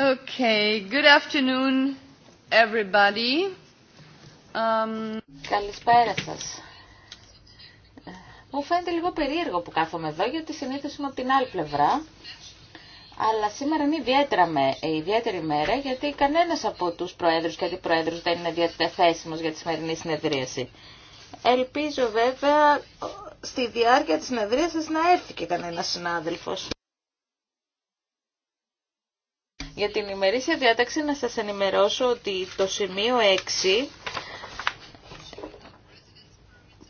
Okay, good afternoon everybody. Um... Καλησπέρα σας. Μου φαίνεται λίγο περίεργο που κάθομαι εδώ, γιατί συνήθως είμαι από την άλλη πλευρά. Αλλά σήμερα είναι ιδιαίτερα με, ε, ιδιαίτερη μέρα, γιατί κανένας από τους προέδρους και αντιπροέδρους δεν είναι διαθέσιμος για τη σημερινή συνεδρίαση. Ελπίζω βέβαια στη διάρκεια της συνεδρίασης να έρθει και κανένας συνάδελφος. για την ημερήσια διάταξη να σας ενημερώσω ότι το σημείο 6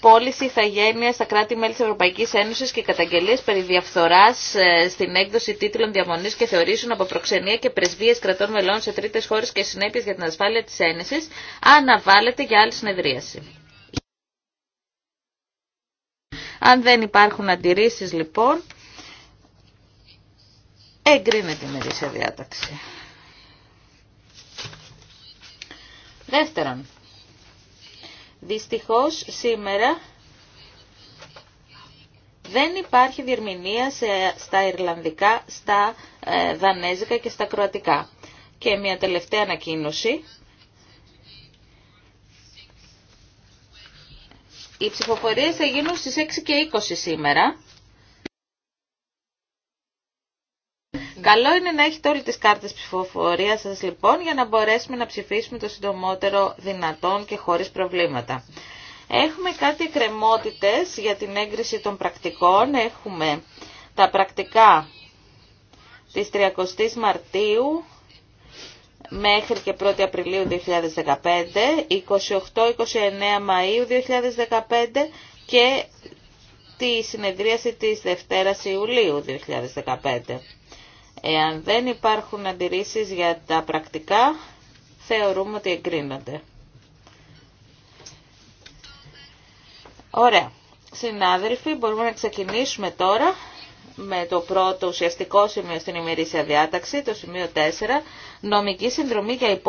πώληση ηθαγένεια στα κράτη-μέλη της Ευρωπαϊκή Ένωσης και καταγγελίες περί διαφθοράς ε, στην έκδοση τίτλων διαμονής και θεωρήσεων από προξενία και πρεσβείες κρατών μελών σε τρίτες χώρες και συνέπειες για την ασφάλεια της Ένωσης, αναβάλλεται για άλλη συνεδρίαση. Αν δεν υπάρχουν αντιρρήσεις λοιπόν, Εγκρίνεται η μερίσια διάταξη. Δεύτερον, δυστυχώς σήμερα δεν υπάρχει διερμηνία σε, στα Ιρλανδικά, στα ε, Δανέζικα και στα Κροατικά. Και μια τελευταία ανακοίνωση. Οι ψηφοφορίες θα γίνουν στις 6 και 20 σήμερα. Ναι. Καλό είναι να έχετε όλες τις κάρτες ψηφοφορίας σας λοιπόν για να μπορέσουμε να ψηφίσουμε το συντομότερο δυνατόν και χωρίς προβλήματα. Έχουμε κάτι κρεμότητες για την έγκριση των πρακτικών. Έχουμε τα πρακτικά της 30ης Μαρτίου μέχρι και 1η Απριλίου 2015, 28-29 Μαΐου 2015 και τη συνεδρίαση της Δευτέρας Ιουλίου 2015. Εάν δεν υπάρχουν αντιρρήσεις για τα πρακτικά, θεωρούμε ότι εγκρίνονται. Ωραία. Συνάδελφοι, μπορούμε να ξεκινήσουμε τώρα με το πρώτο ουσιαστικό σημείο στην ημερήσια διάταξη, το σημείο 4, νομική συνδρομή για ή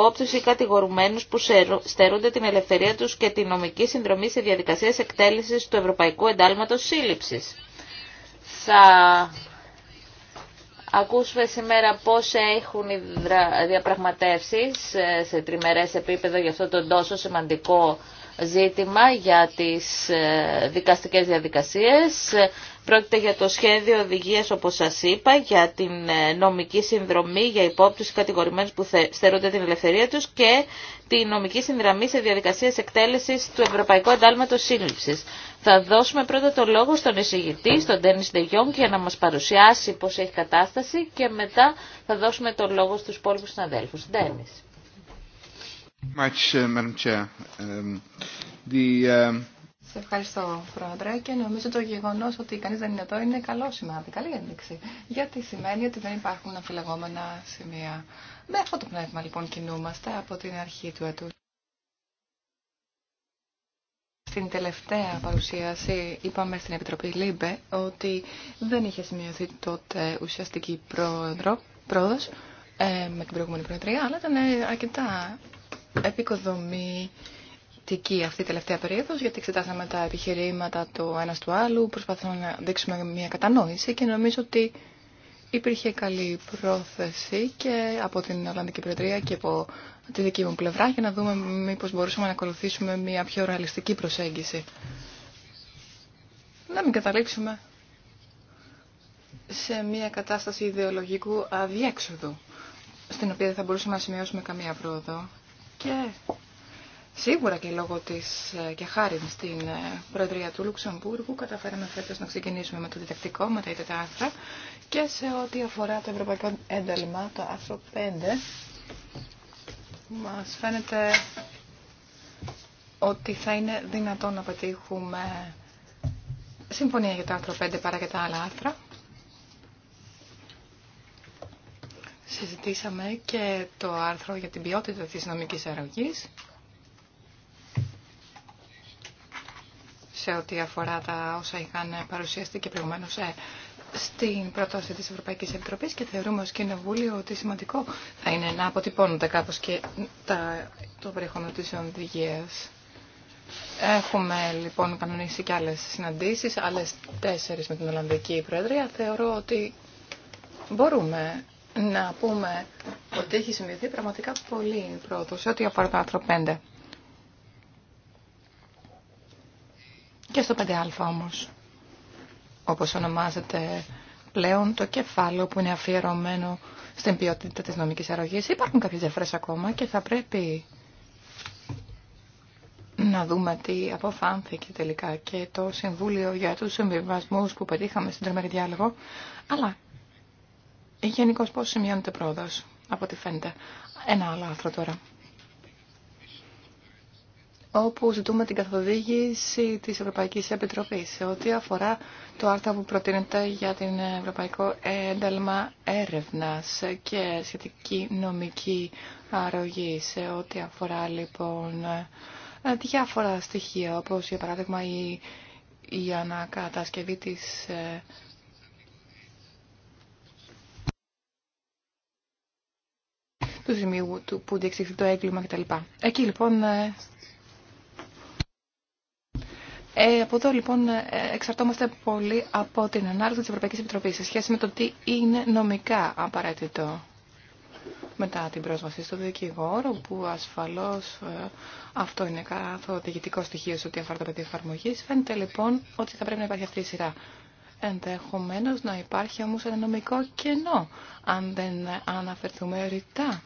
κατηγορουμένους που στερούνται την ελευθερία τους και τη νομική συνδρομή σε διαδικασίες εκτέλεσης του Ευρωπαϊκού Εντάλματος Σύλληψης. Θα Ακούσουμε σήμερα πώς έχουν οι διαπραγματεύσεις ε, σε τριμερές επίπεδο για αυτό το τόσο σημαντικό ζήτημα για τις ε, δικαστικές διαδικασίες. Πρόκειται για το σχέδιο οδηγίας, όπως σας είπα, για την ε, νομική συνδρομή για υπόπτους κατηγορημένους που στερούνται την ελευθερία τους και τη νομική συνδραμή σε διαδικασίες εκτέλεσης του Ευρωπαϊκού Εντάλματος Σύλληψης. Θα δώσουμε πρώτα το λόγο στον εισηγητή, στον Τένις Ντεγιόν, για να μας παρουσιάσει πώς έχει κατάσταση και μετά θα δώσουμε το λόγο στους υπόλοιπους συναδέλφους. Ντένις. Uh, um, um, Σε ευχαριστώ, Πρόεδρε, και νομίζω το γεγονό ότι κανεί δεν είναι εδώ είναι καλό σημάδι, καλή ένδειξη. Γιατί σημαίνει ότι δεν υπάρχουν αμφιλεγόμενα σημεία. Με αυτό το πνεύμα, λοιπόν, κινούμαστε από την αρχή του έτου. Στην τελευταία παρουσίαση είπαμε στην Επιτροπή ΛΥΜΠΕ ότι δεν είχε σημειωθεί τότε ουσιαστική πρόοδο ε, με την προηγούμενη Προεδρία, αλλά ήταν αρκετά επικοδομητική αυτή η τελευταία περίοδος, γιατί εξετάσαμε τα επιχειρήματα του ένας του άλλου, προσπαθούμε να δείξουμε μια κατανόηση και νομίζω ότι υπήρχε καλή πρόθεση και από την Ολλανδική Προεδρία και από τη δική μου πλευρά για να δούμε μήπως μπορούσαμε να ακολουθήσουμε μια πιο ρεαλιστική προσέγγιση. Να μην καταλήξουμε σε μια κατάσταση ιδεολογικού αδιέξοδου, στην οποία δεν θα μπορούσαμε να σημειώσουμε καμία πρόοδο και σίγουρα και λόγω της ε, και χάρη στην ε, Προεδρία του Λουξεμβούργου καταφέραμε φέτος να ξεκινήσουμε με το διδακτικό, με τα ίδια άρθρα και σε ό,τι αφορά το ευρωπαϊκό ένταλμα, το άρθρο 5 μας φαίνεται ότι θα είναι δυνατόν να πετύχουμε συμφωνία για το άρθρο 5 παρά για τα άλλα άρθρα συζητήσαμε και το άρθρο για την ποιότητα της νομικής αρρωγής σε ό,τι αφορά τα όσα είχαν παρουσιαστεί και προηγουμένως ε, στην πρόταση της Ευρωπαϊκής Επιτροπής και θεωρούμε ως Κοινοβούλιο ότι σημαντικό θα είναι να αποτυπώνονται κάπως και τα, το περιεχόμενο της οδηγίας. Έχουμε λοιπόν κανονίσει και άλλες συναντήσεις, άλλες τέσσερις με την Ολλανδική Προεδρία. Θεωρώ ότι μπορούμε να πούμε ότι έχει συμβιωθεί πραγματικά πολύ πρόοδο σε ό,τι αφορά το άρθρο 5. Και στο 5α όμως, όπως ονομάζεται πλέον το κεφάλαιο που είναι αφιερωμένο στην ποιότητα της νομικής αρρωγής, υπάρχουν κάποιες διαφορές ακόμα και θα πρέπει να δούμε τι αποφάνθηκε τελικά και το Συμβούλιο για τους συμβιβασμούς που πετύχαμε στην τρομερή διάλογο, αλλά ε, Γενικώ πώ σημειώνεται πρόοδο, από ό,τι φαίνεται. Ένα άλλο άρθρο τώρα. Όπου ζητούμε την καθοδήγηση της Ευρωπαϊκή Επιτροπή, σε ό,τι αφορά το άρθρο που προτείνεται για την Ευρωπαϊκό Ένταλμα Έρευνας και σχετική νομική αρρωγή σε ό,τι αφορά λοιπόν ε, διάφορα στοιχεία όπως για παράδειγμα η, η ανακατασκευή της ε, του ζημιού του που διεξήχθη το έγκλημα κτλ. Εκεί λοιπόν... Ε, ε από εδώ λοιπόν ε, εξαρτώμαστε πολύ από την ανάλυση της Ευρωπαϊκής Επιτροπής σε σχέση με το τι είναι νομικά απαραίτητο μετά την πρόσβαση στο δικηγόρο που ασφαλώς ε, αυτό είναι καθοδηγητικό στοιχείο σε ό,τι αφορά το πεδίο εφαρμογή. Φαίνεται λοιπόν ότι θα πρέπει να υπάρχει αυτή η σειρά Ενδεχομένως να υπάρχει όμως ένα νομικό κενό, αν δεν αναφερθούμε ρητά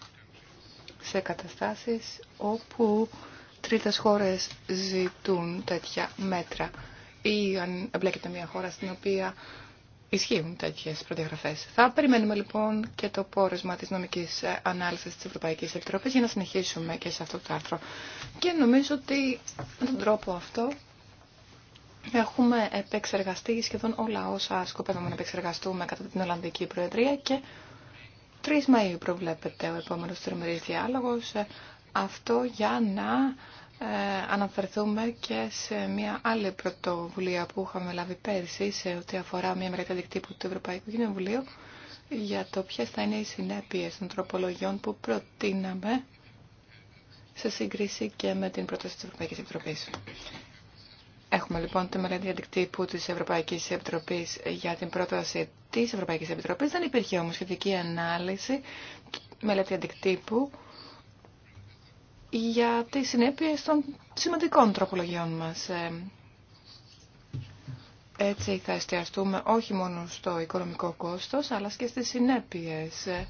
σε καταστάσεις όπου τρίτες χώρες ζητούν τέτοια μέτρα ή αν εμπλέκεται μια χώρα στην οποία ισχύουν τέτοιες προδιαγραφές. Θα περιμένουμε λοιπόν και το πόρισμα της νομικής ανάλυσης της Ευρωπαϊκής Επιτροπής για να συνεχίσουμε και σε αυτό το άρθρο. Και νομίζω ότι με τον τρόπο αυτό Έχουμε επεξεργαστεί σχεδόν όλα όσα σκοπεύαμε να επεξεργαστούμε κατά την Ολλανδική Προεδρία και 3 Μαΐου προβλέπεται ο επόμενος τριμερής διάλογος. Ε, αυτό για να ε, αναφερθούμε και σε μια άλλη πρωτοβουλία που είχαμε λάβει πέρσι σε ό,τι αφορά μια μερικά δικτύπου του Ευρωπαϊκού Κοινοβουλίου για το ποιε θα είναι οι συνέπειε των τροπολογιών που προτείναμε σε σύγκριση και με την πρόταση της Ευρωπαϊκής Επιτροπής. Έχουμε λοιπόν τη μελέτη αντικτύπου τη Ευρωπαϊκή Επιτροπή για την πρόταση τη Ευρωπαϊκή Επιτροπή. Δεν υπήρχε όμω σχετική ανάλυση μελέτη αντικτύπου για τις συνέπειε των σημαντικών τροπολογιών μας. Ε, έτσι θα εστιαστούμε όχι μόνο στο οικονομικό κόστος, αλλά και στις συνέπειες ε,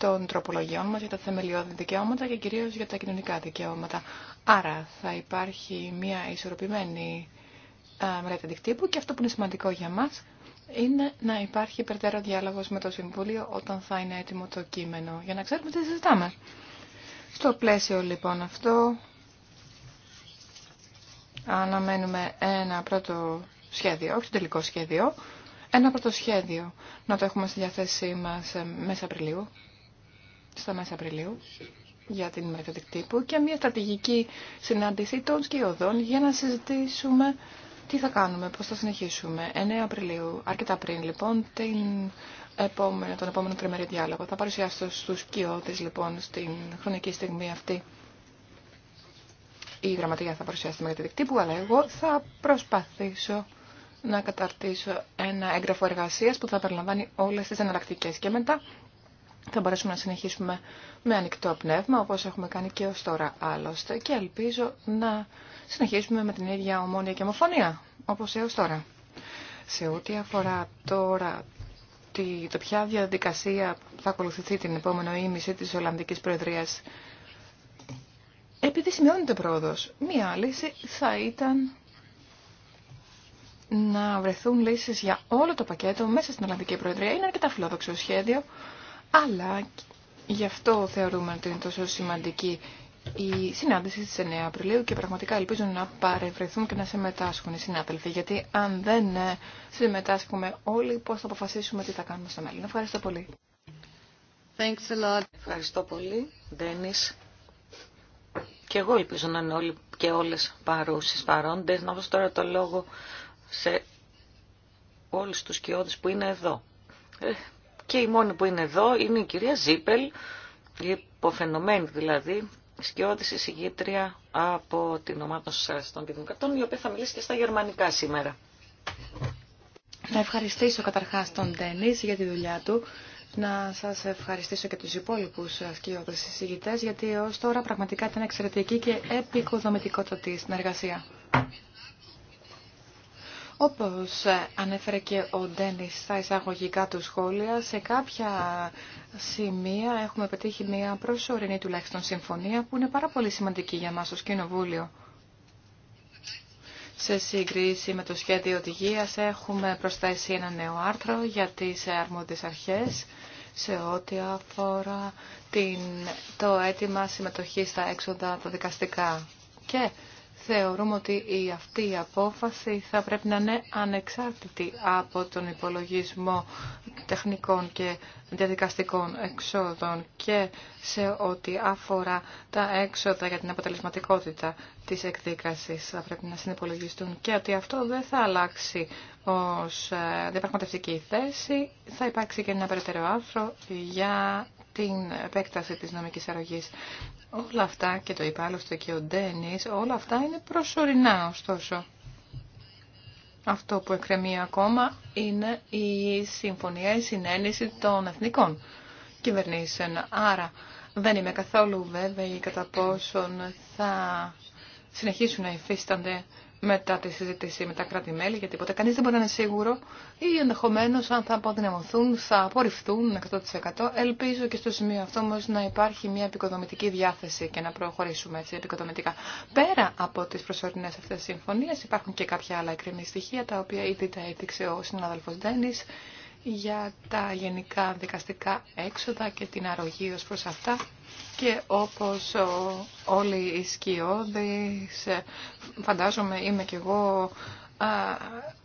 των τροπολογιών μας για τα θεμελιώδη δικαιώματα και κυρίως για τα κοινωνικά δικαιώματα. Άρα θα υπάρχει μια ισορροπημένη μελέτη αντικτύπου και αυτό που είναι σημαντικό για μας είναι να υπάρχει περαιτέρω διάλογος με το Συμβούλιο όταν θα είναι έτοιμο το κείμενο, για να ξέρουμε τι συζητάμε. Στο πλαίσιο λοιπόν αυτό αναμένουμε ένα πρώτο σχέδιο, όχι το τελικό σχέδιο, ένα πρώτο σχέδιο να το έχουμε στη διαθέσή μας ε, μέσα Απριλίου στα μέσα Απριλίου για την μέθοδη τύπου και μια στρατηγική συνάντηση των σκιωδών για να συζητήσουμε τι θα κάνουμε, πώς θα συνεχίσουμε. 9 Απριλίου, αρκετά πριν λοιπόν, την τον επόμενο τριμερή διάλογο. Θα παρουσιάσω στους σκιώδες λοιπόν στην χρονική στιγμή αυτή. Η γραμματεία θα παρουσιάσει τη μέθοδη αλλά εγώ θα προσπαθήσω να καταρτήσω ένα έγγραφο εργασίας που θα περιλαμβάνει όλες τις εναλλακτικές και μετά θα μπορέσουμε να συνεχίσουμε με ανοιχτό πνεύμα, όπως έχουμε κάνει και ως τώρα άλλωστε, και ελπίζω να συνεχίσουμε με την ίδια ομόνια και ομοφωνία, όπως έως τώρα. Σε ό,τι αφορά τώρα το ποια διαδικασία θα ακολουθηθεί την επόμενο ήμιση της Ολλανδικής Προεδρίας, επειδή σημειώνεται πρόοδος, μία λύση θα ήταν να βρεθούν λύσεις για όλο το πακέτο μέσα στην Ολλανδική Προεδρία. Είναι αρκετά φιλόδοξο σχέδιο, αλλά γι' αυτό θεωρούμε ότι είναι τόσο σημαντική η συνάντηση στις 9 Απριλίου και πραγματικά ελπίζω να παρευρεθούν και να συμμετάσχουν οι συνάδελφοι. Γιατί αν δεν ε, συμμετάσχουμε όλοι, πώς θα αποφασίσουμε τι θα κάνουμε στο μέλλον. Ευχαριστώ πολύ. Ευχαριστώ πολύ, Ντένις. Και εγώ ελπίζω να είναι όλοι και όλες παρούσεις παρόντες. Να δώσω τώρα το λόγο σε όλους τους κοιόδους που είναι εδώ. Ε, και η μόνη που είναι εδώ είναι η κυρία Ζίπελ, η υποφαινομένη δηλαδή, σκιώδηση συγγήτρια από την ομάδα των Σοσιαλιστών και Δημοκρατών, η οποία θα μιλήσει και στα γερμανικά σήμερα. Να ευχαριστήσω καταρχάς τον Τένις για τη δουλειά του. Να σας ευχαριστήσω και τους υπόλοιπους σκιώδες συζητητές, γιατί ως τώρα πραγματικά ήταν εξαιρετική και επικοδομητικότητα συνεργασία. Όπως ανέφερε και ο Ντένις στα εισαγωγικά του σχόλια, σε κάποια σημεία έχουμε πετύχει μια προσωρινή τουλάχιστον συμφωνία που είναι πάρα πολύ σημαντική για μας ως Κοινοβούλιο. Σε σύγκριση με το σχέδιο οδηγίας έχουμε προσθέσει ένα νέο άρθρο για τις αρμόδιες αρχές σε ό,τι αφορά την, το αίτημα συμμετοχής στα έξοδα τα δικαστικά. Και θεωρούμε ότι η αυτή η απόφαση θα πρέπει να είναι ανεξάρτητη από τον υπολογισμό τεχνικών και διαδικαστικών εξόδων και σε ό,τι αφορά τα έξοδα για την αποτελεσματικότητα της εκδίκασης θα πρέπει να συνυπολογιστούν και ότι αυτό δεν θα αλλάξει ως ε, διαπραγματευτική θέση. Θα υπάρξει και ένα περαιτέρω άρθρο για την επέκταση της νομικής αρρωγής. Όλα αυτά, και το υπάλληλο άλλωστε και ο Ντένις, όλα αυτά είναι προσωρινά ωστόσο. Αυτό που εκκρεμεί ακόμα είναι η συμφωνία, η συνένεση των εθνικών κυβερνήσεων. Άρα δεν είμαι καθόλου βέβαιη κατά πόσον θα συνεχίσουν να υφίστανται μετά τη συζήτηση με τα κράτη-μέλη, γιατί ποτέ κανείς δεν μπορεί να είναι σίγουρο ή ενδεχομένως αν θα αποδυναμωθούν, θα απορριφθούν 100%. Ελπίζω και στο σημείο αυτό όμως να υπάρχει μια επικοδομητική διάθεση και να προχωρήσουμε έτσι επικοδομητικά. Πέρα από τις προσωρινές αυτές συμφωνίε. συμφωνίες υπάρχουν και κάποια άλλα εκκρεμή στοιχεία, τα οποία ήδη τα έδειξε ο συνάδελφος Ντένις για τα γενικά δικαστικά έξοδα και την αρρωγή ως προς αυτά και όπως όλοι οι σκιώδεις, ε, φαντάζομαι είμαι και εγώ α,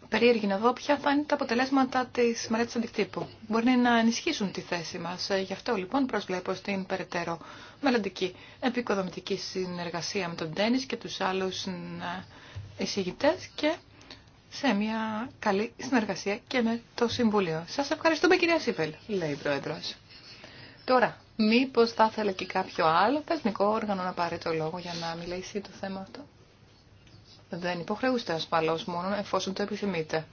περίεργη να δω ποια θα είναι τα αποτελέσματα της μελέτη αντικτύπου. Μπορεί να ενισχύσουν τη θέση μας. Ε, γι' αυτό λοιπόν προσβλέπω στην περαιτέρω μελλοντική επικοδομητική συνεργασία με τον Τένις και τους άλλους ε, εισηγητές και σε μια καλή συνεργασία και με το Συμβούλιο. Σας ευχαριστούμε κυρία Σίπελ, λέει η Πρόεδρος. Τώρα, Μήπως θα ήθελε και κάποιο άλλο θεσμικό όργανο να πάρει το λόγο για να μιλήσει το θέμα αυτό. Δεν υποχρεούστε ασφαλώς μόνο εφόσον το επιθυμείτε.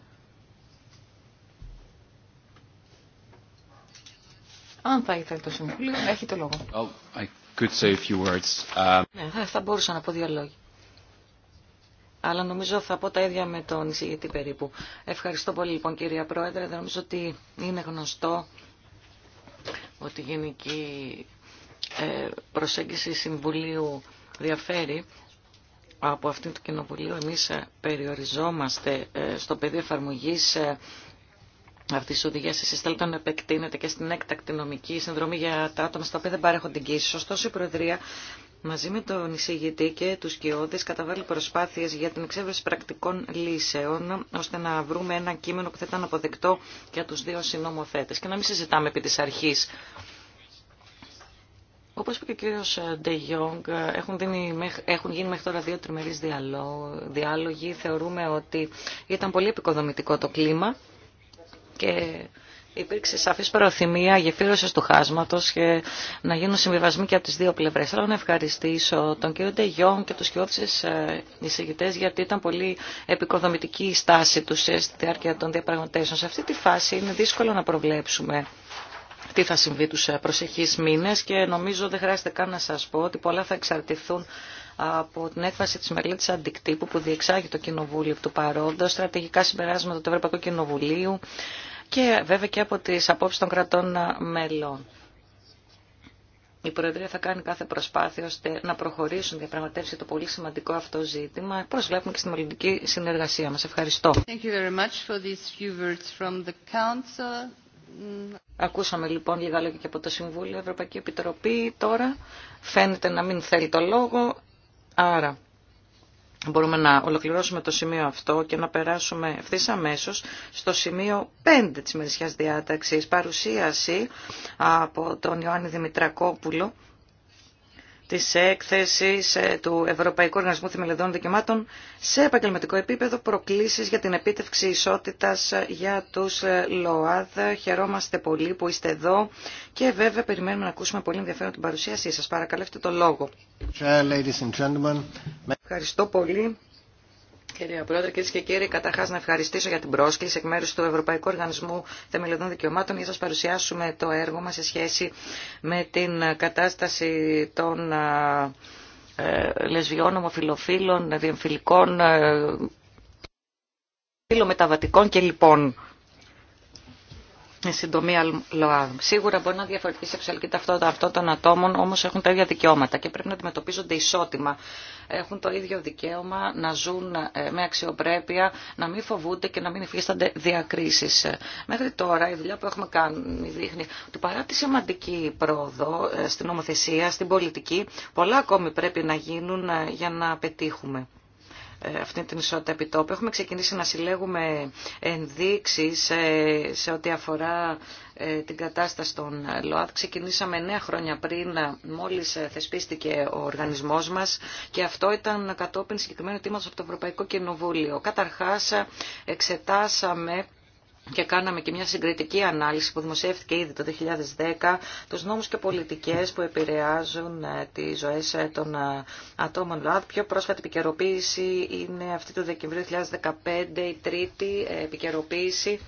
Αν θα ήθελε το Συμβούλιο, έχει το λόγο. Uh, ναι, θα μπορούσα να πω δύο λόγια. Αλλά νομίζω θα πω τα ίδια με τον εισηγητή περίπου. Ευχαριστώ πολύ λοιπόν κυρία Πρόεδρε. Δεν νομίζω ότι είναι γνωστό ότι η γενική ε, προσέγγιση Συμβουλίου διαφέρει από αυτήν του Κοινοβουλίου. Εμείς ε, περιοριζόμαστε ε, στο πεδίο εφαρμογής αυτή τη οδηγία, εσεί θέλετε να επεκτείνετε και στην έκτακτη νομική συνδρομή για τα άτομα στα οποία δεν παρέχονται εγγύηση. Ωστόσο, η Προεδρία μαζί με τον εισηγητή και του κοιόδες καταβάλει προσπάθειες για την εξέβρεση πρακτικών λύσεων ώστε να βρούμε ένα κείμενο που θα ήταν αποδεκτό για του δύο συνομοθέτες και να μην συζητάμε επί τη αρχή, όπω είπε και ο κύριο Ντε έχουν, γίνει μέχρι τώρα δύο τριμερεί διάλογοι. Θεωρούμε ότι ήταν πολύ επικοδομητικό το κλίμα και υπήρξε σαφής προθυμία γεφύρωσης του χάσματος και να γίνουν συμβιβασμοί και από τις δύο πλευρές. Θέλω να ευχαριστήσω τον κύριο Ντεγιόν και τους κοιότητες ε, εισηγητές γιατί ήταν πολύ επικοδομητική η στάση τους ε, στη διάρκεια των διαπραγματεύσεων. Σε αυτή τη φάση είναι δύσκολο να προβλέψουμε τι θα συμβεί τους ε, προσεχείς μήνες και νομίζω δεν χρειάζεται καν να σας πω ότι πολλά θα εξαρτηθούν από την έκβαση της μελέτης αντικτύπου που διεξάγει το Κοινοβούλιο του παρόντος, στρατηγικά συμπεράσματα του Ευρωπαϊκού Κοινοβουλίου, και βέβαια και από τις απόψεις των κρατών μελών. Η Προεδρία θα κάνει κάθε προσπάθεια ώστε να προχωρήσουν πραγματεύσει το πολύ σημαντικό αυτό ζήτημα. Προσβλέπουμε και στην μελλοντική συνεργασία μας. Ευχαριστώ. Thank you very much for these few words from the council. Ακούσαμε λοιπόν λίγα λόγια και από το Συμβούλιο. Ευρωπαϊκή Επιτροπή τώρα φαίνεται να μην θέλει το λόγο. Άρα μπορούμε να ολοκληρώσουμε το σημείο αυτό και να περάσουμε ευθύ αμέσω στο σημείο 5 της μερισιάς διάταξης, παρουσίαση από τον Ιωάννη Δημητρακόπουλο, της έκθεσης ε, του Ευρωπαϊκού Οργανισμού Θεμελιωδών Δικαιωμάτων σε επαγγελματικό επίπεδο προκλήσεις για την επίτευξη ισότητας ε, για τους ε, ΛΟΑΔ. Χαιρόμαστε πολύ που είστε εδώ και βέβαια περιμένουμε να ακούσουμε πολύ ενδιαφέρον την παρουσίασή σας. Παρακαλώ το λόγο. Ευχαριστώ πολύ. Κυρία Πρόεδρε, κυρίε και κύριοι, καταρχά να ευχαριστήσω για την πρόσκληση εκ μέρου του Ευρωπαϊκού Οργανισμού Θεμελιωδών Δικαιωμάτων για να σα παρουσιάσουμε το έργο μα σε σχέση με την κατάσταση των ε, ε, λεσβιών, ομοφυλοφίλων, διεμφυλικών, ε, φιλομεταβατικών και λοιπόν συντομία ΛΟΑΔ. Σίγουρα μπορεί να διαφορετική σεξουαλική ταυτότητα αυτών των ατόμων, όμω έχουν τα ίδια δικαιώματα και πρέπει να αντιμετωπίζονται ισότιμα. Έχουν το ίδιο δικαίωμα να ζουν ε, με αξιοπρέπεια, να μην φοβούνται και να μην υφίστανται διακρίσει. Ε, μέχρι τώρα η δουλειά που έχουμε κάνει δείχνει ότι παρά τη σημαντική πρόοδο ε, στην νομοθεσία, στην πολιτική, πολλά ακόμη πρέπει να γίνουν για να πετύχουμε. Ε, αυτή την ισότητα επιτόπου. Έχουμε ξεκινήσει να συλλέγουμε ενδείξεις ε, σε, ό,τι αφορά ε, την κατάσταση των ΛΟΑΤ. Ξεκινήσαμε 9 χρόνια πριν, μόλις θεσπίστηκε ο οργανισμός μας και αυτό ήταν κατόπιν συγκεκριμένου τίματος από το Ευρωπαϊκό Κοινοβούλιο. Καταρχάς εξετάσαμε και κάναμε και μια συγκριτική ανάλυση που δημοσιεύτηκε ήδη το 2010, τους νόμους και πολιτικές που επηρεάζουν ε, τις ζωές ε, των ε, ατόμων ΛΟΑΔ. Πιο πρόσφατη επικαιροποίηση είναι αυτή του Δεκεμβρίου 2015, η τρίτη επικαιροποίηση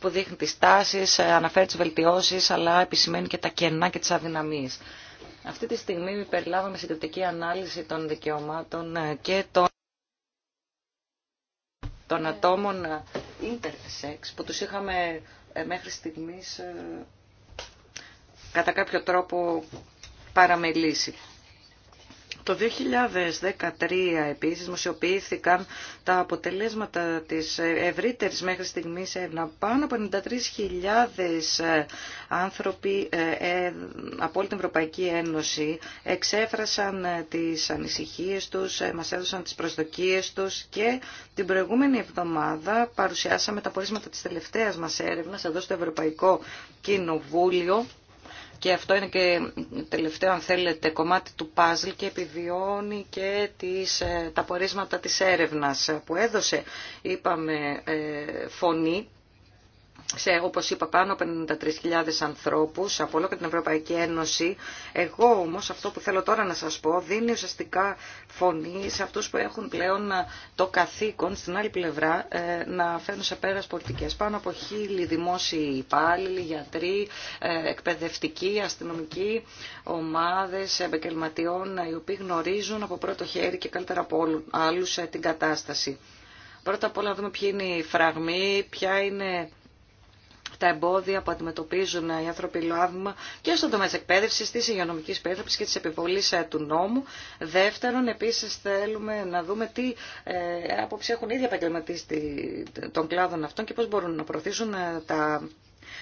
που δείχνει τις τάσεις, αναφέρει τις βελτιώσεις, αλλά επισημαίνει και τα κενά και τις αδυναμίες. Αυτή τη στιγμή περιλάβαμε συγκριτική ανάλυση των δικαιωμάτων και των των ατόμων ε, intersex που τους είχαμε ε, μέχρι στιγμής ε, κατά κάποιο τρόπο παραμελήσει. Το 2013 επίσης δημοσιοποιήθηκαν τα αποτελέσματα της ευρύτερης μέχρι στιγμής έρευνα. Πάνω από 93.000 ε, άνθρωποι ε, ε, από όλη την Ευρωπαϊκή Ένωση εξέφρασαν τις ανησυχίες τους, μας έδωσαν τις προσδοκίες τους και την προηγούμενη εβδομάδα παρουσιάσαμε τα πορίσματα της τελευταίας μας έρευνας εδώ στο Ευρωπαϊκό Κοινοβούλιο και αυτό είναι και τελευταίο, αν θέλετε, κομμάτι του παζλ και επιβιώνει και τις, ε, τα πορίσματα της έρευνας που έδωσε, είπαμε, ε, φωνή σε, όπως είπα, πάνω από 93.000 ανθρώπους από όλο και την Ευρωπαϊκή Ένωση. Εγώ όμως αυτό που θέλω τώρα να σας πω δίνει ουσιαστικά φωνή σε αυτούς που έχουν πλέον ε, το καθήκον στην άλλη πλευρά ε, να φέρουν σε πέρας πολιτικές. Πάνω από χίλιοι δημόσιοι υπάλληλοι, γιατροί, ε, εκπαιδευτικοί, αστυνομικοί, ομάδες επαγγελματιών οι οποίοι γνωρίζουν από πρώτο χέρι και καλύτερα από άλλους την κατάσταση. Πρώτα απ' όλα να δούμε ποιοι είναι οι φραγμοί, ποια είναι τα εμπόδια που αντιμετωπίζουν οι άνθρωποι λάβημα και στον τομέα τη εκπαίδευση, τη υγειονομική περίθαλψη και τη επιβολή ε, του νόμου. Δεύτερον, επίση θέλουμε να δούμε τι ε, άποψη έχουν οι ίδιοι των κλάδων αυτών και πώ μπορούν να προωθήσουν ε, τα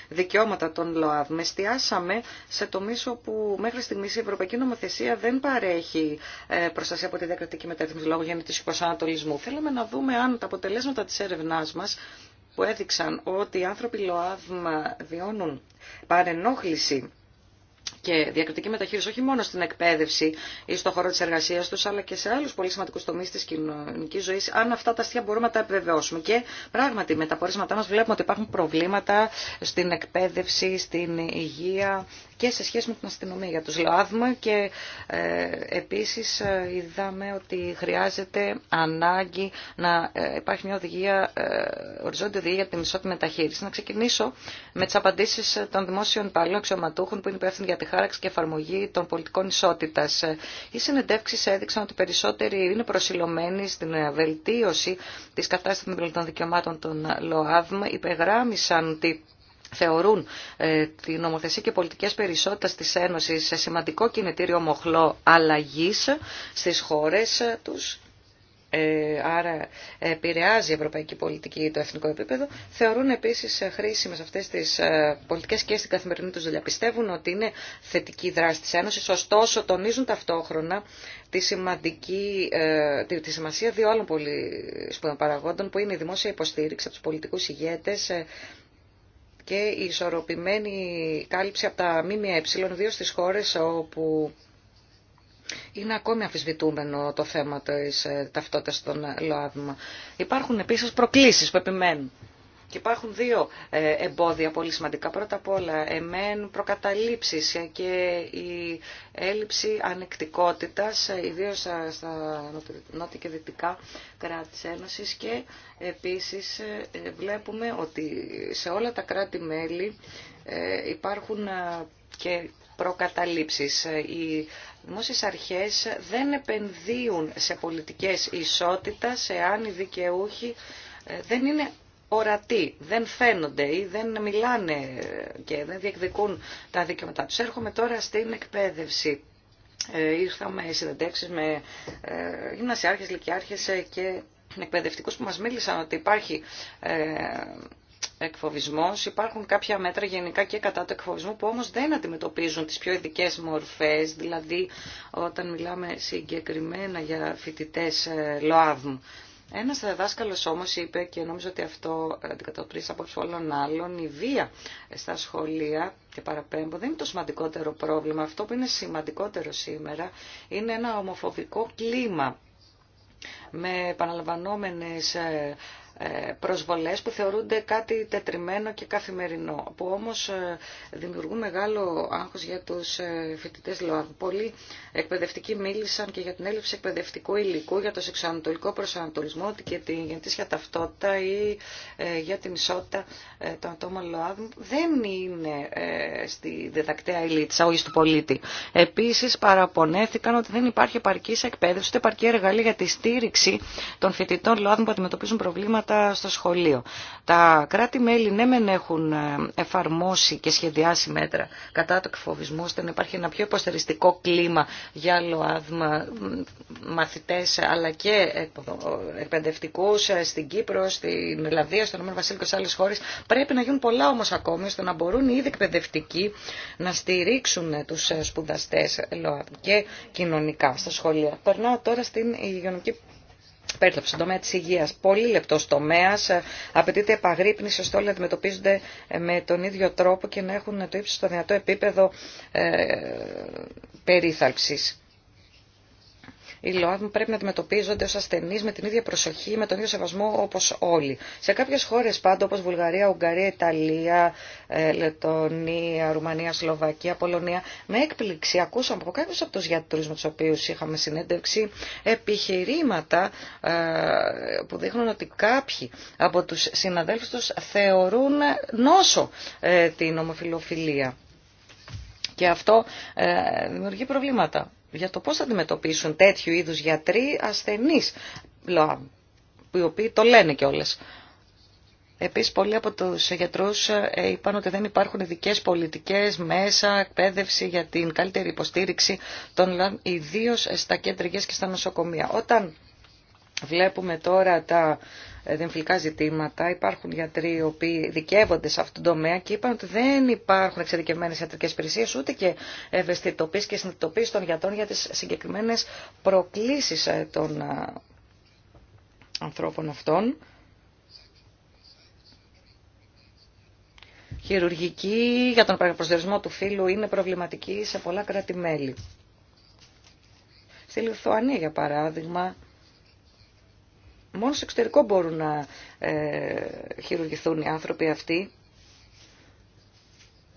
δικαιώματα των ΛΟΑΔ. Με εστιάσαμε σε τομεί όπου μέχρι στιγμή η Ευρωπαϊκή Νομοθεσία δεν παρέχει προστασία από τη διακρατική μεταρρύθμιση λόγω γεννητή προσανατολισμού. Θέλαμε να δούμε αν τα αποτελέσματα τη έρευνά μα που έδειξαν ότι οι άνθρωποι ΛΟΑΔΜΑ βιώνουν παρενόχληση και διακριτική μεταχείριση όχι μόνο στην εκπαίδευση ή στον χώρο τη εργασία του, αλλά και σε άλλου πολύ σημαντικού τομεί τη κοινωνική ζωή, αν αυτά τα αστεία μπορούμε να τα επιβεβαιώσουμε. Και πράγματι, με τα πορίσματά μα βλέπουμε ότι υπάρχουν προβλήματα στην εκπαίδευση, στην υγεία, και σε σχέση με την αστυνομία για τους ΛΟΑΔΜΑ και ε, επίσης ε, είδαμε ότι χρειάζεται ανάγκη να ε, υπάρχει μια οδηγία, ε, οριζόντια οδηγία για την ισότητα μεταχείριση. Να ξεκινήσω με τις απαντήσεις των δημόσιων υπαλλήλων αξιωματούχων που είναι υπεύθυνοι για τη χάραξη και εφαρμογή των πολιτικών ισότητας. Οι συνεντεύξεις έδειξαν ότι περισσότεροι είναι προσιλωμένοι στην βελτίωση της κατάστασης των δικαιωμάτων των ΛΟΑΔΜ, υπεγράμμισαν ότι θεωρούν ε, την νομοθεσία και πολιτικέ περισσότερε τη Ένωση σε σημαντικό κινητήριο μοχλό αλλαγής στις χώρες τους ε, άρα επηρεάζει η ευρωπαϊκή πολιτική το εθνικό επίπεδο, θεωρούν επίσης χρήσιμες αυτές τις ε, πολιτικές και στην καθημερινή τους δουλειά. Πιστεύουν ότι είναι θετική δράση τη Ένωση, ωστόσο τονίζουν ταυτόχρονα τη, σημαντική, τη, σημασία δύο άλλων πολύ σπουδών παραγόντων που είναι η δημόσια υποστήριξη από τους πολιτικούς ηγέτες και η ισορροπημένη κάλυψη από τα ΜΜΕ, δύο στις χώρες όπου είναι ακόμη αμφισβητούμενο το θέμα της ε, ταυτότητας των ΛΟΑΔΜΑ. Υπάρχουν επίσης προκλήσεις που επιμένουν. Και υπάρχουν δύο ε, εμπόδια πολύ σημαντικά. Πρώτα απ' όλα, εμέν προκαταλήψεις και η έλλειψη ανεκτικότητας, ιδίως στα νότια και δυτικά κράτη της Ένωσης. Και επίσης ε, βλέπουμε ότι σε όλα τα κράτη-μέλη ε, υπάρχουν και προκαταλήψεις. Οι δημόσιες αρχές δεν επενδύουν σε πολιτικές ισότητας εάν οι δικαιούχοι δεν είναι ορατοί, δεν φαίνονται ή δεν μιλάνε και δεν διεκδικούν τα δικαιώματά τους. Έρχομαι τώρα στην εκπαίδευση. Ε, ήρθαμε συνεντεύξεις με ε, γυμνασιάρχες, λυκιάρχες ε, και εκπαιδευτικούς που μας μίλησαν ότι υπάρχει ε, εκφοβισμός, υπάρχουν κάποια μέτρα γενικά και κατά το εκφοβισμού που όμως δεν αντιμετωπίζουν τις πιο ειδικέ μορφές, δηλαδή όταν μιλάμε συγκεκριμένα για φοιτητές ΛΟΑΔΜ. Ένας δάσκαλος όμως είπε και νομίζω ότι αυτό αντικατοπτρίζει από όλων άλλων η βία στα σχολεία και παραπέμπω δεν είναι το σημαντικότερο πρόβλημα. Αυτό που είναι σημαντικότερο σήμερα είναι ένα ομοφοβικό κλίμα με επαναλαμβανόμενες ε, ε, προσβολές που θεωρούνται κάτι τετριμένο και καθημερινό, που όμως ε, δημιουργούν μεγάλο άγχος για τους ε, φοιτητές ΛΟΑΔ. Πολλοί εκπαιδευτικοί μίλησαν και για την έλλειψη εκπαιδευτικού υλικού, για το σεξουαλικό προσανατολισμό και την γεννήσια ταυτότητα ή για την ισότητα των ατόμων ΛΟΑΔ. Δεν είναι στη διδακτέα ηλίτσα, όχι στο πολίτη. Επίσης παραπονέθηκαν ότι δεν υπάρχει επαρκή εκπαίδευση, ούτε επαρκή εργαλεία για τη στήριξη των φοιτητών ΛΟΑΔ που αντιμετωπίζουν προβλήματα μαθήματα στο σχολείο. Τα κράτη-μέλη ναι μεν έχουν ε, εφαρμόσει και σχεδιάσει μέτρα κατά το εκφοβισμό ώστε να υπάρχει ένα πιο υποστηριστικό κλίμα για ΛΟΑΔΜΑ, μαθητές αλλά και εκπαιδευτικούς ε, στην Κύπρο, στην Ελλαδία, στον Ηνωμένο Βασίλειο και σε άλλες χώρες. Πρέπει να γίνουν πολλά όμως ακόμη, ώστε να μπορούν οι ήδη εκπαιδευτικοί να στηρίξουν τους ε, σπουδαστές ΛΟΑΔΜΑ και κοινωνικά στα σχολεία. Περνάω τώρα στην υγειονομική Πέριθλο, στον τομέα τη υγεία. Πολύ λεπτό τομέα. Ε, απαιτείται επαγρύπνηση ώστε όλοι να αντιμετωπίζονται ε, με τον ίδιο τρόπο και να έχουν το στο δυνατό επίπεδο ε, περίθαλψη οι ΛΟΑΔΜ πρέπει να αντιμετωπίζονται ω ασθενεί με την ίδια προσοχή, με τον ίδιο σεβασμό όπω όλοι. Σε κάποιε χώρε πάντα, όπω Βουλγαρία, Ουγγαρία, Ιταλία, ε, Λετωνία, Ρουμανία, Σλοβακία, Πολωνία, με έκπληξη ακούσαμε από κάποιου από του γιατρού με του οποίου είχαμε συνέντευξη επιχειρήματα ε, που δείχνουν ότι κάποιοι από του συναδέλφου του θεωρούν νόσο ε, την ομοφιλοφιλία. Και αυτό δημιουργεί προβλήματα για το πώς θα αντιμετωπίσουν τέτοιου είδους γιατροί ασθενείς, οι οποίοι το λένε κιόλας. Επίσης, πολλοί από τους γιατρούς ε, είπαν ότι δεν υπάρχουν ειδικέ πολιτικές, μέσα, εκπαίδευση για την καλύτερη υποστήριξη των ΛΑΜ, ιδίως στα κέντρα και στα νοσοκομεία. Όταν Βλέπουμε τώρα τα ε, δημοφιλικά ζητήματα. Υπάρχουν γιατροί οι οποίοι δικεύονται σε αυτόν τον τομέα και είπαν ότι δεν υπάρχουν εξειδικευμένε ιατρικέ υπηρεσίε ούτε και ευαισθητοποίηση και συνειδητοποίηση των γιατρών για τι συγκεκριμένε προκλήσει ε, των ε, ανθρώπων αυτών. Χειρουργική για τον προσδιορισμό του φύλου είναι προβληματική σε πολλά κράτη-μέλη. Στη Λιθουανία, για παράδειγμα, Μόνο στο εξωτερικό μπορούν να ε, χειρουργηθούν οι άνθρωποι αυτοί.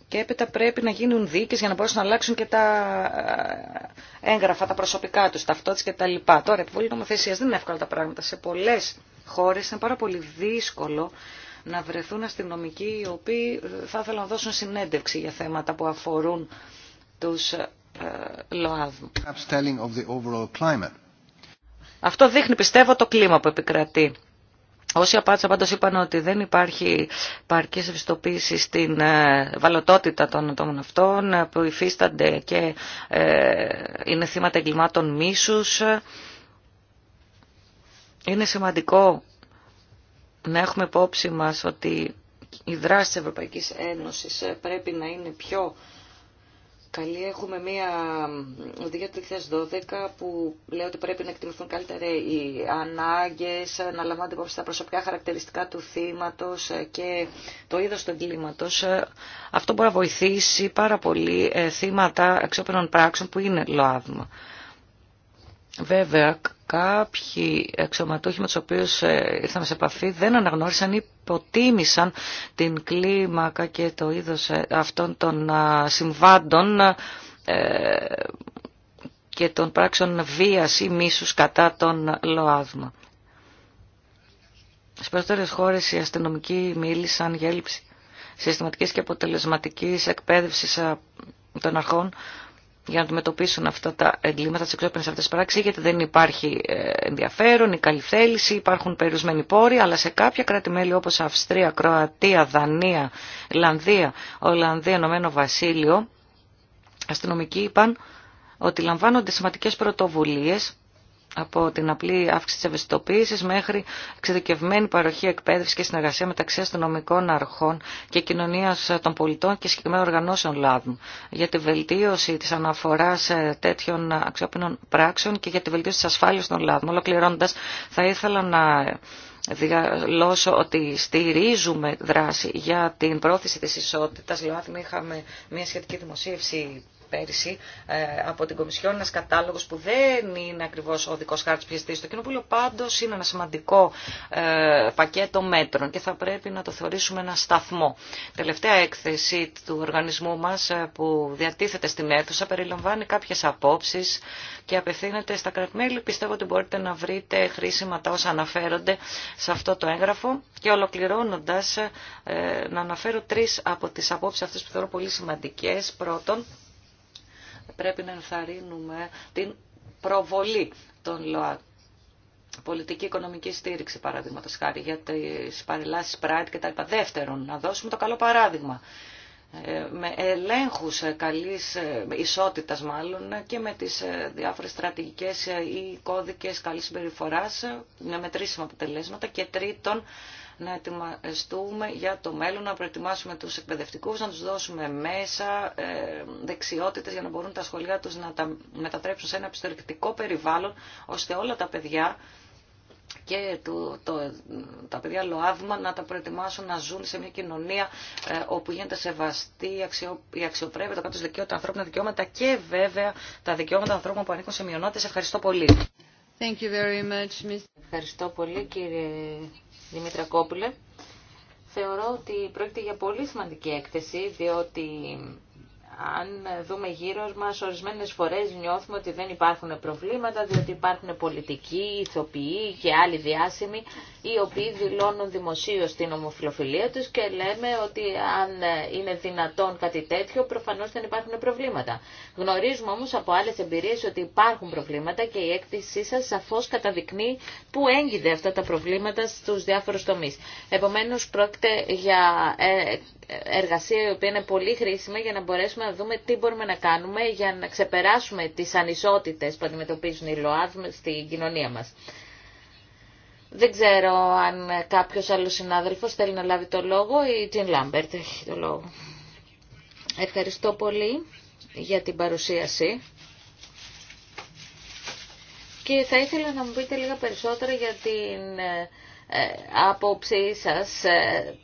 Και έπειτα πρέπει να γίνουν δίκες για να μπορέσουν να αλλάξουν και τα ε, έγγραφα, τα προσωπικά τους, ταυτότητες και Τα λοιπά. Τώρα, επιβολή νομοθεσία δεν είναι εύκολα τα πράγματα. Σε πολλές χώρες είναι πάρα πολύ δύσκολο να βρεθούν αστυνομικοί οι οποίοι ε, θα ήθελαν να δώσουν συνέντευξη για θέματα που αφορούν τους climate. Αυτό δείχνει πιστεύω το κλίμα που επικρατεί. Όσοι απάντησαν πάντως είπαν ότι δεν υπάρχει παρκή ευστοποίηση στην ε, βαλωτότητα των ατόμων αυτών ε, που υφίστανται και ε, είναι θύματα εγκλημάτων μίσους. Είναι σημαντικό να έχουμε υπόψη μας ότι η δράση της Ευρωπαϊκής Ένωσης πρέπει να είναι πιο Καλή έχουμε μία οδηγία του 2012 που λέει ότι πρέπει να εκτιμηθούν καλύτερα οι ανάγκες, να λαμβάνονται υπόψη τα προσωπικά χαρακτηριστικά του θύματος και το είδος του εγκλήματος. Αυτό μπορεί να βοηθήσει πάρα πολύ ε, θύματα εξώπινων πράξεων που είναι ΛΟΑΔΜΑ. Βέβαια, Κάποιοι εξωματούχοι με τους οποίους ε, ήρθαμε σε επαφή δεν αναγνώρισαν ή υποτίμησαν την κλίμακα και το είδος ε, αυτών των συμβάντων ε, και των πράξεων βίας ή μίσους κατά τον ΛΟΑΔΜΑ. Στις περισσότερες χώρες οι αστυνομικοί μίλησαν για έλλειψη συστηματικής και αποτελεσματικής εκπαίδευσης των αρχών για να αντιμετωπίσουν αυτά τα εγκλήματα, τι εξώπαινε αυτέ τι πράξει, γιατί δεν υπάρχει ε, ενδιαφέρον, η καλή θέληση, υπάρχουν περιορισμένοι πόροι, αλλά σε κάποια κράτη-μέλη όπω Αυστρία, Κροατία, Δανία, Λανδία, Ολλανδία, Ενωμένο Βασίλειο, αστυνομικοί είπαν ότι λαμβάνονται σημαντικέ πρωτοβουλίε από την απλή αύξηση τη ευαισθητοποίηση μέχρι εξειδικευμένη παροχή εκπαίδευση και συνεργασία μεταξύ αστυνομικών αρχών και κοινωνία των πολιτών και συγκεκριμένων οργανώσεων λάδου, Για τη βελτίωση τη αναφορά ε, τέτοιων αξιόπινων πράξεων και για τη βελτίωση τη ασφάλεια των λάδων. Ολοκληρώνοντα, θα ήθελα να ε, διαλώσω ότι στηρίζουμε δράση για την πρόθεση της ισότητας. Λοιπόν, είχαμε μια σχετική δημοσίευση πέρυσι ε, από την Κομισιόν, ένα κατάλογο που δεν είναι ακριβώ ο δικό χάρτη πιεστή στο Κοινοβούλιο, πάντω είναι ένα σημαντικό ε, πακέτο μέτρων και θα πρέπει να το θεωρήσουμε ένα σταθμό. Τελευταία έκθεση του οργανισμού μα ε, που διατίθεται στην αίθουσα περιλαμβάνει κάποιε απόψει και απευθύνεται στα κρατμέλη. Πιστεύω ότι μπορείτε να βρείτε χρήσιμα τα όσα αναφέρονται σε αυτό το έγγραφο και ολοκληρώνοντα να αναφέρω τρει από τι απόψει αυτέ που θεωρώ πολύ σημαντικέ. Πρώτον, πρέπει να ενθαρρύνουμε την προβολή των ΛΟΑΤ. Πολιτική οικονομική στήριξη, παραδείγματο χάρη, για τι παρελάσει Pride κτλ. Δεύτερον, να δώσουμε το καλό παράδειγμα. Ε, με ελέγχου ε, καλή ε, ισότητα, μάλλον και με τι διάφορε στρατηγικέ ή κώδικε καλή συμπεριφορά, με μετρήσιμα αποτελέσματα. Και τρίτον, να ετοιμαστούμε για το μέλλον, να προετοιμάσουμε τους εκπαιδευτικούς, να τους δώσουμε μέσα, ε, δεξιότητες για να μπορούν τα σχολεία τους να τα μετατρέψουν σε ένα πιστορικτικό περιβάλλον, ώστε όλα τα παιδιά και το, το, τα παιδιά ΛΟΑΔΜΑ να τα προετοιμάσουν να ζουν σε μια κοινωνία ε, όπου γίνεται σεβαστή η, αξιο, η αξιοπρέπεια, το κάτω δικαίωμα, τα ανθρώπινα δικαιώματα και βέβαια τα δικαιώματα ανθρώπων που ανήκουν σε μειονότητες. Ευχαριστώ πολύ. Thank you very much, Ευχαριστώ πολύ κύριε Δημήτρα Κόπουλε. Θεωρώ ότι πρόκειται για πολύ σημαντική έκθεση, διότι αν δούμε γύρω μας, ορισμένες φορές νιώθουμε ότι δεν υπάρχουν προβλήματα, διότι υπάρχουν πολιτικοί, ηθοποιοί και άλλοι διάσημοι, οι οποίοι δηλώνουν δημοσίως την ομοφιλοφιλία τους και λέμε ότι αν είναι δυνατόν κάτι τέτοιο, προφανώς δεν υπάρχουν προβλήματα. Γνωρίζουμε όμως από άλλες εμπειρίες ότι υπάρχουν προβλήματα και η έκθεσή σας σαφώς καταδεικνύει που έγκυται αυτά τα προβλήματα στους διάφορους τομείς. Επομένως, πρόκειται για ε, εργασία η οποία είναι πολύ χρήσιμη για να μπορέσουμε να δούμε τι μπορούμε να κάνουμε για να ξεπεράσουμε τις ανισότητες που αντιμετωπίζουν οι ΛΟΑΔ στην κοινωνία μας. Δεν ξέρω αν κάποιος άλλος συνάδελφος θέλει να λάβει το λόγο ή Τζιν Λάμπερτ έχει το λόγο. Ευχαριστώ πολύ για την παρουσίαση. Και θα ήθελα να μου πείτε λίγα περισσότερα για την ε, ε, άποψή σας ε,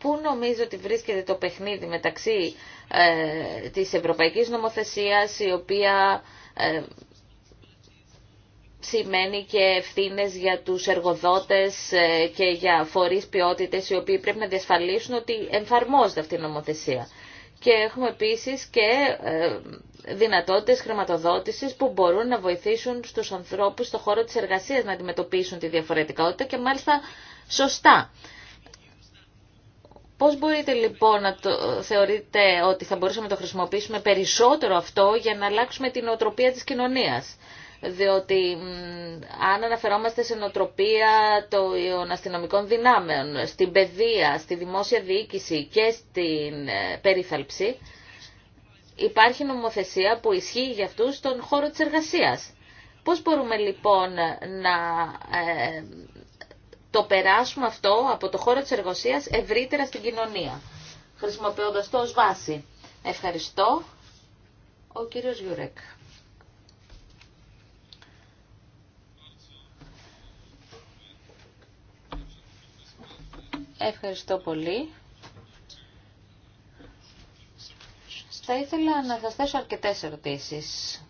Πού νομίζω ότι βρίσκεται το παιχνίδι μεταξύ ε, της Ευρωπαϊκής Νομοθεσίας η οποία ε, σημαίνει και ευθύνε για τους εργοδότες ε, και για φορείς ποιότητες οι οποίοι πρέπει να διασφαλίσουν ότι εμφαρμόζεται αυτή η νομοθεσία. Και έχουμε επίσης και ε, δυνατότητες χρηματοδότησης που μπορούν να βοηθήσουν στους ανθρώπους στον χώρο της εργασίας να αντιμετωπίσουν τη διαφορετικότητα και μάλιστα σωστά. Πώς μπορείτε λοιπόν να θεωρείτε ότι θα μπορούσαμε να το χρησιμοποιήσουμε περισσότερο αυτό για να αλλάξουμε την οτροπία της κοινωνίας. Διότι αν αναφερόμαστε σε νοοτροπία των αστυνομικών δυνάμεων, στην παιδεία, στη δημόσια διοίκηση και στην ε, περίθαλψη, υπάρχει νομοθεσία που ισχύει για αυτούς στον χώρο της εργασίας. Πώς μπορούμε λοιπόν να ε, το περάσουμε αυτό από το χώρο της εργοσίας ευρύτερα στην κοινωνία, χρησιμοποιώντας το ως βάση. Ευχαριστώ. Ο κύριος Γιουρέκ. Ευχαριστώ πολύ. Θα ήθελα να σας θέσω αρκετές ερωτήσεις.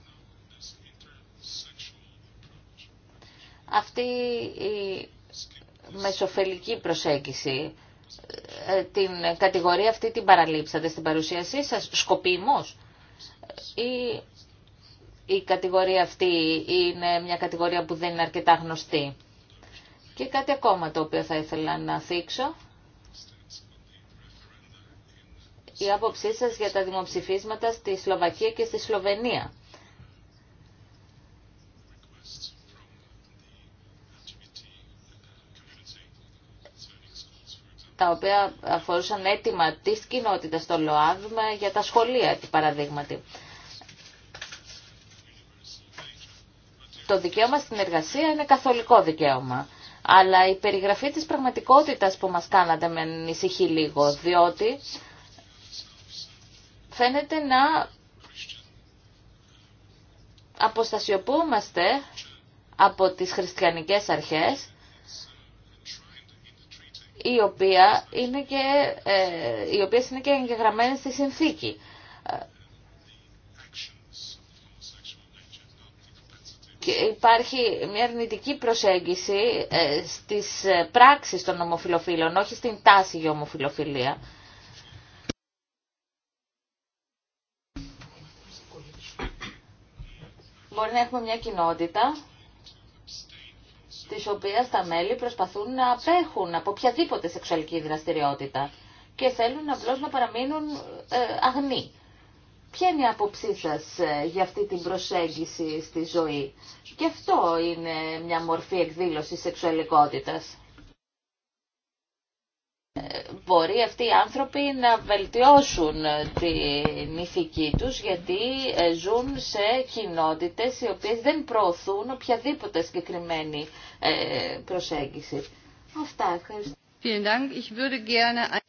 Αυτή η μεσοφελική προσέγγιση. Ε, την κατηγορία αυτή την παραλείψατε στην παρουσίασή σας σκοπίμως ε, ή η κατηγορία αυτή είναι μια κατηγορία που δεν είναι αρκετά γνωστή. Και κάτι ακόμα το οποίο θα ήθελα να θίξω. Η άποψή σας για τα δημοψηφίσματα στη Σλοβακία και στη Σλοβενία. τα οποία αφορούσαν αίτημα τη κοινότητα στο ΛΟΑΔΜ για τα σχολεία, παραδείγματι. Το δικαίωμα στην εργασία είναι καθολικό δικαίωμα. Αλλά η περιγραφή της πραγματικότητας που μας κάνατε με ανησυχεί λίγο, διότι φαίνεται να αποστασιοποιούμαστε από τις χριστιανικές αρχές η οποία είναι και, ε, οι οποίες είναι και εγγεγραμμένες στη συνθήκη. Και υπάρχει μια αρνητική προσέγγιση ε, στις πράξεις των ομοφιλοφίλων, όχι στην τάση για ομοφιλοφιλία. Μπορεί να έχουμε μια κοινότητα της οποίας τα μέλη προσπαθούν να απέχουν από οποιαδήποτε σεξουαλική δραστηριότητα και θέλουν απλώς να παραμείνουν ε, αγνοί. Ποια είναι η άποψή σας ε, για αυτή την προσέγγιση στη ζωή. Και αυτό είναι μια μορφή εκδήλωσης σεξουαλικότητας μπορεί αυτοί οι άνθρωποι να βελτιώσουν την ηθική τους γιατί ε, ζουν σε κοινότητες οι οποίες δεν προωθούν οποιαδήποτε συγκεκριμένη ε, προσέγγιση. Αυτά. Ευχαριστώ.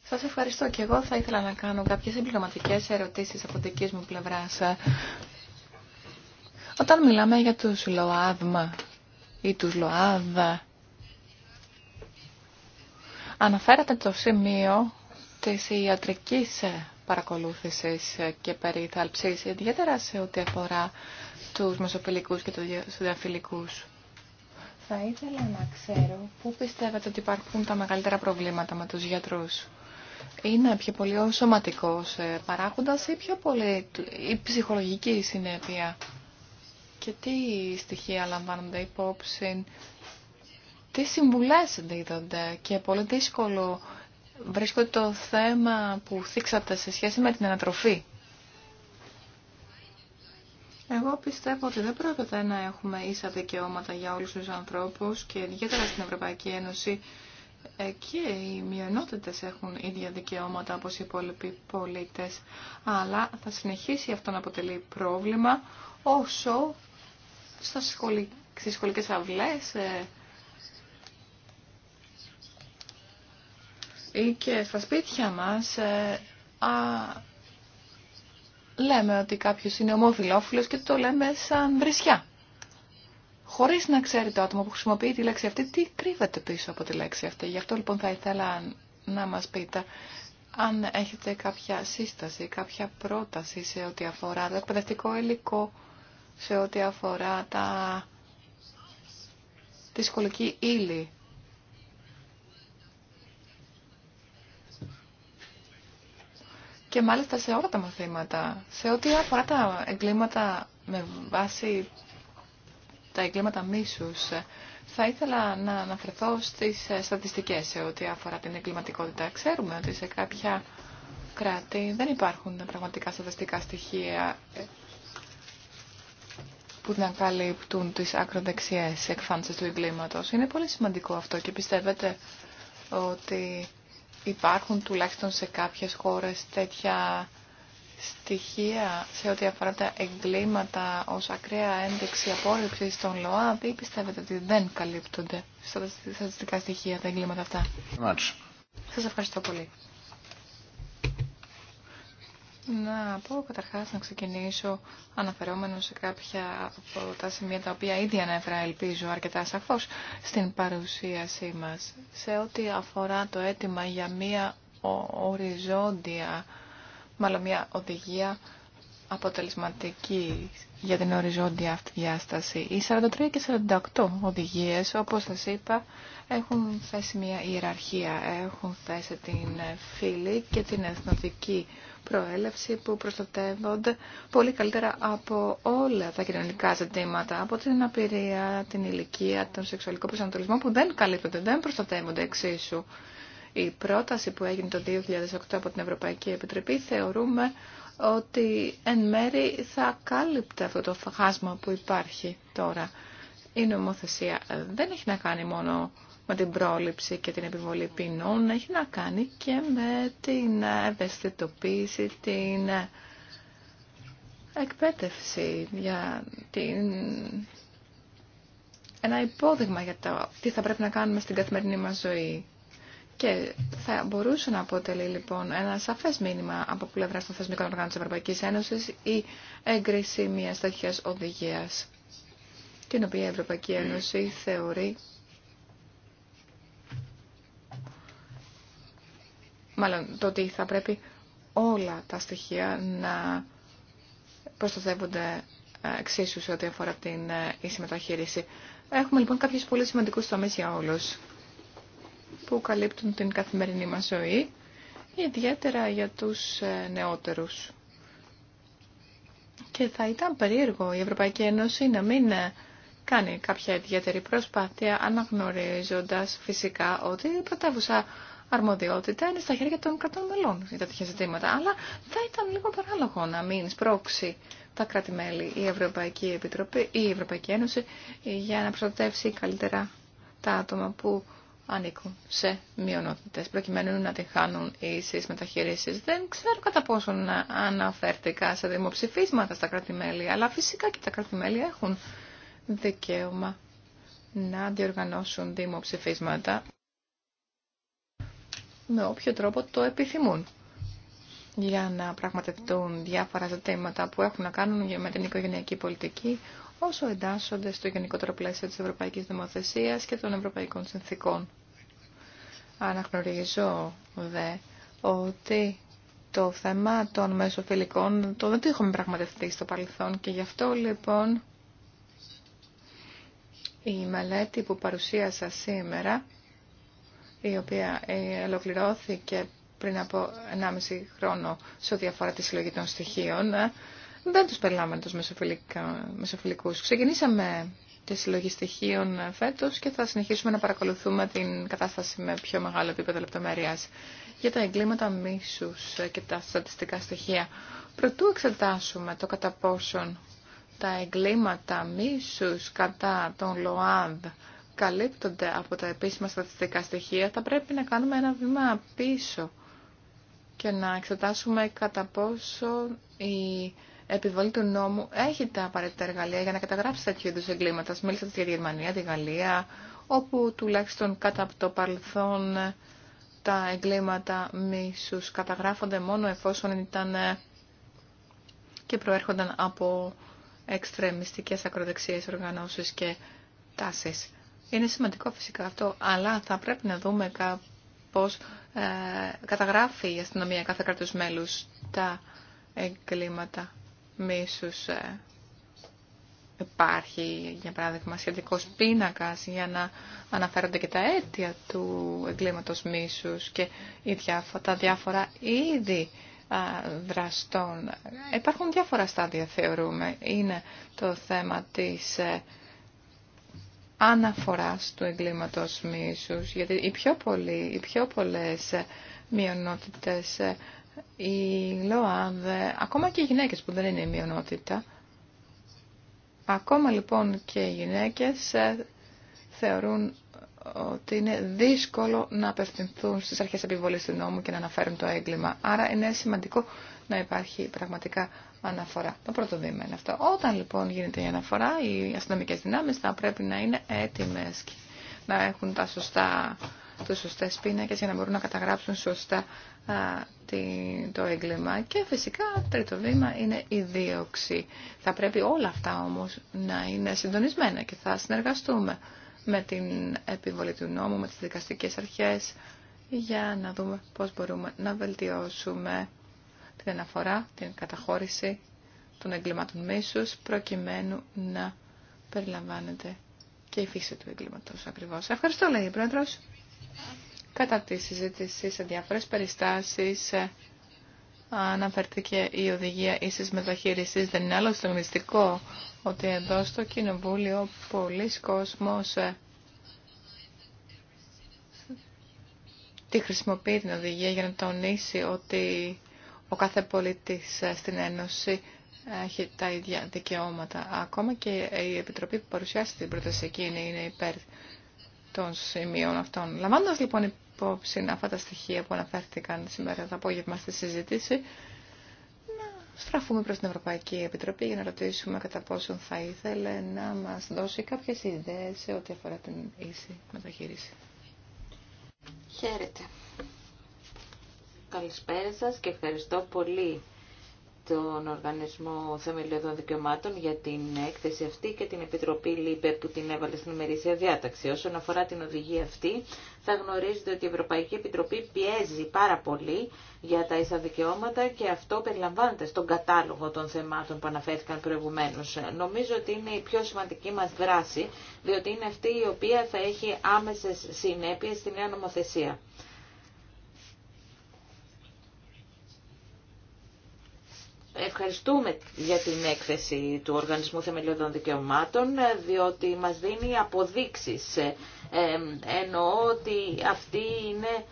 Σας ευχαριστώ και εγώ θα ήθελα να κάνω κάποιες συμπληρωματικές ερωτήσεις από δική μου πλευρά. Όταν μιλάμε για τους ΛΟΑΔΜΑ ή τους ΛΟΑΔΑ, Αναφέρατε το σημείο της ιατρικής παρακολούθησης και περιθαλψής, ιδιαίτερα σε ό,τι αφορά τους μεσοφιλικούς και τους διαφιλικούς. Θα ήθελα να ξέρω πού πιστεύετε ότι υπάρχουν τα μεγαλύτερα προβλήματα με τους γιατρούς. Είναι πιο πολύ ο σωματικός ε, παράγοντας ή πιο πολύ η ψυχολογική συνέπεια. Και τι στοιχεία λαμβάνονται υπόψη τι συμβουλές δίδονται και πολύ δύσκολο βρίσκω το θέμα που θίξατε σε σχέση με την ανατροφή. Εγώ πιστεύω ότι δεν πρόκειται να έχουμε ίσα δικαιώματα για όλους τους ανθρώπους και ιδιαίτερα στην Ευρωπαϊκή Ένωση ε, και οι μειονότητες έχουν ίδια δικαιώματα όπως οι υπόλοιποι πολίτες. Αλλά θα συνεχίσει αυτό να αποτελεί πρόβλημα όσο στα στις σχολικές ε, ή και στα σπίτια μας ε, α, λέμε ότι κάποιος είναι ομοφιλόφιλος και το λέμε σαν βρισιά. Χωρίς να ξέρει το άτομο που χρησιμοποιεί τη λέξη αυτή, τι κρύβεται πίσω από τη λέξη αυτή. Γι' αυτό λοιπόν θα ήθελα να μας πείτε αν έχετε κάποια σύσταση, κάποια πρόταση σε ό,τι αφορά το εκπαιδευτικό υλικό, σε ό,τι αφορά τα... τη σχολική ύλη και μάλιστα σε όλα τα μαθήματα, σε ό,τι αφορά τα εγκλήματα με βάση τα εγκλήματα μίσους, θα ήθελα να αναφερθώ στις ε, στατιστικές σε ό,τι αφορά την εγκληματικότητα. Ξέρουμε ότι σε κάποια κράτη δεν υπάρχουν πραγματικά στατιστικά στοιχεία ε, που να καλύπτουν τις ακροδεξιές εκφάνσεις του εγκλήματος. Είναι πολύ σημαντικό αυτό και πιστεύετε ότι υπάρχουν τουλάχιστον σε κάποιες χώρες τέτοια στοιχεία σε ό,τι αφορά τα εγκλήματα ως ακραία ένδειξη απόρριψη των ΛΟΑΔ ή πιστεύετε ότι δεν καλύπτονται στα στατιστικά στοιχεία τα εγκλήματα αυτά. Σας ευχαριστώ πολύ. Να πω καταρχάς να ξεκινήσω αναφερόμενο σε κάποια από τα σημεία τα οποία ήδη ανέφερα ελπίζω αρκετά σαφώς στην παρουσίασή μας σε ό,τι αφορά το αίτημα για μία οριζόντια, μάλλον μία οδηγία αποτελεσματική για την οριζόντια αυτή διάσταση. Οι 43 και 48 οδηγίες, όπως σας είπα, έχουν θέσει μια ιεραρχία. Έχουν θέσει την φίλη και την εθνοτική προέλευση που προστατεύονται πολύ καλύτερα από όλα τα κοινωνικά ζητήματα, από την αναπηρία, την ηλικία, τον σεξουαλικό προσανατολισμό που δεν καλύπτονται, δεν προστατεύονται εξίσου. Η πρόταση που έγινε το 2008 από την Ευρωπαϊκή Επιτροπή θεωρούμε ότι εν μέρη θα κάλυπτε αυτό το φάσμα που υπάρχει τώρα. Η νομοθεσία δεν έχει να κάνει μόνο με την πρόληψη και την επιβολή ποινών έχει να κάνει και με την ευαισθητοποίηση, την εκπαίδευση για την... ένα υπόδειγμα για το τι θα πρέπει να κάνουμε στην καθημερινή μας ζωή. Και θα μπορούσε να αποτελεί λοιπόν ένα σαφέ μήνυμα από πλευρά των θεσμικών οργάνων τη Ευρωπαϊκή Ένωση η έγκριση μια τέτοια οδηγία, την οποία η Ευρωπαϊκή Ένωση θεωρεί μάλλον το ότι θα πρέπει όλα τα στοιχεία να προστατεύονται ε, εξίσου σε ό,τι αφορά την ε, ίση μεταχείριση. Έχουμε λοιπόν κάποιες πολύ σημαντικούς τομείς για όλους που καλύπτουν την καθημερινή μας ζωή, ιδιαίτερα για τους ε, νεότερους. Και θα ήταν περίεργο η Ευρωπαϊκή Ένωση να μην κάνει κάποια ιδιαίτερη προσπάθεια αναγνωρίζοντας φυσικά ότι η πρωτεύουσα αρμοδιότητα είναι στα χέρια των κρατών μελών για τέτοια ζητήματα. Αλλά θα ήταν λίγο παράλογο να μην σπρώξει τα κράτη-μέλη η Ευρωπαϊκή Επιτροπή ή η Ευρωπαϊκή Ένωση για να προστατεύσει καλύτερα τα άτομα που ανήκουν σε μειονότητες, προκειμένου να τη χάνουν ίσες μεταχειρήσεις. Δεν ξέρω κατά πόσον αναφέρθηκα σε δημοψηφίσματα στα κράτη-μέλη, αλλά φυσικά και τα κράτη-μέλη έχουν δικαίωμα να διοργανώσουν δημοψηφίσματα με όποιο τρόπο το επιθυμούν για να πραγματευτούν διάφορα ζητήματα που έχουν να κάνουν με την οικογενειακή πολιτική όσο εντάσσονται στο γενικότερο πλαίσιο της Ευρωπαϊκής Δημοθεσίας και των Ευρωπαϊκών Συνθήκων. Αναγνωρίζω δε ότι το θέμα των μεσοφιλικών το δεν το έχουμε πραγματευτεί στο παρελθόν και γι' αυτό λοιπόν η μελέτη που παρουσίασα σήμερα η οποία ε, ολοκληρώθηκε πριν από 1,5 χρόνο σε ό,τι αφορά τη συλλογή των στοιχείων, δεν τους περιλάμβανε τους μεσοφιλικούς. Ξεκινήσαμε τη συλλογή στοιχείων φέτος και θα συνεχίσουμε να παρακολουθούμε την κατάσταση με πιο μεγάλο επίπεδο λεπτομέρειας για τα εγκλήματα μίσους και τα στατιστικά στοιχεία. Προτού εξετάσουμε το κατά πόσον τα εγκλήματα μίσους κατά τον ΛΟΑΔ καλύπτονται από τα επίσημα στατιστικά στοιχεία, θα πρέπει να κάνουμε ένα βήμα πίσω και να εξετάσουμε κατά πόσο η επιβολή του νόμου έχει τα απαραίτητα εργαλεία για να καταγράψει τέτοιου είδου εγκλήματα. Μίλησατε για τη Γερμανία, τη Γαλλία, όπου τουλάχιστον κατά από το παρελθόν τα εγκλήματα μίσους καταγράφονται μόνο εφόσον ήταν ε, και προέρχονταν από εξτρεμιστικές ακροδεξίες οργανώσεις και τάσεις. Είναι σημαντικό φυσικά αυτό, αλλά θα πρέπει να δούμε πώς ε, καταγράφει η αστυνομία κάθε κράτος μέλους τα εγκλήματα μίσους. Ε. υπάρχει, για παράδειγμα, σχετικό πίνακα για να αναφέρονται και τα αίτια του εγκλήματος μίσους και τα διάφορα είδη δραστών. Υπάρχουν διάφορα στάδια, θεωρούμε. Είναι το θέμα της ε, αναφοράς του εγκλήματος μίσους, γιατί οι πιο, πολλοί, οι πιο πολλές μειονότητες, οι ΛΟΑΔ, ακόμα και οι γυναίκες που δεν είναι η μειονότητα, ακόμα λοιπόν και οι γυναίκες θεωρούν ότι είναι δύσκολο να απευθυνθούν στις αρχές επιβολής του νόμου και να αναφέρουν το έγκλημα. Άρα είναι σημαντικό να υπάρχει πραγματικά αναφορά. Το πρώτο βήμα είναι αυτό. Όταν λοιπόν γίνεται η αναφορά, οι αστυνομικέ δυνάμει θα πρέπει να είναι έτοιμε, και να έχουν τα σωστά, τους σωστές πίνακες για να μπορούν να καταγράψουν σωστά α, το έγκλημα. Και φυσικά τρίτο βήμα είναι η δίωξη. Θα πρέπει όλα αυτά όμως να είναι συντονισμένα και θα συνεργαστούμε με την επιβολή του νόμου, με τις δικαστικές αρχές για να δούμε πώς μπορούμε να βελτιώσουμε την αφορά την καταχώρηση των εγκλημάτων μίσους προκειμένου να περιλαμβάνεται και η φύση του εγκλήματος ακριβώς. Ευχαριστώ λέει η Πρόεδρος. Κατά τη συζήτηση σε διάφορες περιστάσεις ε, αναφέρθηκε η οδηγία ίσης μεταχείρισης. Δεν είναι άλλο μυστικό ότι εδώ στο Κοινοβούλιο πολλοί κόσμος ε, τη χρησιμοποιεί την οδηγία για να τονίσει ότι ο κάθε πολίτης ε, στην Ένωση έχει τα ίδια δικαιώματα. Ακόμα και η Επιτροπή που παρουσιάσει την πρόταση εκείνη είναι υπέρ των σημείων αυτών. Λαμβάνοντας λοιπόν υπόψη αυτά τα στοιχεία που αναφέρθηκαν σήμερα το απόγευμα στη συζήτηση, να στραφούμε προς την Ευρωπαϊκή Επιτροπή για να ρωτήσουμε κατά πόσον θα ήθελε να μας δώσει κάποιες ιδέες σε ό,τι αφορά την ίση μεταχείριση. Χαίρετε. Καλησπέρα σας και ευχαριστώ πολύ τον Οργανισμό Θεμελιωδών Δικαιωμάτων για την έκθεση αυτή και την Επιτροπή ΛΥΠΕ που την έβαλε στην ημερήσια διάταξη. Όσον αφορά την οδηγία αυτή, θα γνωρίζετε ότι η Ευρωπαϊκή Επιτροπή πιέζει πάρα πολύ για τα ίσα δικαιώματα και αυτό περιλαμβάνεται στον κατάλογο των θεμάτων που αναφέρθηκαν προηγουμένω. Νομίζω ότι είναι η πιο σημαντική μα δράση, διότι είναι αυτή η οποία θα έχει άμεσε συνέπειε στη νέα νομοθεσία. Ευχαριστούμε για την έκθεση του Οργανισμού Θεμελιωδών Δικαιωμάτων, διότι μας δίνει αποδείξεις. Ε, εννοώ ότι αυτή είναι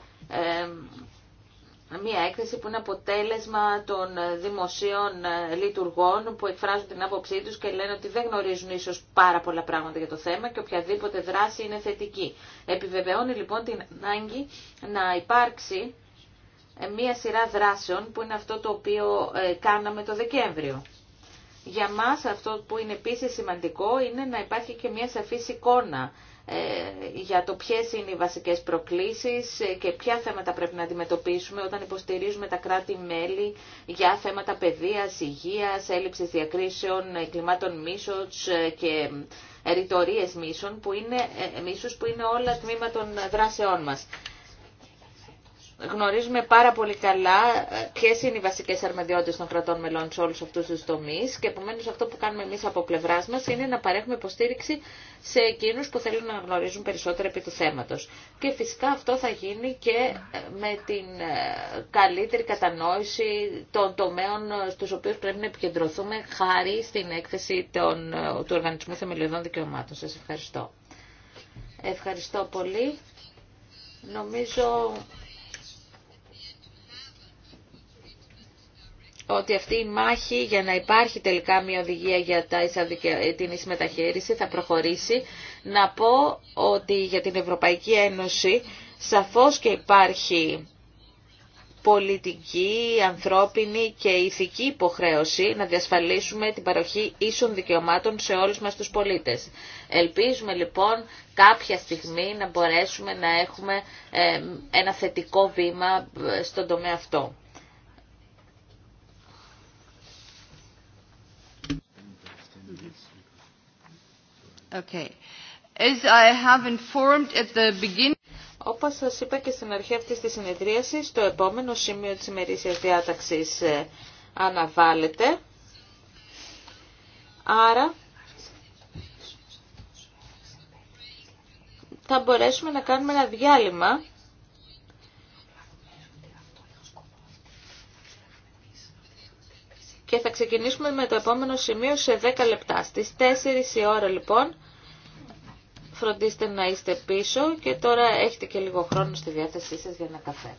μια έκθεση που είναι αποτέλεσμα των δημοσίων ε, λειτουργών που εκφράζουν την άποψή τους και λένε ότι δεν γνωρίζουν ίσως πάρα πολλά πράγματα για το θέμα και οποιαδήποτε δράση είναι θετική. Επιβεβαιώνει λοιπόν την ανάγκη να υπάρξει ε, μία σειρά δράσεων που είναι αυτό το οποίο ε, κάναμε το Δεκέμβριο. Για μας αυτό που είναι επίσης σημαντικό είναι να υπάρχει και μία σαφής εικόνα ε, για το ποιες είναι οι βασικές προκλήσεις και ποια θέματα πρέπει να αντιμετωπίσουμε όταν υποστηρίζουμε τα κράτη-μέλη για θέματα παιδείας, υγείας, έλλειψης διακρίσεων, κλιμάτων μίσος και ρητορίες μίσων που είναι, μίσους που είναι όλα τμήμα των δράσεών μας γνωρίζουμε πάρα πολύ καλά ε, ποιε είναι οι βασικέ αρμοδιότητε των κρατών μελών σε όλου αυτού του τομεί και επομένω αυτό που κάνουμε εμεί από πλευρά μα είναι να παρέχουμε υποστήριξη σε εκείνου που θέλουν να γνωρίζουν περισσότερο επί του θέματο. Και φυσικά αυτό θα γίνει και ε, με την ε, καλύτερη κατανόηση των τομέων στου οποίου πρέπει να επικεντρωθούμε χάρη στην έκθεση του Οργανισμού Θεμελιωδών Δικαιωμάτων. Σα ευχαριστώ. Ευχαριστώ πολύ. Νομίζω ότι αυτή η μάχη για να υπάρχει τελικά μια οδηγία για ε, την ίση θα προχωρήσει. Να πω ότι για την Ευρωπαϊκή Ένωση σαφώς και υπάρχει πολιτική, ανθρώπινη και ηθική υποχρέωση να διασφαλίσουμε την παροχή ίσων δικαιωμάτων σε όλους μας τους πολίτες. Ελπίζουμε λοιπόν κάποια στιγμή να μπορέσουμε να έχουμε ε, ένα θετικό βήμα ε, στον τομέα αυτό. Okay. As Όπως σας είπα και στην αρχή αυτής της συνεδρίασης, το επόμενο σημείο της ημερήσιας διάταξης ε, αναβάλλεται. Άρα θα μπορέσουμε να κάνουμε ένα διάλειμμα και θα ξεκινήσουμε με το επόμενο σημείο σε 10 λεπτά. Στις 4 η ώρα λοιπόν φροντίστε να είστε πίσω και τώρα έχετε και λίγο χρόνο στη διάθεσή σας για ένα καφέ.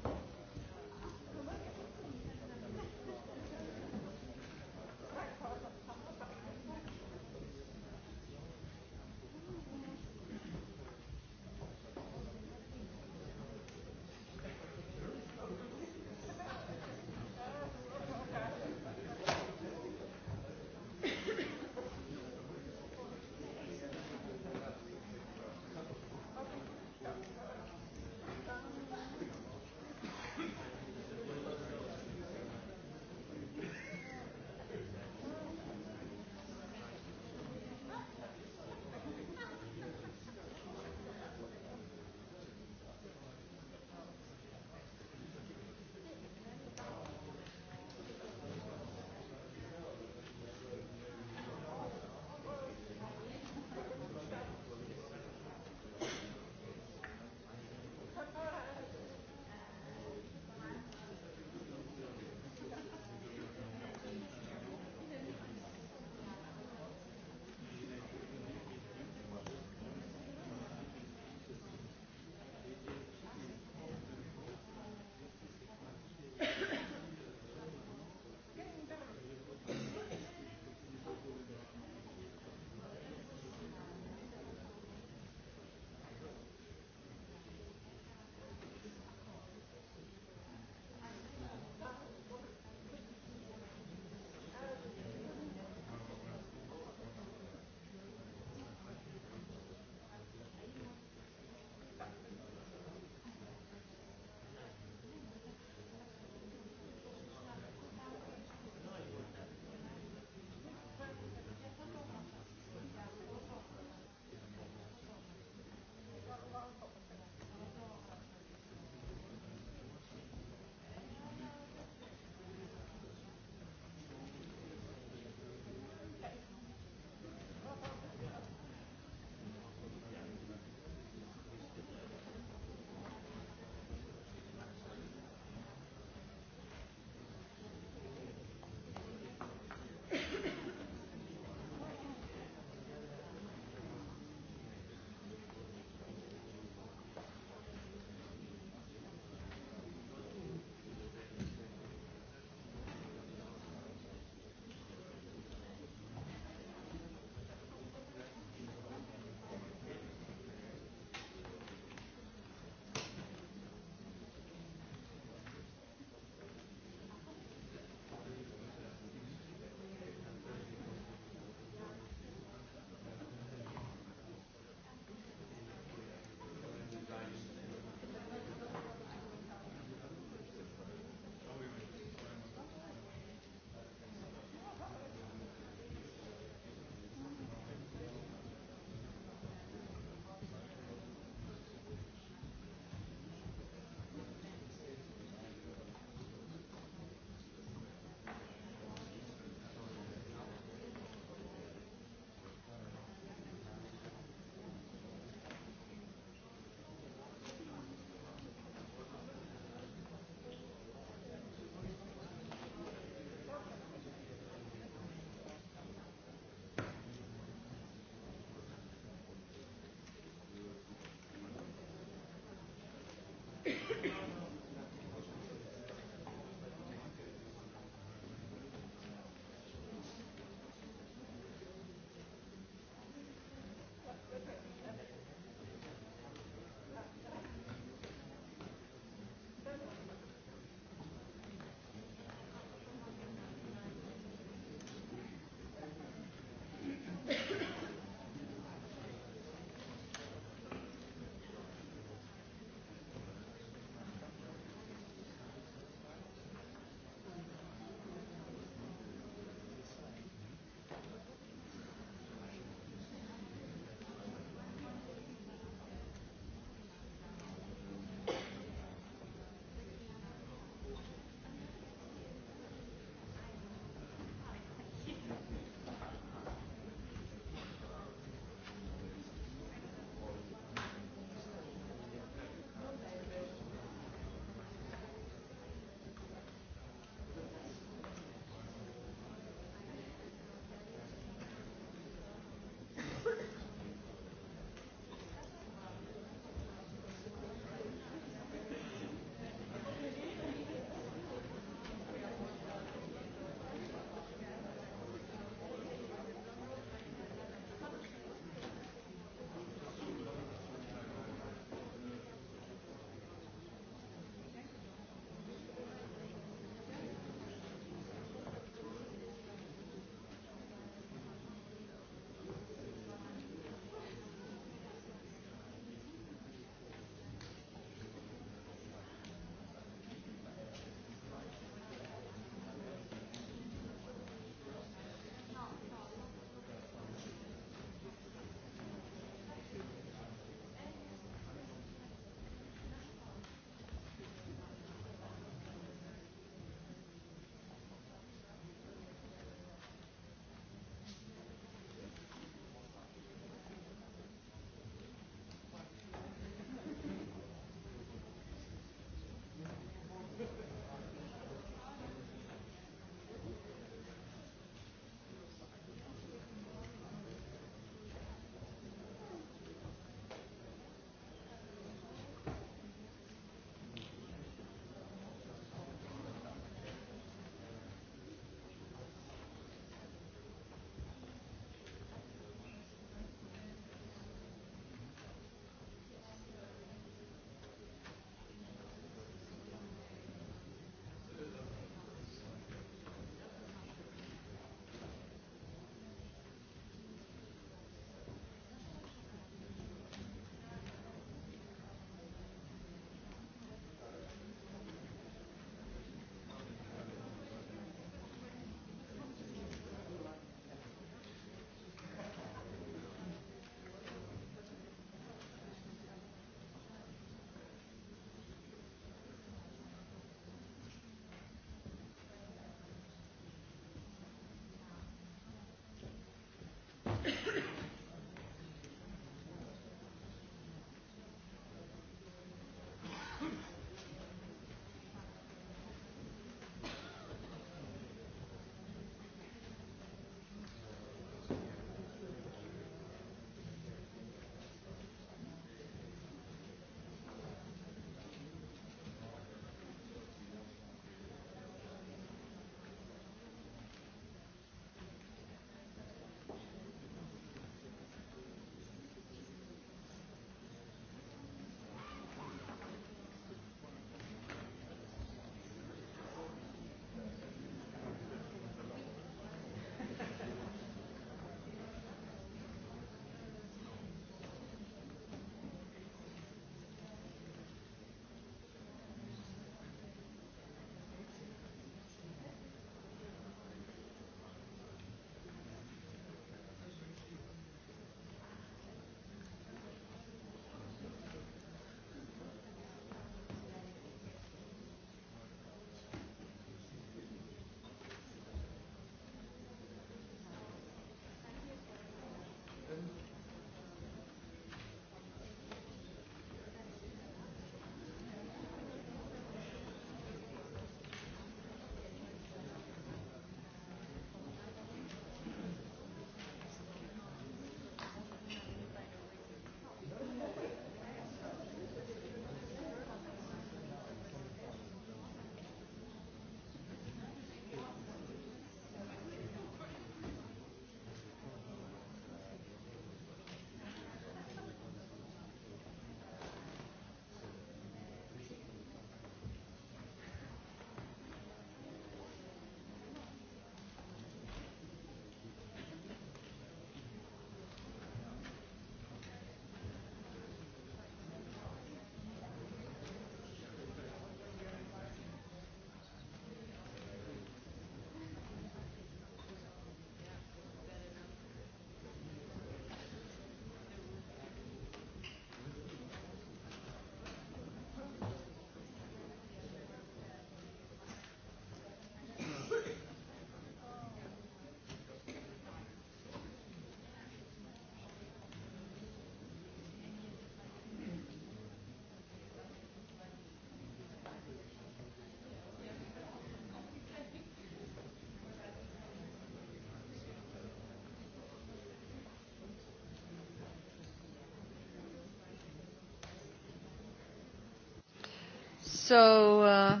So, uh,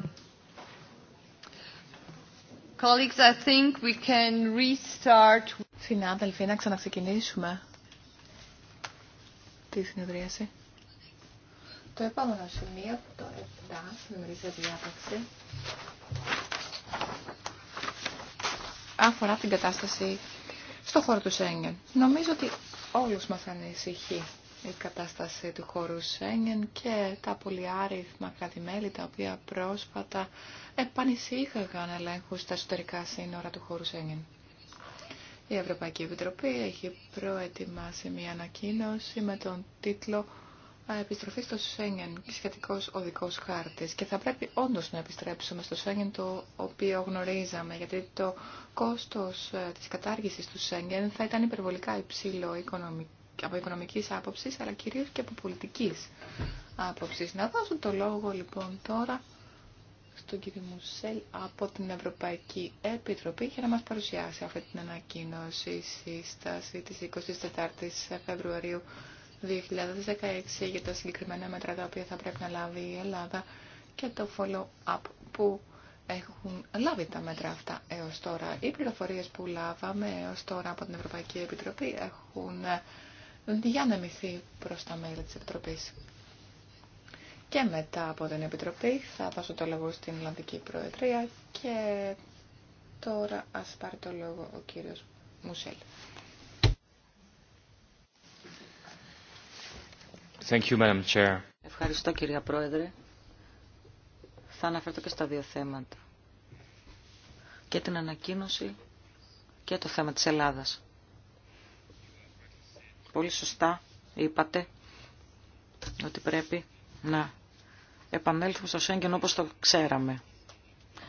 Συνάδελφοι, να ξαναξεκινήσουμε τη συνεδρίαση. Το επόμενο σημείο, το 7, η διάταξη, αφορά την κατάσταση στον χώρο του Σέγγεν. Νομίζω ότι όλους μας ανησυχεί η κατάσταση του χώρου Σέγγεν και τα πολυάριθμα κρατημέλη τα οποία πρόσφατα επανησύχαγαν ελέγχους στα εσωτερικά σύνορα του χώρου Σέγγεν. Η Ευρωπαϊκή Επιτροπή έχει προετοιμάσει μια ανακοίνωση με τον τίτλο «Επιστροφή στο Σέγγεν και σχετικός οδικός χάρτης» και θα πρέπει όντω να επιστρέψουμε στο Σέγγεν το οποίο γνωρίζαμε γιατί το κόστο ε, τη κατάργηση του Σέγγεν θα ήταν υπερβολικά υψηλό οικονομικό από οικονομική άποψη, αλλά κυρίω και από πολιτική άποψη. Να δώσω το λόγο λοιπόν τώρα στον κύριο Μουσέλ από την Ευρωπαϊκή Επιτροπή για να μας παρουσιάσει αυτή την ανακοίνωση η σύσταση της 24ης Φεβρουαρίου 2016 για τα συγκεκριμένα μέτρα τα οποία θα πρέπει να λάβει η Ελλάδα και το follow-up που έχουν λάβει τα μέτρα αυτά έως τώρα. Οι πληροφορίες που λάβαμε έως τώρα από την Ευρωπαϊκή Επιτροπή έχουν για διανεμηθεί προς τα μέλη της Επιτροπής. Και μετά από την Επιτροπή θα δώσω το λόγο στην Ιλλανδική Προεδρία και τώρα ας πάρει το λόγο ο κύριος Μουσέλ. Thank you, Madam Ευχαριστώ κυρία Πρόεδρε. Θα αναφερθώ και στα δύο θέματα. Και την ανακοίνωση και το θέμα της Ελλάδας πολύ σωστά είπατε ότι πρέπει να επανέλθουμε στο Σέγγεν όπως το ξέραμε.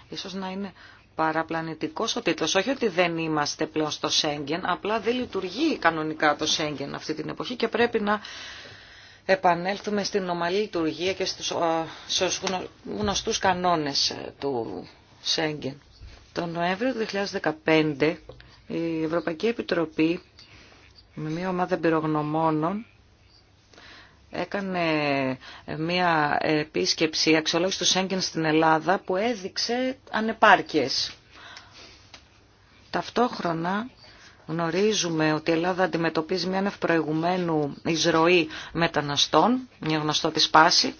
Ίσως να είναι παραπλανητικός ο τίτλος. Όχι ότι δεν είμαστε πλέον στο Σέγγεν, απλά δεν λειτουργεί κανονικά το Σέγγεν αυτή την εποχή και πρέπει να επανέλθουμε στην ομαλή λειτουργία και στους, στους γνωστούς κανόνες ε, του Σέγγεν. Το Νοέμβριο του 2015 η Ευρωπαϊκή Επιτροπή με μια ομάδα εμπειρογνωμόνων έκανε μια επίσκεψη αξιολόγηση του Σέγγεν στην Ελλάδα που έδειξε ανεπάρκειες. Ταυτόχρονα γνωρίζουμε ότι η Ελλάδα αντιμετωπίζει μια ευπροηγουμενου εισρωή μεταναστών, μια γνωστό της πάση,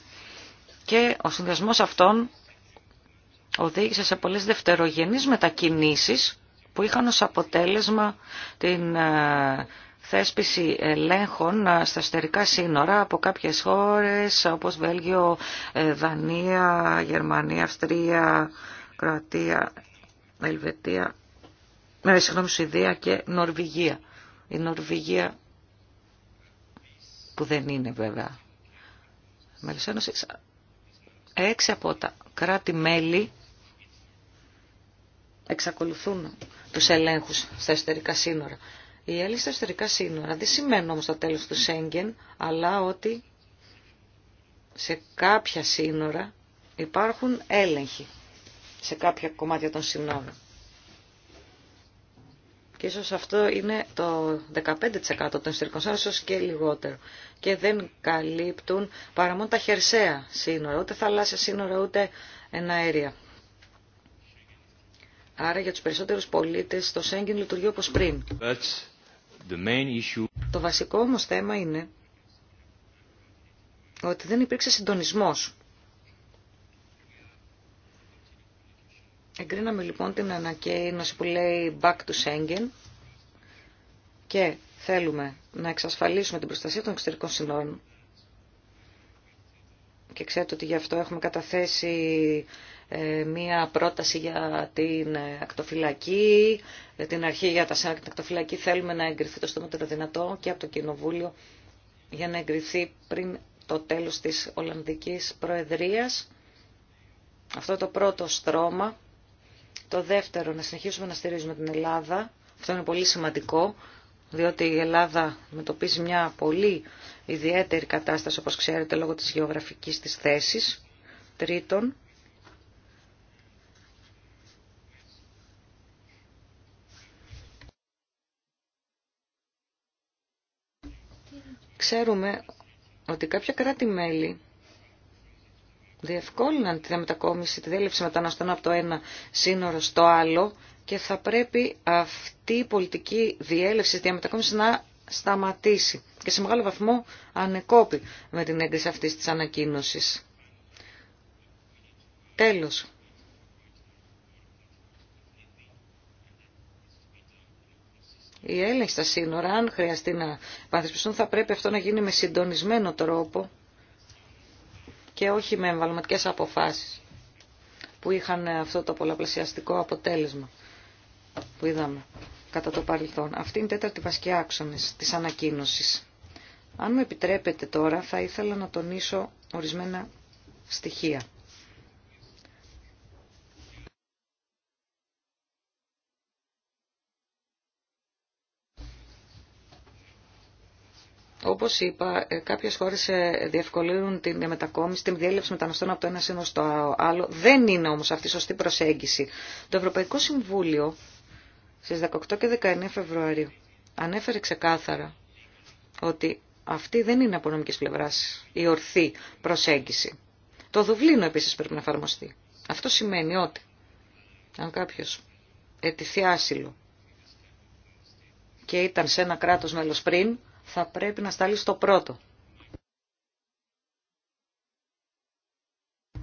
και ο συνδυασμός αυτών οδήγησε σε πολλές δευτερογενείς μετακινήσεις που είχαν ως αποτέλεσμα την ε, θέσπιση ελέγχων στα εσωτερικά σύνορα από κάποιες χώρες όπως Βέλγιο, ε, Δανία, Γερμανία, Αυστρία, Κροατία, Ελβετία, με συγγνώμη Σουηδία και Νορβηγία. Η Νορβηγία που δεν είναι βέβαια μέλος Ένωσης. Έξι από τα κράτη-μέλη εξακολουθούν τους ελέγχους στα εσωτερικά σύνορα. Η έλλειψη στα εσωτερικά σύνορα δεν σημαίνει όμως το τέλος του Σέγγεν, αλλά ότι σε κάποια σύνορα υπάρχουν έλεγχοι σε κάποια κομμάτια των σύνορων. Και ίσως αυτό είναι το 15% των εσωτερικών σύνορων, ίσως και λιγότερο. Και δεν καλύπτουν παρά μόνο τα χερσαία σύνορα, ούτε θαλάσσια σύνορα, ούτε αέρια. Άρα για τους περισσότερους πολίτες το Σέγγεν λειτουργεί όπως πριν. Το βασικό όμως θέμα είναι ότι δεν υπήρξε συντονισμός. Εγκρίναμε λοιπόν την ανακαίνωση που λέει Back to Schengen και θέλουμε να εξασφαλίσουμε την προστασία των εξωτερικών συνόρων. Και ξέρετε ότι γι' αυτό έχουμε καταθέσει ε, μία πρόταση για την ακτοφυλακή, την αρχή για τα την ακτοφυλακή. Θέλουμε να εγκριθεί το στόμα δυνατό και από το Κοινοβούλιο για να εγκριθεί πριν το τέλος της Ολλανδικής Προεδρίας. Αυτό το πρώτο στρώμα. Το δεύτερο, να συνεχίσουμε να στηρίζουμε την Ελλάδα. Αυτό είναι πολύ σημαντικό, διότι η Ελλάδα μετοπίζει μια πολύ ιδιαίτερη κατάσταση, όπως ξέρετε, λόγω της γεωγραφικής της θέσης. Τρίτον, Ξέρουμε ότι κάποια κράτη-μέλη διευκόλυναν τη διαμετακόμιση, τη διέλευση μεταναστών από το ένα σύνορο στο άλλο και θα πρέπει αυτή η πολιτική διέλευση, τη διαμετακόμιση να σταματήσει και σε μεγάλο βαθμό ανεκόπη με την έγκριση αυτής της ανακοίνωσης. Τέλος, η έλεγχη στα σύνορα, αν χρειαστεί να πανθυσπιστούν, θα πρέπει αυτό να γίνει με συντονισμένο τρόπο και όχι με εμβαλωματικές αποφάσεις που είχαν αυτό το πολλαπλασιαστικό αποτέλεσμα που είδαμε κατά το παρελθόν. Αυτή είναι η τέταρτη βασική άξονες της ανακοίνωσης. Αν μου επιτρέπετε τώρα θα ήθελα να τονίσω ορισμένα στοιχεία Όπως είπα, ε, κάποιες χώρες ε, διευκολύνουν τη μετακόμιση, τη διέλευση μεταναστών από το ένα σύνολο στο άλλο. Δεν είναι όμως αυτή η σωστή προσέγγιση. Το Ευρωπαϊκό Συμβούλιο στις 18 και 19 Φεβρουαρίου ανέφερε ξεκάθαρα ότι αυτή δεν είναι από νομικής πλευράς η ορθή προσέγγιση. Το Δουβλίνο επίση πρέπει να εφαρμοστεί. Αυτό σημαίνει ότι αν κάποιος ετηθεί άσυλο και ήταν σε ένα κράτος μέλος πριν, θα πρέπει να σταλεί στο πρώτο.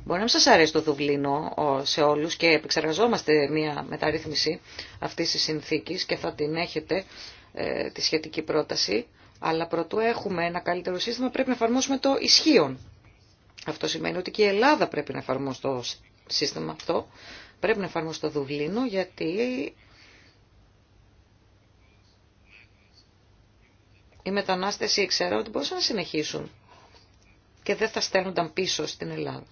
Μπορεί να μην σας αρέσει το Δουβλίνο σε όλους και επεξεργαζόμαστε μια μεταρρύθμιση αυτής της συνθήκης και θα την έχετε ε, τη σχετική πρόταση, αλλά προτού έχουμε ένα καλύτερο σύστημα πρέπει να εφαρμόσουμε το ισχύον. Αυτό σημαίνει ότι και η Ελλάδα πρέπει να εφαρμόσει το σύστημα αυτό, πρέπει να εφαρμόσει το Δουβλίνο γιατί οι μετανάστες ήξεραν ότι μπορούσαν να συνεχίσουν και δεν θα στέλνονταν πίσω στην Ελλάδα.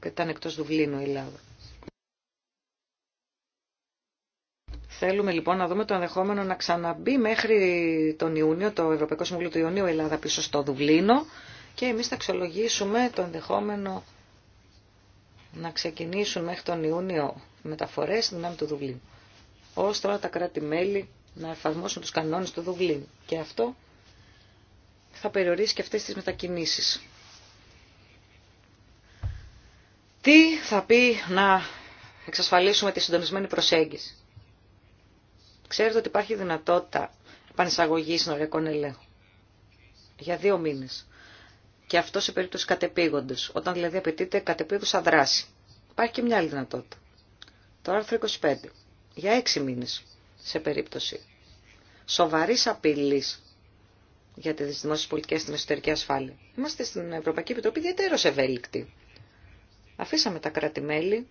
Και ήταν εκτός Δουβλίνου η Ελλάδα. Θέλουμε λοιπόν να δούμε το ενδεχόμενο να ξαναμπεί μέχρι τον Ιούνιο, το Ευρωπαϊκό Συμβούλιο του Ιουνίου, η Ελλάδα πίσω στο Δουβλίνο και εμείς θα αξιολογήσουμε το ενδεχόμενο να ξεκινήσουν μέχρι τον Ιούνιο μεταφορές στην δυνάμει του Δουβλίνου. Ώστε τα κράτη-μέλη να εφαρμόσουν τους κανόνες του Δουβλίνου. Και αυτό θα περιορίσει και αυτές τις μετακινήσεις. Τι θα πει να εξασφαλίσουμε τη συντονισμένη προσέγγιση. Ξέρετε ότι υπάρχει δυνατότητα επανεισαγωγή συνοριακών ελέγχων για δύο μήνες. Και αυτό σε περίπτωση κατεπήγοντος, όταν δηλαδή απαιτείται κατεπήγουσα δράση. Υπάρχει και μια άλλη δυνατότητα. Το άρθρο 25. Για έξι μήνες σε περίπτωση σοβαρής απειλή για τι δημόσιες πολιτικές στην εσωτερική ασφάλεια. Είμαστε στην Ευρωπαϊκή Επιτροπή ιδιαίτερω ευέλικτοι. Αφήσαμε τα κράτη-μέλη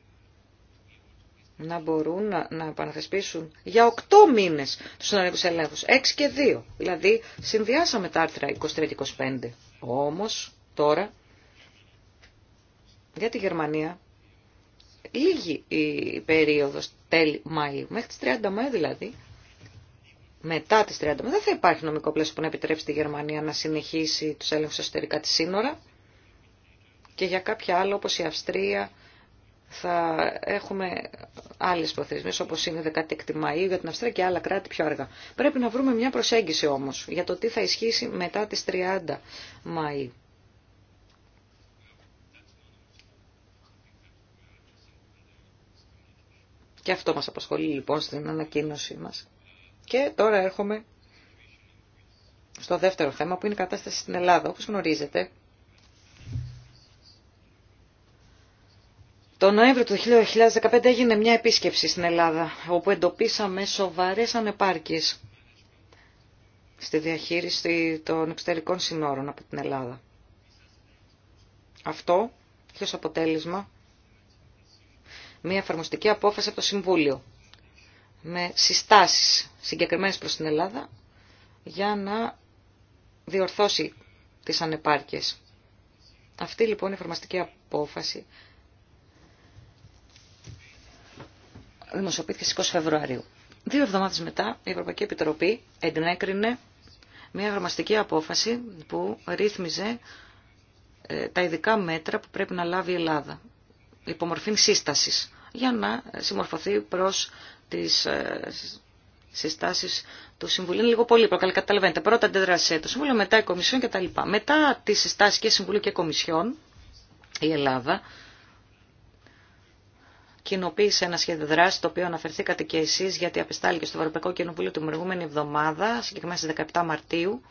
να μπορούν να, να επαναθεσπίσουν για 8 μήνες του συνολικού ελέγχου. Έξι και 2. Δηλαδή συνδυάσαμε τα άρθρα 23 και 25. Όμως τώρα για τη Γερμανία λίγη η περίοδος τέλη Μαΐου, μέχρι τις 30 Μαΐου δηλαδή, μετά τις 30 Μαΐου, δεν θα υπάρχει νομικό πλαίσιο που να επιτρέψει τη Γερμανία να συνεχίσει τους έλεγχους εσωτερικά τη σύνορα και για κάποια άλλο όπως η Αυστρία θα έχουμε άλλες προθεσμίες όπως είναι 16 Μαΐου για την Αυστρία και άλλα κράτη πιο αργά. Πρέπει να βρούμε μια προσέγγιση όμως για το τι θα ισχύσει μετά τις 30 Μαΐου. Και αυτό μας απασχολεί λοιπόν στην ανακοίνωσή μας. Και τώρα έρχομαι στο δεύτερο θέμα που είναι η κατάσταση στην Ελλάδα. Όπως γνωρίζετε, Το Νοέμβριο του 2015 έγινε μια επίσκεψη στην Ελλάδα, όπου εντοπίσαμε σοβαρές ανεπάρκειες στη διαχείριση των εξωτερικών συνόρων από την Ελλάδα. Αυτό ως αποτέλεσμα μια εφαρμοστική απόφαση από το Συμβούλιο με συστάσεις συγκεκριμένες προς την Ελλάδα για να διορθώσει τις ανεπάρκειες. Αυτή λοιπόν η εφαρμοστική απόφαση δημοσιοποιήθηκε στις 20 Φεβρουαρίου. Δύο εβδομάδες μετά η Ευρωπαϊκή Επιτροπή εντενέκρινε μια εφαρμοστική απόφαση που ρύθμιζε ε, τα ειδικά μέτρα που πρέπει να λάβει η Ελλάδα υπομορφήν σύστασης για να συμμορφωθεί προς τις ε, συστάσεις του Συμβουλίου. Είναι λίγο πολύ, προκαλεί καταλαβαίνετε. Πρώτα αντέδρασε το Συμβούλιο, μετά η Κομισιόν κτλ. Μετά τι συστάσει και Συμβουλίου και Κομισιόν, η Ελλάδα κοινοποίησε ένα σχέδιο δράση, το οποίο αναφερθήκατε και εσείς, γιατί απεστάλληκε στο Ευρωπαϊκό Κοινοβούλιο την προηγούμενη εβδομάδα, συγκεκριμένα στις 17 Μαρτίου,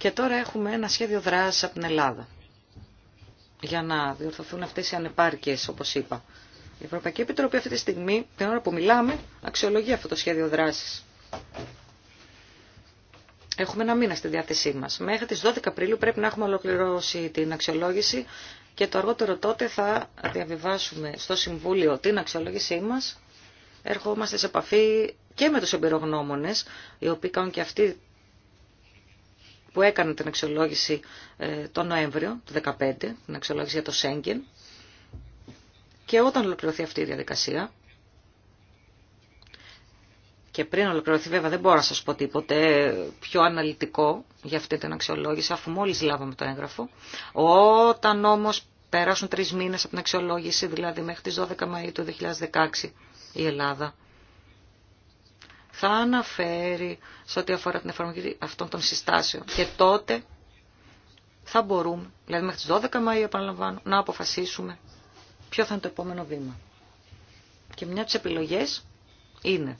Και τώρα έχουμε ένα σχέδιο δράσης από την Ελλάδα για να διορθωθούν αυτές οι ανεπάρκειες, όπως είπα. Η Ευρωπαϊκή Επιτροπή αυτή τη στιγμή, την ώρα που μιλάμε, αξιολογεί αυτό το σχέδιο δράσης. Έχουμε ένα μήνα στη διάθεσή μας. Μέχρι τις 12 Απριλίου πρέπει να έχουμε ολοκληρώσει την αξιολόγηση και το αργότερο τότε θα διαβιβάσουμε στο Συμβούλιο την αξιολόγησή μας. Ερχόμαστε σε επαφή και με τους εμπειρογνώμονες, οι οποίοι κάνουν και αυτοί που έκανε την αξιολόγηση ε, τον Νοέμβριο του 2015, την αξιολόγηση για το Σέγγεν. Και όταν ολοκληρωθεί αυτή η διαδικασία, και πριν ολοκληρωθεί βέβαια δεν μπορώ να σας πω τίποτε πιο αναλυτικό για αυτή την αξιολόγηση, αφού μόλις λάβαμε το έγγραφο. Όταν όμως περάσουν τρεις μήνες από την αξιολόγηση, δηλαδή μέχρι τις 12 Μαΐου του 2016, η Ελλάδα θα αναφέρει σε ό,τι αφορά την εφαρμογή αυτών των συστάσεων. Και τότε θα μπορούμε, δηλαδή μέχρι τις 12 Μαΐου επαναλαμβάνω, να αποφασίσουμε ποιο θα είναι το επόμενο βήμα. Και μια από τις επιλογές είναι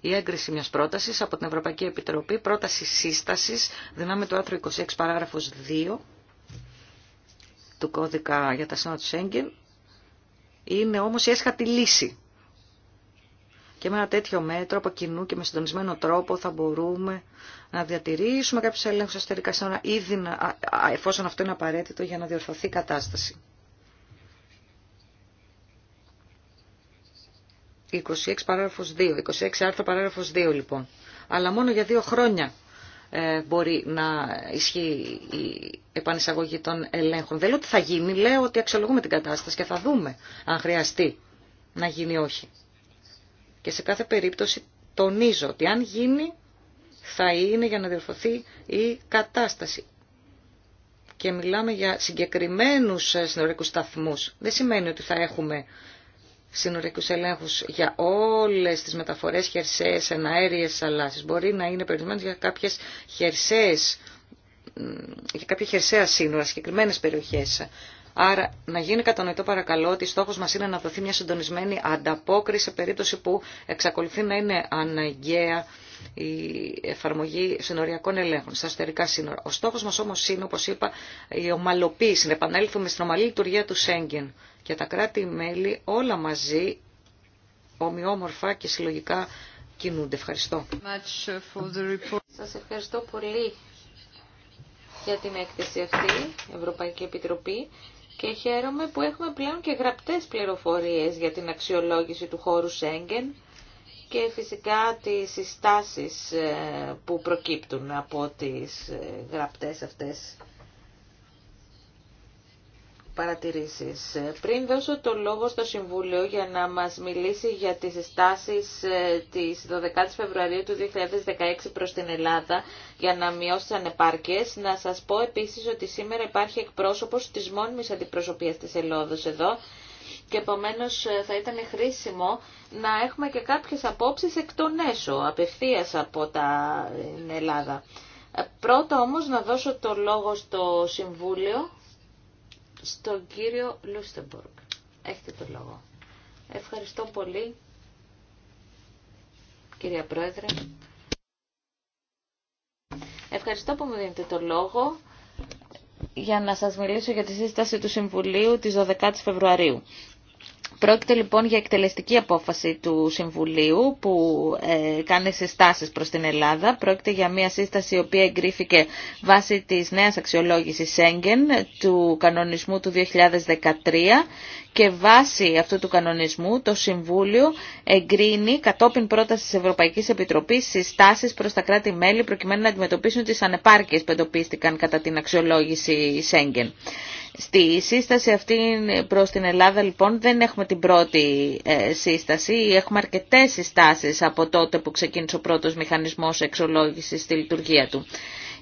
η έγκριση μιας πρότασης από την Ευρωπαϊκή Επιτροπή, πρόταση σύστασης, δυνάμει το άρθρο 26 παράγραφος 2 του κώδικα για τα σύνορα του Σέγγεν, είναι όμως η έσχατη λύση. Και με ένα τέτοιο μέτρο από κοινού και με συντονισμένο τρόπο θα μπορούμε να διατηρήσουμε κάποιου έλεγχου αστερικά σύνορα ήδη εφόσον αυτό είναι απαραίτητο για να διορθωθεί η κατάσταση. 26 παράγραφος 2, 26 άρθρο παράγραφος 2 λοιπόν. Αλλά μόνο για δύο χρόνια ε, μπορεί να ισχύει η επανεισαγωγή των ελέγχων. Δεν λέω ότι θα γίνει, λέω ότι αξιολογούμε την κατάσταση και θα δούμε αν χρειαστεί να γίνει όχι. Και σε κάθε περίπτωση τονίζω ότι αν γίνει θα είναι για να διορθωθεί η κατάσταση. Και μιλάμε για συγκεκριμένους ε, συνορικούς σταθμούς. Δεν σημαίνει ότι θα έχουμε συνορικούς ελέγχους για όλες τις μεταφορές χερσαίες, εναέριες θαλάσσιες. Μπορεί να είναι περιορισμένο για κάποιες χερσαίες για κάποια χερσαία σύνορα, συγκεκριμένε περιοχέ. Άρα να γίνει κατανοητό παρακαλώ ότι στόχο μα είναι να δοθεί μια συντονισμένη ανταπόκριση σε περίπτωση που εξακολουθεί να είναι αναγκαία η εφαρμογή συνοριακών ελέγχων στα αστερικά σύνορα. Ο στόχο μα όμω είναι, όπω είπα, η ομαλοποίηση, να επανέλθουμε στην ομαλή λειτουργία του Σέγγεν και τα κράτη-μέλη όλα μαζί ομοιόμορφα και συλλογικά κινούνται. Ευχαριστώ. Σας ευχαριστώ πολύ για την έκθεση αυτή, Ευρωπαϊκή Επιτροπή και χαίρομαι που έχουμε πλέον και γραπτές πληροφορίες για την αξιολόγηση του χώρου Σέγγεν και φυσικά τις συστάσεις ε, που προκύπτουν από τις ε, γραπτές αυτές παρατηρήσεις. Ε, πριν δώσω το λόγο στο Συμβούλιο για να μας μιλήσει για τις στάσεις ε, της 12 Φεβρουαρίου του 2016 προς την Ελλάδα για να μειώσει τις ανεπάρκειες, να σας πω επίσης ότι σήμερα υπάρχει εκπρόσωπος της μόνιμης αντιπροσωπείας της Ελλάδος εδώ και επομένως ε, θα ήταν χρήσιμο να έχουμε και κάποιες απόψεις εκ των έσω, απευθείας από την Ελλάδα. Πρώτα όμως να δώσω το λόγο στο Συμβούλιο στον κύριο Λούστεμπορκ. Έχετε το λόγο. Ευχαριστώ πολύ, κυρία Πρόεδρε. Ευχαριστώ που μου δίνετε το λόγο για να σας μιλήσω για τη σύσταση του Συμβουλίου της 12 η Φεβρουαρίου. Πρόκειται λοιπόν για εκτελεστική απόφαση του Συμβουλίου που ε, κάνει συστάσεις προς την Ελλάδα. Πρόκειται για μια σύσταση η οποία εγκρίθηκε βάσει της νέας αξιολόγησης Σέγγεν του κανονισμού του 2013 και βάσει αυτού του κανονισμού το Συμβούλιο εγκρίνει κατόπιν πρόταση της Ευρωπαϊκής Επιτροπής συστάσεις προς τα κράτη-μέλη προκειμένου να αντιμετωπίσουν τις ανεπάρκειες που εντοπίστηκαν κατά την αξιολόγηση Σέγγεν. Στη σύσταση αυτή προς την Ελλάδα λοιπόν δεν έχουμε την πρώτη ε, σύσταση, έχουμε αρκετές συστάσεις από τότε που ξεκίνησε ο πρώτος μηχανισμός εξολόγησης στη λειτουργία του.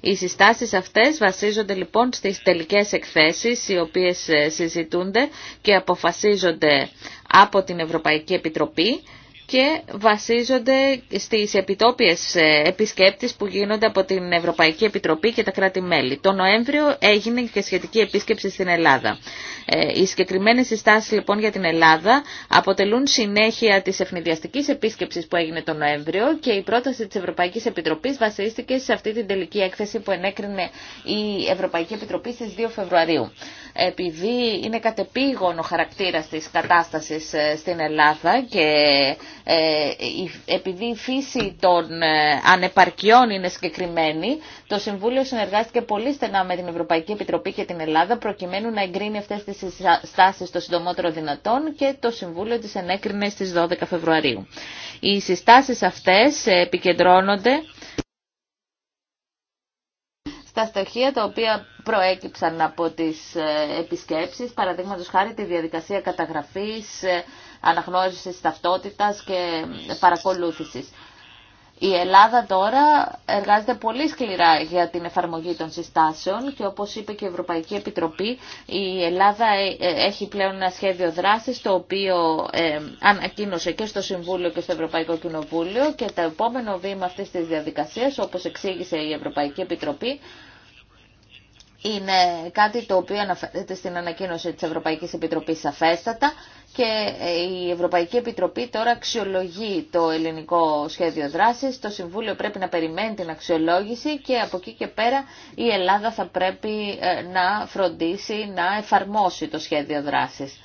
Οι συστάσεις αυτές βασίζονται λοιπόν στις τελικές εκθέσεις οι οποίες ε, συζητούνται και αποφασίζονται από την Ευρωπαϊκή Επιτροπή και βασίζονται στις επιτόπιες ε, επισκέπτες που γίνονται από την Ευρωπαϊκή Επιτροπή και τα κράτη-μέλη. Το Νοέμβριο έγινε και σχετική επίσκεψη στην Ελλάδα. Ε, οι συγκεκριμένε συστάσεις λοιπόν για την Ελλάδα αποτελούν συνέχεια της ευνηδιαστικής επίσκεψης που έγινε το Νοέμβριο και η πρόταση της Ευρωπαϊκής Επιτροπής βασίστηκε σε αυτή την τελική έκθεση που ενέκρινε η Ευρωπαϊκή Επιτροπή στις 2 Φεβρουαρίου. Επειδή είναι κατεπήγον ο χαρακτήρας της ε, στην Ελλάδα και ε, επειδή η φύση των ε, ανεπαρκειών είναι συγκεκριμένη, το Συμβούλιο συνεργάστηκε πολύ στενά με την Ευρωπαϊκή Επιτροπή και την Ελλάδα προκειμένου να εγκρίνει αυτές τις στάσεις το συντομότερο δυνατόν και το Συμβούλιο τις ενέκρινε στις 12 Φεβρουαρίου. Οι συστάσεις αυτές επικεντρώνονται στα στοιχεία τα οποία προέκυψαν από τις ε, επισκέψεις, παραδείγματο χάρη τη διαδικασία καταγραφής, αναγνώρισης ταυτότητας και παρακολούθησης. Η Ελλάδα τώρα εργάζεται πολύ σκληρά για την εφαρμογή των συστάσεων και όπως είπε και η Ευρωπαϊκή Επιτροπή η Ελλάδα ε, ε, έχει πλέον ένα σχέδιο δράσης το οποίο ε, ανακοίνωσε και στο Συμβούλιο και στο Ευρωπαϊκό Κοινοβούλιο και το επόμενο βήμα αυτής της διαδικασίας όπως εξήγησε η Ευρωπαϊκή Επιτροπή είναι κάτι το οποίο αναφέρεται στην ανακοίνωση της Ευρωπαϊκής Επιτροπής σαφέστατα και ε, η Ευρωπαϊκή Επιτροπή τώρα αξιολογεί το ελληνικό σχέδιο δράσης, το Συμβούλιο πρέπει να περιμένει την αξιολόγηση και από εκεί και πέρα η Ελλάδα θα πρέπει ε, να φροντίσει να εφαρμόσει το σχέδιο δράσης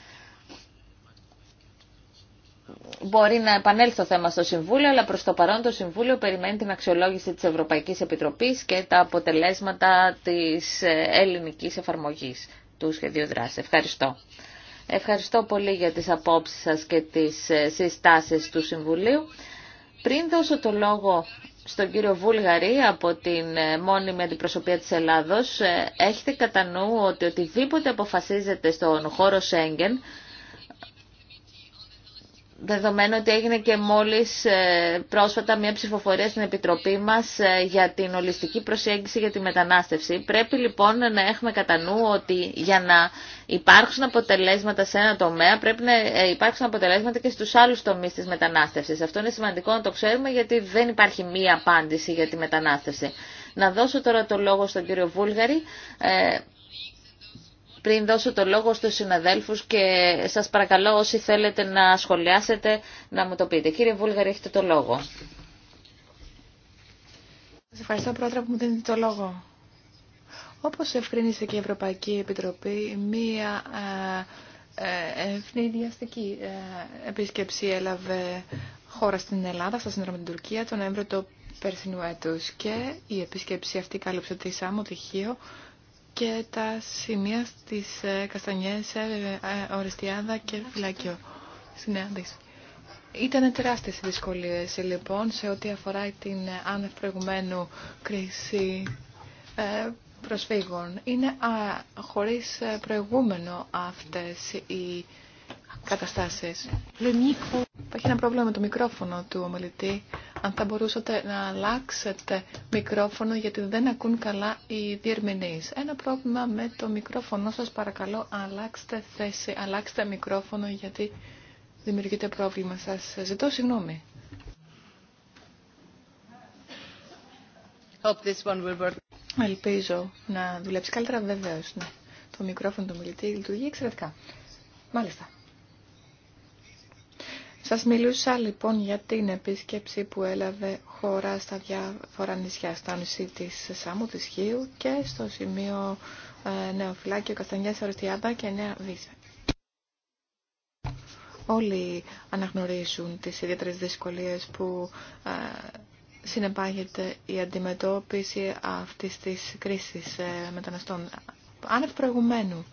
μπορεί να επανέλθει το θέμα στο Συμβούλιο, αλλά προς το παρόν το Συμβούλιο περιμένει την αξιολόγηση της Ευρωπαϊκής Επιτροπής και τα αποτελέσματα της ε, ελληνικής εφαρμογής του σχεδίου δράση. Ευχαριστώ. Ευχαριστώ πολύ για τις απόψεις σας και τις ε, συστάσεις του Συμβουλίου. Πριν δώσω το λόγο στον κύριο Βούλγαρη από την ε, μόνιμη αντιπροσωπεία της Ελλάδος, έχετε κατά νου ότι οτιδήποτε αποφασίζεται στον χώρο Σέγγεν δεδομένου ότι έγινε και μόλις ε, πρόσφατα μια ψηφοφορία στην Επιτροπή μας ε, για την ολιστική προσέγγιση για τη μετανάστευση. Πρέπει λοιπόν να έχουμε κατά νου ότι για να υπάρξουν αποτελέσματα σε ένα τομέα πρέπει να ε, υπάρξουν αποτελέσματα και στους άλλους τομείς της μετανάστευσης. Αυτό είναι σημαντικό να το ξέρουμε γιατί δεν υπάρχει μία απάντηση για τη μετανάστευση. Να δώσω τώρα το λόγο στον κύριο Βούλγαρη πριν δώσω το λόγο στους συναδέλφους και σας παρακαλώ όσοι θέλετε να σχολιάσετε να μου το πείτε. Κύριε Βούλγαρη, έχετε το λόγο. Σας ευχαριστώ πρόεδρε που μου δίνετε το λόγο. Όπως ευκρίνησε και η Ευρωπαϊκή Επιτροπή, μία ε, ε, ευνηδιαστική ε, επίσκεψη έλαβε χώρα στην Ελλάδα, στα σύνορα με την Τουρκία, τον Νοέμβριο του περσινού έτους. Και η επίσκεψη αυτή κάλυψε τη Σάμο, και τα σημεία στις ε, Καστανιές, ε, ε, Οριστιάδα και Φυλάκιο Ήταν τεράστιες οι δυσκολίες λοιπόν σε ό,τι αφορά την άνευ προηγουμένου κρίση προσφύγων. Είναι α, χωρίς προηγούμενο αυτές οι καταστάσεις. Υπάρχει ένα πρόβλημα με το μικρόφωνο του ομιλητή. Αν θα μπορούσατε να αλλάξετε μικρόφωνο γιατί δεν ακούν καλά οι διερμηνείς. Ένα πρόβλημα με το μικρόφωνο σας παρακαλώ αλλάξτε θέση, αλλάξτε μικρόφωνο γιατί δημιουργείται πρόβλημα. Σας ζητώ συγγνώμη. Ελπίζω να δουλέψει καλύτερα βεβαίως. Ναι. Το μικρόφωνο του μιλητή λειτουργεί εξαιρετικά. Μάλιστα. Σας μιλούσα λοιπόν για την επίσκεψη που έλαβε χώρα στα διάφορα νησιά, στα νησί της Σάμου, της Χίου και στο σημείο ε, Νεοφυλάκιο Καστανιάς Ορτιάμπα και Νέα Βίζα. Όλοι αναγνωρίζουν τις ιδιαίτερες δυσκολίες που ε, συνεπάγεται η αντιμετώπιση αυτής της κρίσης ε, μεταναστών άνευ προηγουμένου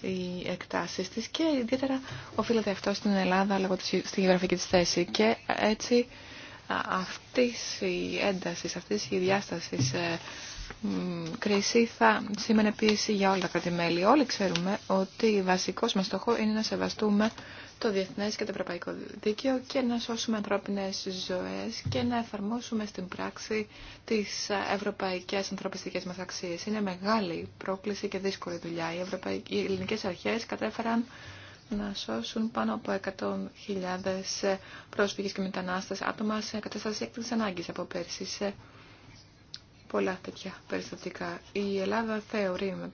οι εκτάσεις της και ιδιαίτερα οφείλεται αυτό στην Ελλάδα λόγω της, στη γεωγραφική της θέση και έτσι αυτής η ένταση, αυτής η διάστασης ε, κρίση θα σήμαινε πίεση για όλα τα κράτη-μέλη Όλοι ξέρουμε ότι βασικός μας στόχο είναι να σεβαστούμε το διεθνές και το ευρωπαϊκό δίκαιο και να σώσουμε ανθρώπινε ζωέ και να εφαρμόσουμε στην πράξη τις ευρωπαϊκές ανθρωπιστικές μα αξίε. Είναι μεγάλη πρόκληση και δύσκολη δουλειά. Οι, ευρωπαϊ... οι αρχές κατέφεραν να σώσουν πάνω από 100.000 πρόσφυγες και μετανάστες άτομα σε κατάσταση έκτακτη ανάγκη από πέρσι σε πολλά τέτοια περιστατικά. Η Ελλάδα θεωρεί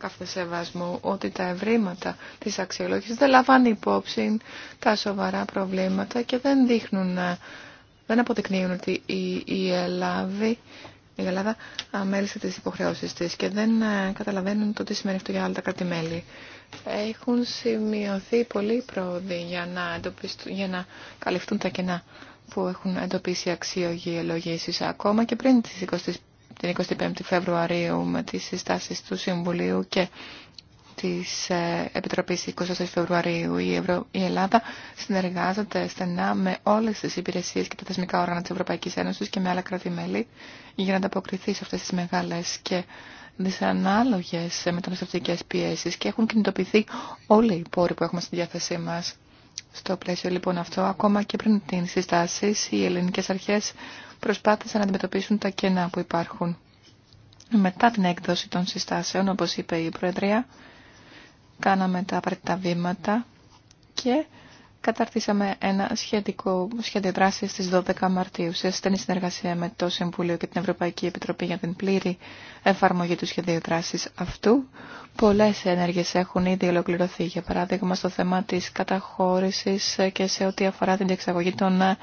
κάθε σεβασμό ότι τα ευρήματα της αξιολόγησης δεν λαμβάνει υπόψη τα σοβαρά προβλήματα και δεν δείχνουν, ε, δεν αποδεικνύουν ότι η, η Ελλάδα η Ελλάδα αμέλησε τις υποχρεώσεις της και δεν ε, καταλαβαίνουν το τι σημαίνει αυτό για άλλα τα κρατη Έχουν σημειωθεί πολλοί πρόοδοι για να, για να καλυφθούν τα κενά που έχουν εντοπίσει αξιογοι ελογήσεις ακόμα και πριν τις την 25η Φεβρουαρίου με τις συστάσεις του Συμβουλίου και της ε, Επιτροπής 24 Φεβρουαρίου η, Ευρω... η Ελλάδα συνεργάζεται στενά με όλες τις υπηρεσίες και τα θεσμικά όργανα της Ευρωπαϊκής Ένωσης και με άλλα κράτη-μέλη για να ανταποκριθεί σε αυτές τις μεγάλες και δυσανάλογες μεταναστευτικές πιέσεις και έχουν κινητοποιηθεί όλοι οι πόροι που έχουμε στη διάθεσή μας. Στο πλαίσιο λοιπόν αυτό, ακόμα και πριν την συστάσεις, οι ελληνικές αρχές προσπάθησαν να αντιμετωπίσουν τα κενά που υπάρχουν. Μετά την έκδοση των συστάσεων, όπως είπε η Προεδρία, κάναμε τα απαραίτητα βήματα και καταρτήσαμε ένα σχετικό σχέδιο δράση στις 12 Μαρτίου σε στενή συνεργασία με το Συμβούλιο και την Ευρωπαϊκή Επιτροπή για την πλήρη εφαρμογή του σχεδίου δράση αυτού. Πολλές ενέργειες έχουν ήδη ολοκληρωθεί, για παράδειγμα στο θέμα της καταχώρησης και σε ό,τι αφορά την διεξαγωγή των ε,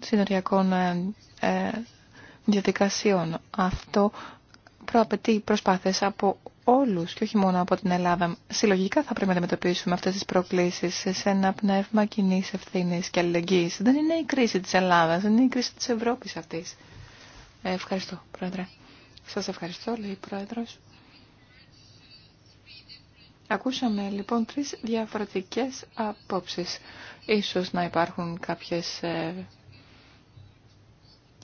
συνοριακών ε, ε, διαδικασιών. Αυτό προαπαιτεί προσπάθειες από όλους και όχι μόνο από την Ελλάδα. Συλλογικά θα πρέπει να αντιμετωπίσουμε αυτές τις προκλήσεις σε ένα πνεύμα κοινή ευθύνη και αλληλεγγύης. Δεν είναι η κρίση της Ελλάδας, δεν είναι η κρίση της Ευρώπης αυτής. Ε, ευχαριστώ, Πρόεδρε. Σας ευχαριστώ, λέει η Πρόεδρος. Ακούσαμε λοιπόν τρεις διαφορετικές απόψεις. Ίσως να υπάρχουν κάποιες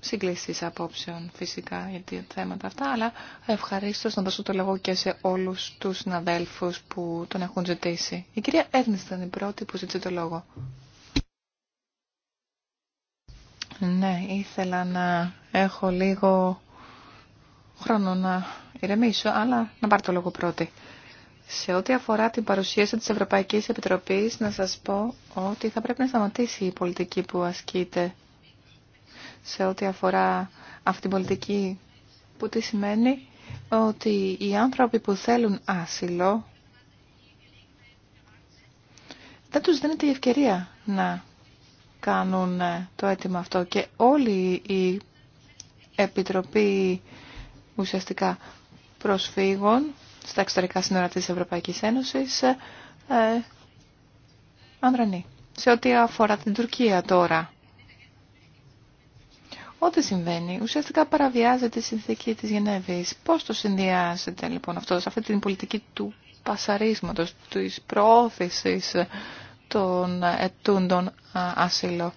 συγκλήσεις απόψεων φυσικά για τα θέματα αυτά, αλλά ευχαρίστω να δώσω το λόγο και σε όλους τους συναδέλφους που τον έχουν ζητήσει. Η κυρία Έρνης ήταν η πρώτη που ζήτησε το λόγο. Ναι, ήθελα να έχω λίγο χρόνο να ηρεμήσω, αλλά να πάρω το λόγο πρώτη. Σε ό,τι αφορά την παρουσίαση της Ευρωπαϊκής Επιτροπής, να σας πω ότι θα πρέπει να σταματήσει η πολιτική που ασκείται σε ό,τι αφορά αυτή την πολιτική που τι σημαίνει ότι οι άνθρωποι που θέλουν άσυλο δεν τους δίνεται η ευκαιρία να κάνουν ε, το αίτημα αυτό και όλη η Επιτροπή ουσιαστικά προσφύγων στα εξωτερικά σύνορα της Ευρωπαϊκής Ένωσης ε, ε Σε ό,τι αφορά την Τουρκία τώρα, Ό,τι συμβαίνει ουσιαστικά παραβιάζεται η συνθήκη της Γενέβης. Πώς το συνδυάζεται λοιπόν αυτό σε αυτή την πολιτική του πασαρίσματος, της προώθησης των ετούντων ασύλο.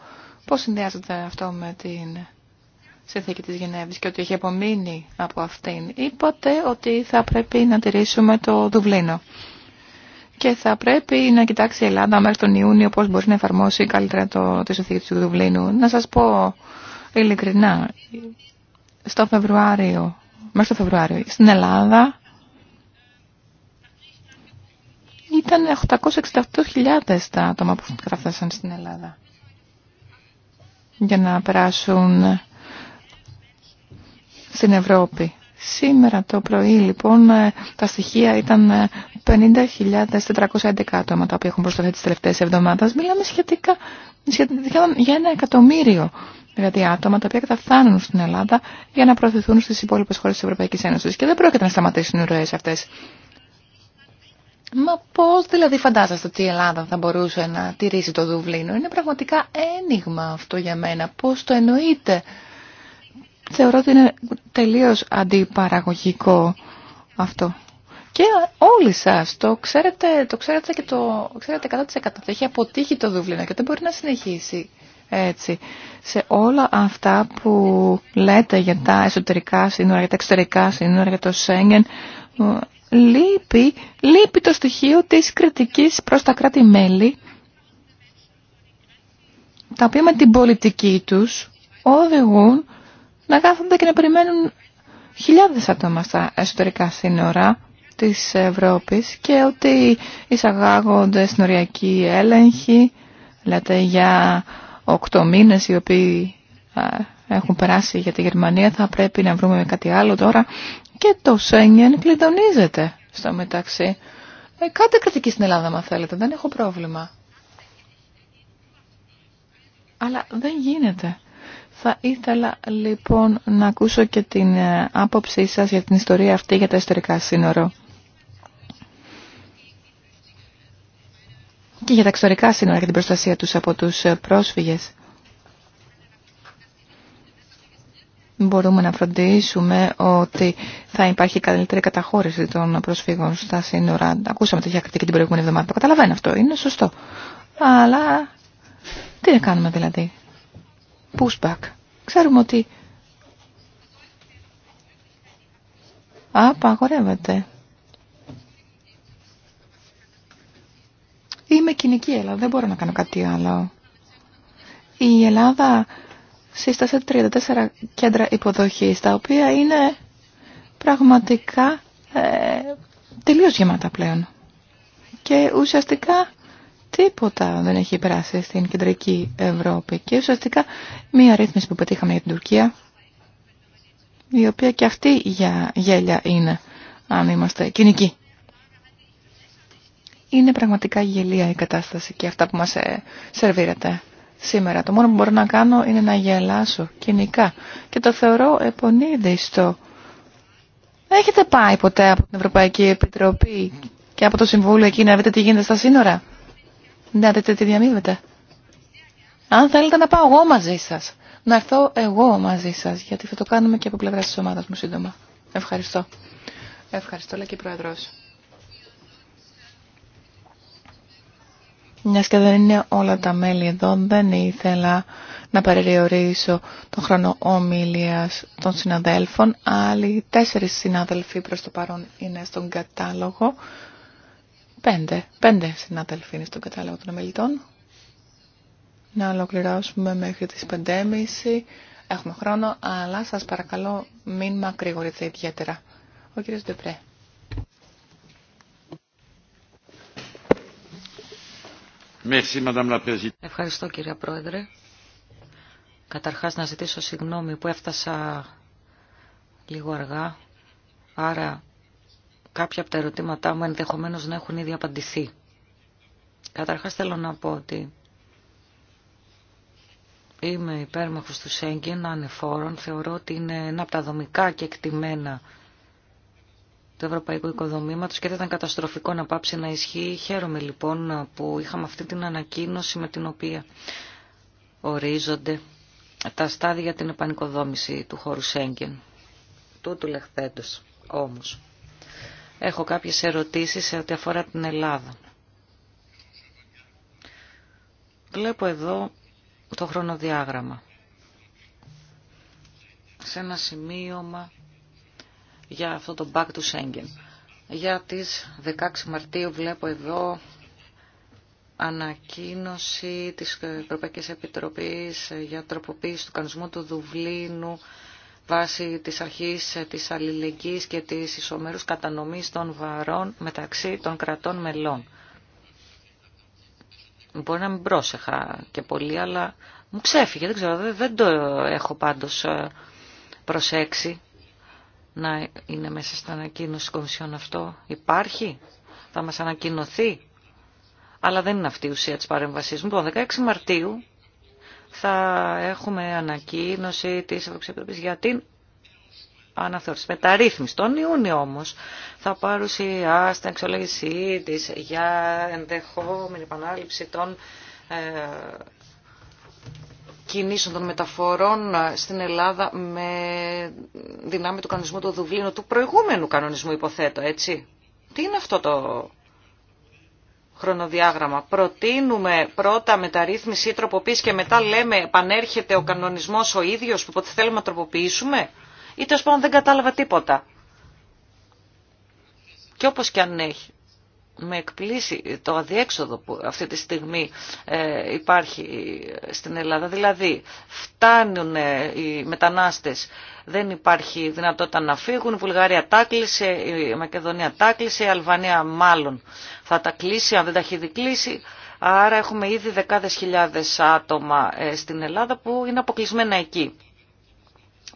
Πώς συνδυάζεται αυτό με την συνθήκη της Γενέβης και ότι έχει απομείνει από αυτήν. Είπατε ότι θα πρέπει να τηρήσουμε το Δουβλίνο. Και θα πρέπει να κοιτάξει η Ελλάδα μέχρι τον Ιούνιο πώς μπορεί να εφαρμόσει καλύτερα το, τη συνθήκη του Δουβλίνου. Να σας πω ειλικρινά, στο Φεβρουάριο, μέσα το Φεβρουάριο, στην Ελλάδα ήταν 868.000 τα άτομα που καταφτάσαν στην Ελλάδα για να περάσουν στην Ευρώπη. Σήμερα το πρωί λοιπόν τα στοιχεία ήταν 50.411 άτομα τα οποία έχουν προσταθεί τις τελευταίες εβδομάδες. Μιλάμε σχετικά, σχετικά για ένα εκατομμύριο δηλαδή άτομα τα οποία καταφθάνουν στην Ελλάδα για να προωθηθούν στις υπόλοιπες χώρες της Ευρωπαϊκής Ένωσης και δεν πρόκειται να σταματήσουν οι ροές αυτές. Μα πώς δηλαδή φαντάζεστε ότι η Ελλάδα θα μπορούσε να τηρήσει το Δουβλίνο. Είναι πραγματικά ένιγμα αυτό για μένα. Πώς το εννοείτε. Θεωρώ ότι είναι τελείως αντιπαραγωγικό αυτό. Και όλοι σας το ξέρετε, το ξέρετε και το ξέρετε 100% ότι έχει αποτύχει το Δουβλίνο και δεν μπορεί να συνεχίσει έτσι. Σε όλα αυτά που λέτε για τα εσωτερικά σύνορα, για τα εξωτερικά σύνορα, για το Σέγγεν, λείπει, λείπει το στοιχείο της κριτικής προς τα κράτη-μέλη, τα οποία με την πολιτική τους οδηγούν να κάθονται και να περιμένουν χιλιάδες άτομα στα εσωτερικά σύνορα, της Ευρώπης και ότι εισαγάγονται συνοριακοί έλεγχοι, δηλαδή για οκτώ μήνες οι οποίοι έχουν περάσει για τη Γερμανία θα πρέπει να βρούμε κάτι άλλο τώρα και το Σέγγεν κλειδονίζεται στο μεταξύ. Ε, κάντε κριτική στην Ελλάδα, μα θέλετε, δεν έχω πρόβλημα. Αλλά δεν γίνεται. Θα ήθελα λοιπόν να ακούσω και την ε, άποψή σας για την ιστορία αυτή για τα ιστορικά σύνορο. και για τα εξωτερικά σύνορα και την προστασία τους από τους ε, πρόσφυγες. Μπορούμε να φροντίσουμε ότι θα υπάρχει καλύτερη καταχώρηση των προσφύγων στα σύνορα. Ακούσαμε τέτοια και την προηγούμενη εβδομάδα. Το καταλαβαίνω αυτό. Είναι σωστό. Αλλά τι να κάνουμε δηλαδή. Pushback. Ξέρουμε ότι απαγορεύεται Είμαι κοινική Ελλάδα, δεν μπορώ να κάνω κάτι άλλο. Η Ελλάδα σύστασε 34 κέντρα υποδοχής, τα οποία είναι πραγματικά ε, τελείως γεμάτα πλέον. Και ουσιαστικά τίποτα δεν έχει περάσει στην κεντρική Ευρώπη. Και ουσιαστικά μία ρύθμιση που πετύχαμε για την Τουρκία, η οποία και αυτή για γέλια είναι, αν είμαστε κοινικοί. Είναι πραγματικά γελία η κατάσταση και αυτά που μας ε, σερβίρεται σήμερα. Το μόνο που μπορώ να κάνω είναι να γελάσω κοινικά και το θεωρώ επονίδιστο. Έχετε πάει ποτέ από την Ευρωπαϊκή Επιτροπή και από το Συμβούλιο εκεί να δείτε τι γίνεται στα σύνορα. Να δείτε τι διαμείβεται. Αν θέλετε να πάω εγώ μαζί σας. Να έρθω εγώ μαζί σας, γιατί θα το κάνουμε και από πλευρά της ομάδας μου σύντομα. Ευχαριστώ. Ευχαριστώ, λέει και η Πρόεδρος. Μια και δεν είναι όλα τα μέλη εδώ, δεν ήθελα να περιορίσω τον χρόνο ομίλιας των συναδέλφων. Άλλοι τέσσερις συνάδελφοι προς το παρόν είναι στον κατάλογο. Πέντε, πέντε συνάδελφοι είναι στον κατάλογο των ομιλητών. Να ολοκληρώσουμε μέχρι τις 5.30. Έχουμε χρόνο, αλλά σας παρακαλώ μην μακρηγορείτε ιδιαίτερα. Ο κύριος Ντεπρέ. Ευχαριστώ κύριε Πρόεδρε. Καταρχάς να ζητήσω συγγνώμη που έφτασα λίγο αργά, άρα κάποια από τα ερωτήματά μου ενδεχομένως να έχουν ήδη απαντηθεί. Καταρχάς θέλω να πω ότι είμαι υπέρμαχος του Σέγγεν ανεφόρων, θεωρώ ότι είναι ένα από τα δομικά και εκτιμένα του ευρωπαϊκού οικοδομήματος και δεν ήταν καταστροφικό να πάψει να ισχύει. Χαίρομαι λοιπόν που είχαμε αυτή την ανακοίνωση με την οποία ορίζονται τα στάδια για την επανοικοδόμηση του χώρου Σέγγεν. Τούτου λεχθέντος όμως. Έχω κάποιες ερωτήσεις σε ό,τι αφορά την Ελλάδα. Βλέπω εδώ το χρονοδιάγραμμα. Σε ένα σημείωμα για αυτό το back του Schengen. Για τις 16 Μαρτίου βλέπω εδώ ανακοίνωση της Ευρωπαϊκής Επιτροπής για τροποποίηση του κανονισμού του Δουβλίνου βάσει της αρχής της αλληλεγγύης και της ισομέρους κατανομής των βαρών μεταξύ των κρατών μελών. Μπορεί να μην πρόσεχα και πολύ, αλλά μου ξέφυγε, δεν ξέρω, δεν το έχω πάντως ε, προσέξει να είναι μέσα στην ανακοίνωση Κομισιόν αυτό. Υπάρχει, θα μας ανακοινωθεί. Αλλά δεν είναι αυτή η ουσία της παρέμβασής μου. Το λοιπόν, 16 Μαρτίου θα έχουμε ανακοίνωση της Ευρωπαϊκής για την αναθεώρηση. Μεταρρύθμιση. Τον Ιούνιο όμως θα παρουσιάσει την αξιολόγησή της για ενδεχόμενη επανάληψη των ε, κινήσεων των μεταφορών στην Ελλάδα με δυνάμει του κανονισμού του Δουβλίνου, του προηγούμενου κανονισμού υποθέτω, έτσι. Τι είναι αυτό το χρονοδιάγραμμα. Προτείνουμε πρώτα μεταρρύθμιση ή τροποποίηση και μετά λέμε επανέρχεται ο κανονισμός ο ίδιος που θέλουμε να τροποποιήσουμε. Ή το πάντων δεν κατάλαβα τίποτα. Και όπως και αν έχει με εκπλήσει το αδιέξοδο που αυτή τη στιγμή ε, υπάρχει στην Ελλάδα. Δηλαδή φτάνουν ε, οι μετανάστες, δεν υπάρχει δυνατότητα να φύγουν. Η Βουλγαρία κλείσε, η Μακεδονία κλείσε, η Αλβανία μάλλον θα τα κλείσει αν δεν τα έχει δικλείσει. Άρα έχουμε ήδη δεκάδες χιλιάδες άτομα ε, στην Ελλάδα που είναι αποκλεισμένα εκεί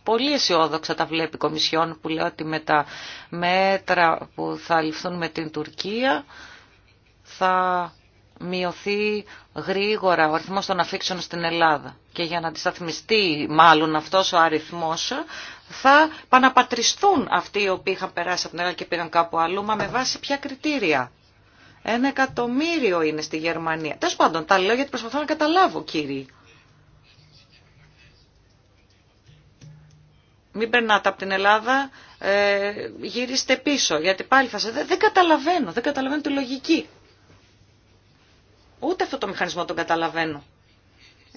πολύ αισιόδοξα τα βλέπει η Κομισιόν που λέει ότι με τα μέτρα που θα ληφθούν με την Τουρκία θα μειωθεί γρήγορα ο αριθμός των αφήξεων στην Ελλάδα. Και για να αντισταθμιστεί μάλλον αυτός ο αριθμός θα παναπατριστούν αυτοί οι οποίοι είχαν περάσει από την Ελλάδα και πήγαν κάπου αλλού, μα με βάση ποια κριτήρια. Ένα εκατομμύριο είναι στη Γερμανία. Τέλο πάντων, τα λέω γιατί προσπαθώ να καταλάβω, κύριοι. μην περνάτε από την Ελλάδα, ε, γυρίστε πίσω, γιατί πάλι θα σε... Δεν καταλαβαίνω, δεν καταλαβαίνω τη λογική. Ούτε αυτό το μηχανισμό τον καταλαβαίνω.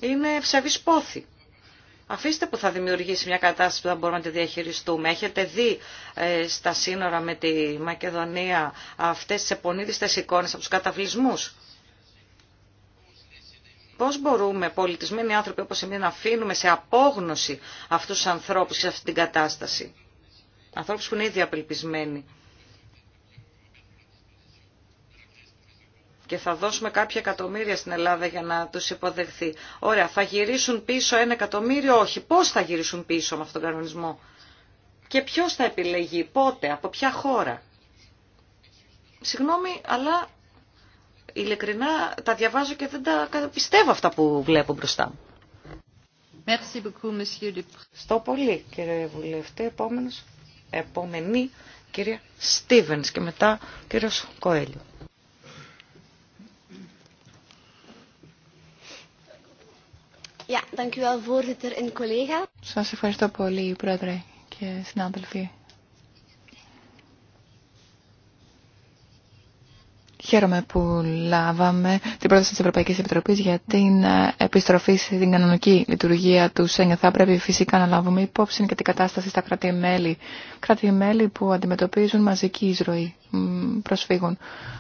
Είναι ψευής πόθη. Αφήστε που θα δημιουργήσει μια κατάσταση που θα μπορούμε να τη διαχειριστούμε. Έχετε δει ε, στα σύνορα με τη Μακεδονία αυτές τις επονίδιστες εικόνες από τους καταβλισμούς. Πώς μπορούμε πολιτισμένοι άνθρωποι όπως εμείς να αφήνουμε σε απόγνωση αυτούς τους ανθρώπους σε αυτή την κατάσταση. Ανθρώπους που είναι ήδη απελπισμένοι. και θα δώσουμε κάποια εκατομμύρια στην Ελλάδα για να τους υποδεχθεί. Ωραία, θα γυρίσουν πίσω ένα εκατομμύριο, όχι. Πώς θα γυρίσουν πίσω με αυτόν τον κανονισμό. Και ποιος θα επιλεγεί, πότε, από ποια χώρα. Συγγνώμη, αλλά ειλικρινά τα διαβάζω και δεν τα πιστεύω αυτά που βλέπω μπροστά μου. Στο πολύ κύριε Βουλευτή, επόμενος, επόμενη κυρία Στίβενς και μετά κύριος Κοέλιο. Σας ευχαριστώ πολύ πρόεδρε και συνάδελφοι. Χαίρομαι που λάβαμε την πρόταση της Ευρωπαϊκής Επιτροπής για την ε, επιστροφή στην κανονική λειτουργία του ΣΕΝΙΑ. Θα πρέπει φυσικά να λάβουμε υπόψη και την κατάσταση στα κράτη-μέλη. Κράτη-μέλη που αντιμετωπίζουν μαζική εισρωή προσφύγων.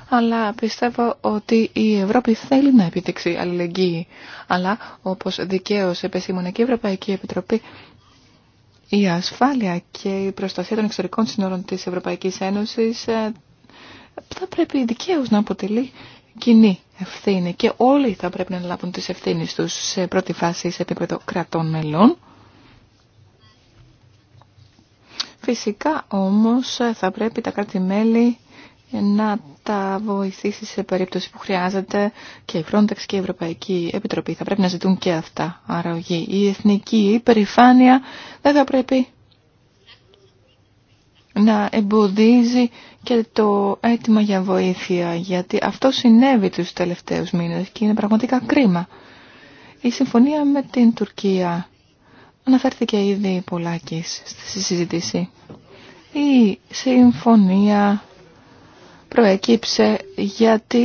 Αλλά πιστεύω ότι η Ευρώπη θέλει να επιτύξει αλληλεγγύη. Αλλά όπως δικαίως επεσήμωνε και η Ευρωπαϊκή Επιτροπή, η ασφάλεια και η προστασία των εξωτερικών σύνορων της Ευρωπαϊκής Ένωσης ε, θα πρέπει δικαίως να αποτελεί κοινή ευθύνη και όλοι θα πρέπει να λάβουν τις ευθύνες τους σε πρώτη φάση σε επίπεδο κρατών μελών. Φυσικά όμως θα πρέπει τα κράτη-μέλη να τα βοηθήσει σε περίπτωση που χρειάζεται και η Frontex και η Ευρωπαϊκή Επιτροπή. Θα πρέπει να ζητούν και αυτά Άρα Η εθνική υπερηφάνεια δεν θα πρέπει να εμποδίζει και το αίτημα για βοήθεια, γιατί αυτό συνέβη τους τελευταίους μήνες και είναι πραγματικά κρίμα. Η συμφωνία με την Τουρκία αναφέρθηκε ήδη πολλάκις στη συζήτηση. Η συμφωνία προέκυψε γιατί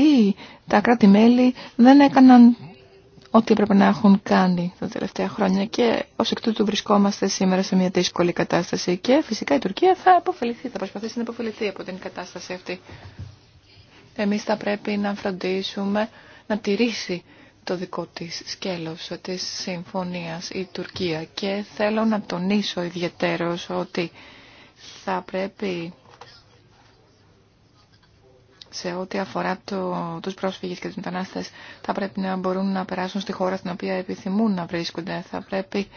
τα κράτη-μέλη δεν έκαναν ό,τι έπρεπε να έχουν κάνει τα τελευταία χρόνια και ως εκ τούτου βρισκόμαστε σήμερα σε μια δύσκολη κατάσταση και φυσικά η Τουρκία θα αποφεληθεί, θα προσπαθήσει να αποφεληθεί από την κατάσταση αυτή. Εμείς θα πρέπει να φροντίσουμε να τηρήσει το δικό της σκέλος της συμφωνίας η Τουρκία και θέλω να τονίσω ιδιαίτερος ότι θα πρέπει σε ό,τι αφορά το, τους πρόσφυγες και τους μετανάστες θα πρέπει να μπορούν να περάσουν στη χώρα στην οποία επιθυμούν να βρίσκονται. Θα πρέπει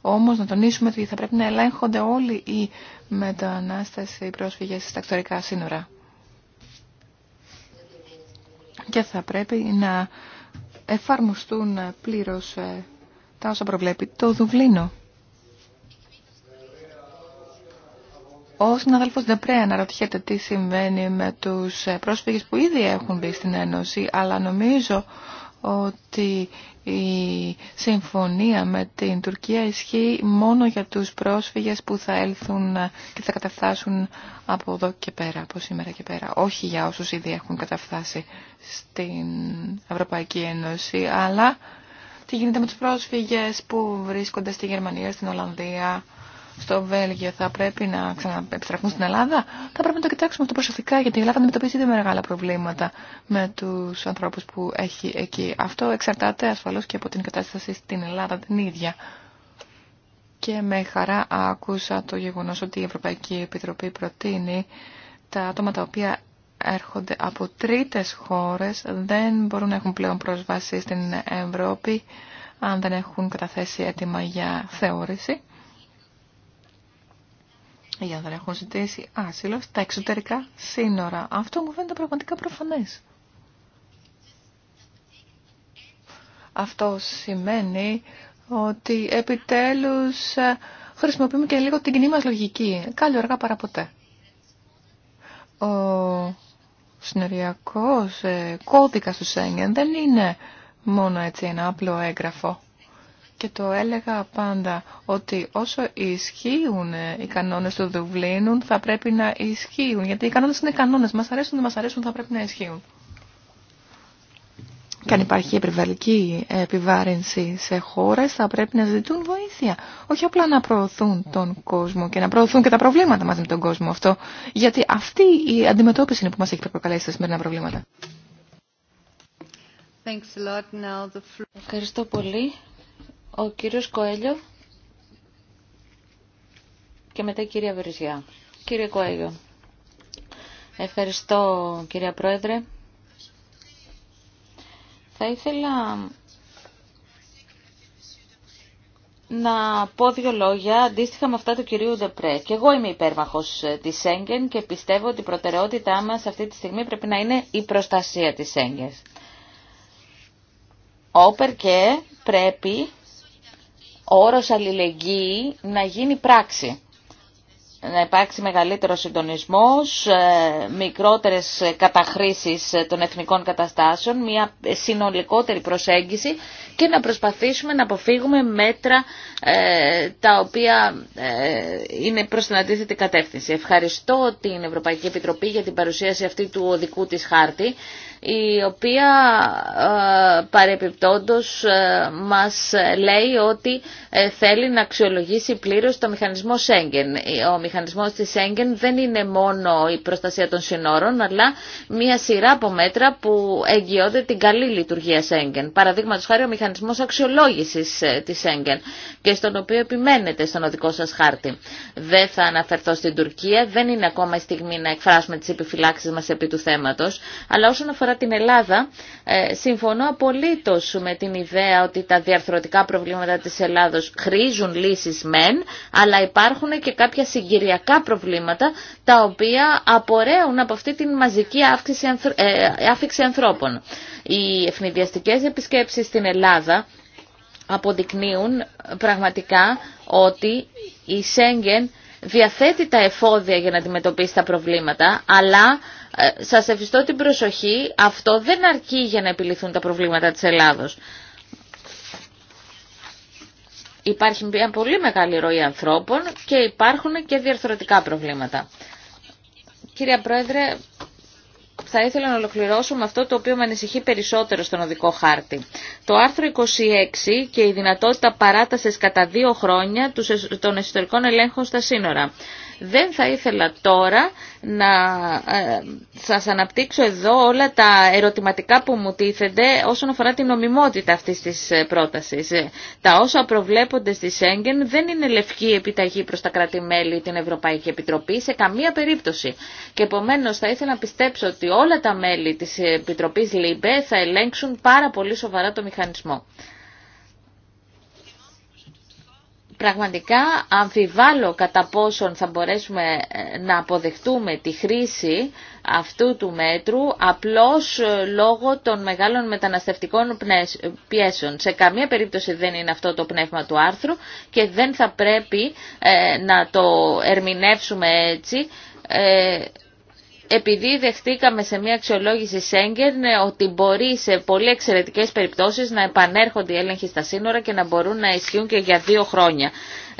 όμως να τονίσουμε ότι θα πρέπει να ελέγχονται όλοι οι μετανάστες, οι πρόσφυγες στα εξωτερικά σύνορα. Και θα πρέπει να εφαρμοστούν πλήρως ε, τα όσα προβλέπει το Δουβλίνο. Ο συναδέλφος Ντεπρέ αναρωτιέται τι συμβαίνει με τους ε, πρόσφυγες που ήδη έχουν μπει στην Ένωση, αλλά νομίζω ότι η συμφωνία με την Τουρκία ισχύει μόνο για τους πρόσφυγες που θα έλθουν ε, και θα καταφτάσουν από εδώ και πέρα, από σήμερα και πέρα. Όχι για όσους ήδη έχουν καταφτάσει στην Ευρωπαϊκή Ένωση, αλλά τι γίνεται με τους πρόσφυγες που βρίσκονται στη Γερμανία, στην Ολλανδία, στο Βέλγιο θα πρέπει να ξαναεπιστραφούν στην Ελλάδα. Θα πρέπει να το κοιτάξουμε αυτό προσεκτικά, γιατί η Ελλάδα αντιμετωπίζει μεγάλα προβλήματα με του ανθρώπου που έχει εκεί. Αυτό εξαρτάται ασφαλώ και από την κατάσταση στην Ελλάδα την ίδια. Και με χαρά άκουσα το γεγονό ότι η Ευρωπαϊκή Επιτροπή προτείνει τα άτομα τα οποία έρχονται από τρίτες χώρες δεν μπορούν να έχουν πλέον πρόσβαση στην Ευρώπη αν δεν έχουν καταθέσει έτοιμα για θεώρηση για να έχουν ζητήσει άσυλο στα εξωτερικά σύνορα. Αυτό μου φαίνεται πραγματικά προφανές. Αυτό σημαίνει ότι επιτέλους ε, χρησιμοποιούμε και λίγο την κοινή μας λογική. Κάλλιο αργά παρά ποτέ. Ο συνοριακός ε, κώδικας του Σέγγεν δεν είναι μόνο έτσι ένα απλό έγγραφο και το έλεγα πάντα ότι όσο ισχύουν οι κανόνες του Δουβλίνου θα πρέπει να ισχύουν. Γιατί οι κανόνες είναι κανόνες. Μας αρέσουν, δεν μας αρέσουν, θα πρέπει να ισχύουν. Και αν υπάρχει επιβαλλική επιβάρυνση σε χώρες θα πρέπει να ζητούν βοήθεια. Όχι απλά να προωθούν τον κόσμο και να προωθούν και τα προβλήματα μαζί με τον κόσμο αυτό. Γιατί αυτή η αντιμετώπιση είναι που μας έχει προκαλέσει τα σημερινά προβλήματα. Ευχαριστώ πολύ. Ο κύριος Κοέλιο και μετά η κυρία Βεριζιά. Κύριε Κοέλιο, ευχαριστώ κυρία Πρόεδρε. Θα ήθελα να πω δύο λόγια αντίστοιχα με αυτά του κυρίου Ντεπρέ. Και εγώ είμαι υπέρμαχος ε, της Σέγγεν και πιστεύω ότι η προτεραιότητά μας αυτή τη στιγμή πρέπει να είναι η προστασία της Σέγγεν. Όπερ και πρέπει ο όρος αλληλεγγύη να γίνει πράξη. Να υπάρξει μεγαλύτερο συντονισμός, ε, μικρότερες καταχρήσεις των εθνικών καταστάσεων, μια συνολικότερη προσέγγιση και να προσπαθήσουμε να αποφύγουμε μέτρα ε, τα οποία ε, είναι προς την αντίθετη κατεύθυνση. Ευχαριστώ την Ευρωπαϊκή Επιτροπή για την παρουσίαση αυτή του οδικού της χάρτη η οποία ε, παρεπιπτόντως ε, μας λέει ότι ε, θέλει να αξιολογήσει πλήρως το μηχανισμό Σέγγεν. Ο μηχανισμός της Σέγγεν δεν είναι μόνο η προστασία των συνόρων, αλλά μια σειρά από μέτρα που εγγυώνται την καλή λειτουργία Σέγγεν. Παραδείγματος χάρη ο μηχανισμός αξιολόγησης της Σέγγεν και στον οποίο επιμένετε στον οδικό σας χάρτη. Δεν θα αναφερθώ στην Τουρκία, δεν είναι ακόμα η στιγμή να εκφράσουμε τις επιφυλάξεις μας επί του θέματος, αλλά όσον αφορά αφορά την Ελλάδα, ε, συμφωνώ απολύτως με την ιδέα ότι τα διαρθρωτικά προβλήματα της Ελλάδος χρήζουν λύσεις μεν, αλλά υπάρχουν και κάποια συγκυριακά προβλήματα τα οποία απορρέουν από αυτή την μαζική αύξηση, ε, άφηξη ανθρώπων. Οι ευνηδιαστικές επισκέψεις στην Ελλάδα αποδεικνύουν πραγματικά ότι η Σέγγεν διαθέτει τα εφόδια για να αντιμετωπίσει τα προβλήματα, αλλά ε, σας ευχηστώ την προσοχή, αυτό δεν αρκεί για να επιληθούν τα προβλήματα της Ελλάδος. Υπάρχει μια πολύ μεγάλη ροή ανθρώπων και υπάρχουν και διαρθρωτικά προβλήματα. Κυρία Πρόεδρε, θα ήθελα να ολοκληρώσω με αυτό το οποίο με ανησυχεί περισσότερο στον οδικό χάρτη. Το άρθρο 26 και η δυνατότητα παράτασης κατά δύο χρόνια των εσωτερικών ελέγχων στα σύνορα. Δεν θα ήθελα τώρα να ε, σας αναπτύξω εδώ όλα τα ερωτηματικά που μου τίθενται όσον αφορά την νομιμότητα αυτής της ε, πρότασης. Τα όσα προβλέπονται στη Σέγγεν δεν είναι λευκή επιταγή προς τα κράτη-μέλη την Ευρωπαϊκή Επιτροπή σε καμία περίπτωση. Και επομένως θα ήθελα να πιστέψω ότι όλα τα μέλη της Επιτροπής ΛΥΜΠΕ θα ελέγξουν πάρα πολύ σοβαρά το μηχανισμό πραγματικά αμφιβάλλω κατά πόσον θα μπορέσουμε ε, να αποδεχτούμε τη χρήση αυτού του μέτρου απλώς ε, λόγω των μεγάλων μεταναστευτικών πιέσεων. Σε καμία περίπτωση δεν είναι αυτό το πνεύμα του άρθρου και δεν θα πρέπει ε, να το ερμηνεύσουμε έτσι επειδή δεχτήκαμε σε μια αξιολόγηση Σέγγεν ε, ότι μπορεί σε πολύ εξαιρετικές περιπτώσεις να επανέρχονται οι έλεγχοι στα σύνορα και να μπορούν να ισχύουν και για δύο χρόνια.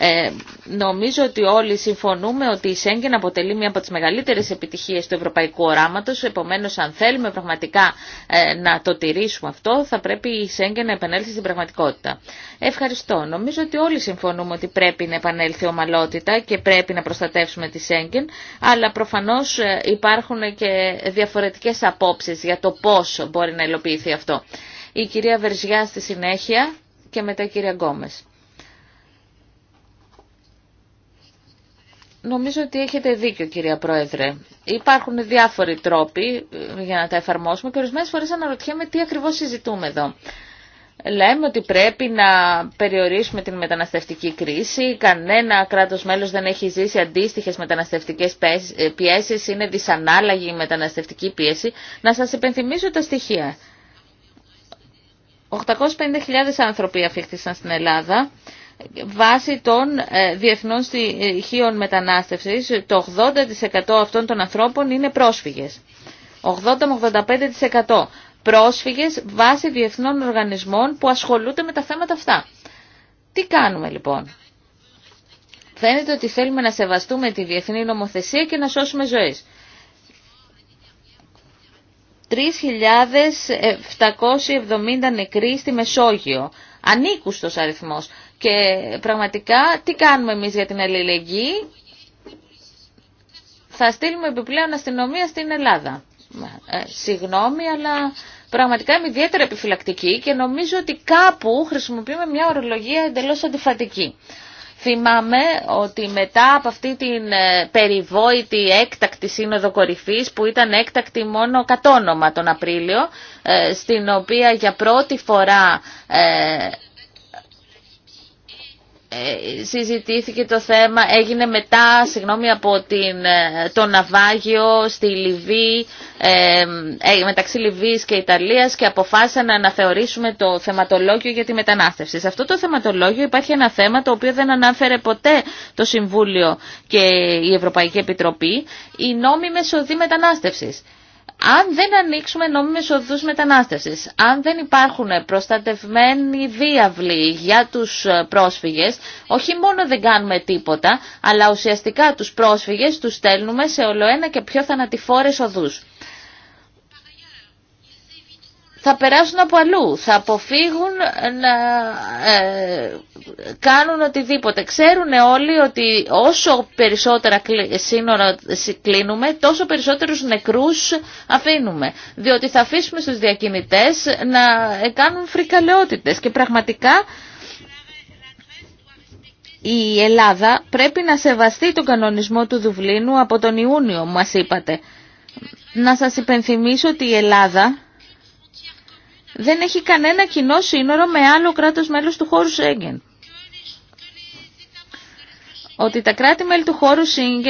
Ε, νομίζω ότι όλοι συμφωνούμε ότι η Σέγγεν αποτελεί μία από τις μεγαλύτερες επιτυχίες του ευρωπαϊκού οράματος, επομένως αν θέλουμε πραγματικά ε, να το τηρήσουμε αυτό θα πρέπει η Σέγγεν να επανέλθει στην πραγματικότητα. Ευχαριστώ. Νομίζω ότι όλοι συμφωνούμε ότι πρέπει να επανέλθει ομαλότητα και πρέπει να προστατεύσουμε τη Σέγγεν, αλλά προφανώς ε, υπάρχουν και διαφορετικές απόψεις για το πώς μπορεί να υλοποιηθεί αυτό. Η κυρία Βερζιά στη συνέχεια και μετά η κυρία Γκόμες. Νομίζω ότι έχετε δίκιο κυρία Πρόεδρε. Υπάρχουν διάφοροι τρόποι ε, για να τα εφαρμόσουμε και ορισμένε φορέ αναρωτιέμαι τι ακριβώ συζητούμε εδώ. Λέμε ότι πρέπει να περιορίσουμε την μεταναστευτική κρίση. Κανένα κράτος μέλος δεν έχει ζήσει αντίστοιχε μεταναστευτικές ε, πιέσει, Είναι δυσανάλλαγη η μεταναστευτική πίεση. Να σα υπενθυμίσω τα στοιχεία. 850.000 άνθρωποι αφήχθησαν στην Ελλάδα βάσει των ε, διεθνών στοιχείων μετανάστευσης, το 80% αυτών των ανθρώπων είναι πρόσφυγες. 80-85% πρόσφυγες βάσει διεθνών οργανισμών που ασχολούνται με τα θέματα αυτά. Τι κάνουμε λοιπόν. Φαίνεται ότι θέλουμε να σεβαστούμε τη διεθνή νομοθεσία και να σώσουμε ζωές. 3.770 νεκροί στη Μεσόγειο. Ανήκουστος αριθμός. Και πραγματικά τι κάνουμε εμείς για την αλληλεγγύη. Θα στείλουμε επιπλέον αστυνομία στην Ελλάδα. Ε, συγγνώμη, αλλά πραγματικά είμαι ιδιαίτερα επιφυλακτική και νομίζω ότι κάπου χρησιμοποιούμε μια ορολογία εντελώς αντιφατική. Θυμάμαι ότι μετά από αυτή την ε, περιβόητη έκτακτη σύνοδο κορυφής που ήταν έκτακτη μόνο κατόνομα τον Απρίλιο ε, στην οποία για πρώτη φορά ε, συζητήθηκε το θέμα, έγινε μετά, συγγνώμη, από την, ε, το ναυάγιο στη Λιβύη, ε, ε, μεταξύ Λιβύης και Ιταλίας και αποφάσισαν να αναθεωρήσουμε το θεματολόγιο για τη μετανάστευση. Σε αυτό το θεματολόγιο υπάρχει ένα θέμα το οποίο δεν ανάφερε ποτέ το Συμβούλιο και η Ευρωπαϊκή Επιτροπή, η νόμιμη οδοί μετανάστευσης αν δεν ανοίξουμε νόμιμες οδούς μετανάστευσης, αν δεν υπάρχουν προστατευμένοι διάβλοι για τους ε, πρόσφυγες, όχι μόνο δεν κάνουμε τίποτα, αλλά ουσιαστικά τους πρόσφυγες τους στέλνουμε σε ολοένα και πιο θανατηφόρες οδούς θα περάσουν από αλλού, θα αποφύγουν να ε, κάνουν οτιδήποτε. Ξέρουν όλοι ότι όσο περισσότερα σύνορα κλείνουμε, τόσο περισσότερους νεκρούς αφήνουμε. Διότι θα αφήσουμε στους διακινητές να ε, κάνουν φρικαλαιότητες και πραγματικά η Ελλάδα πρέπει να σεβαστεί τον κανονισμό του Δουβλίνου από τον Ιούνιο, μας είπατε. Να σας υπενθυμίσω ότι η Ελλάδα δεν έχει κανένα κοινό σύνορο με άλλο κράτος μέλος του χώρου Σέγγεν. Ότι τα κράτη-μέλη του χώρου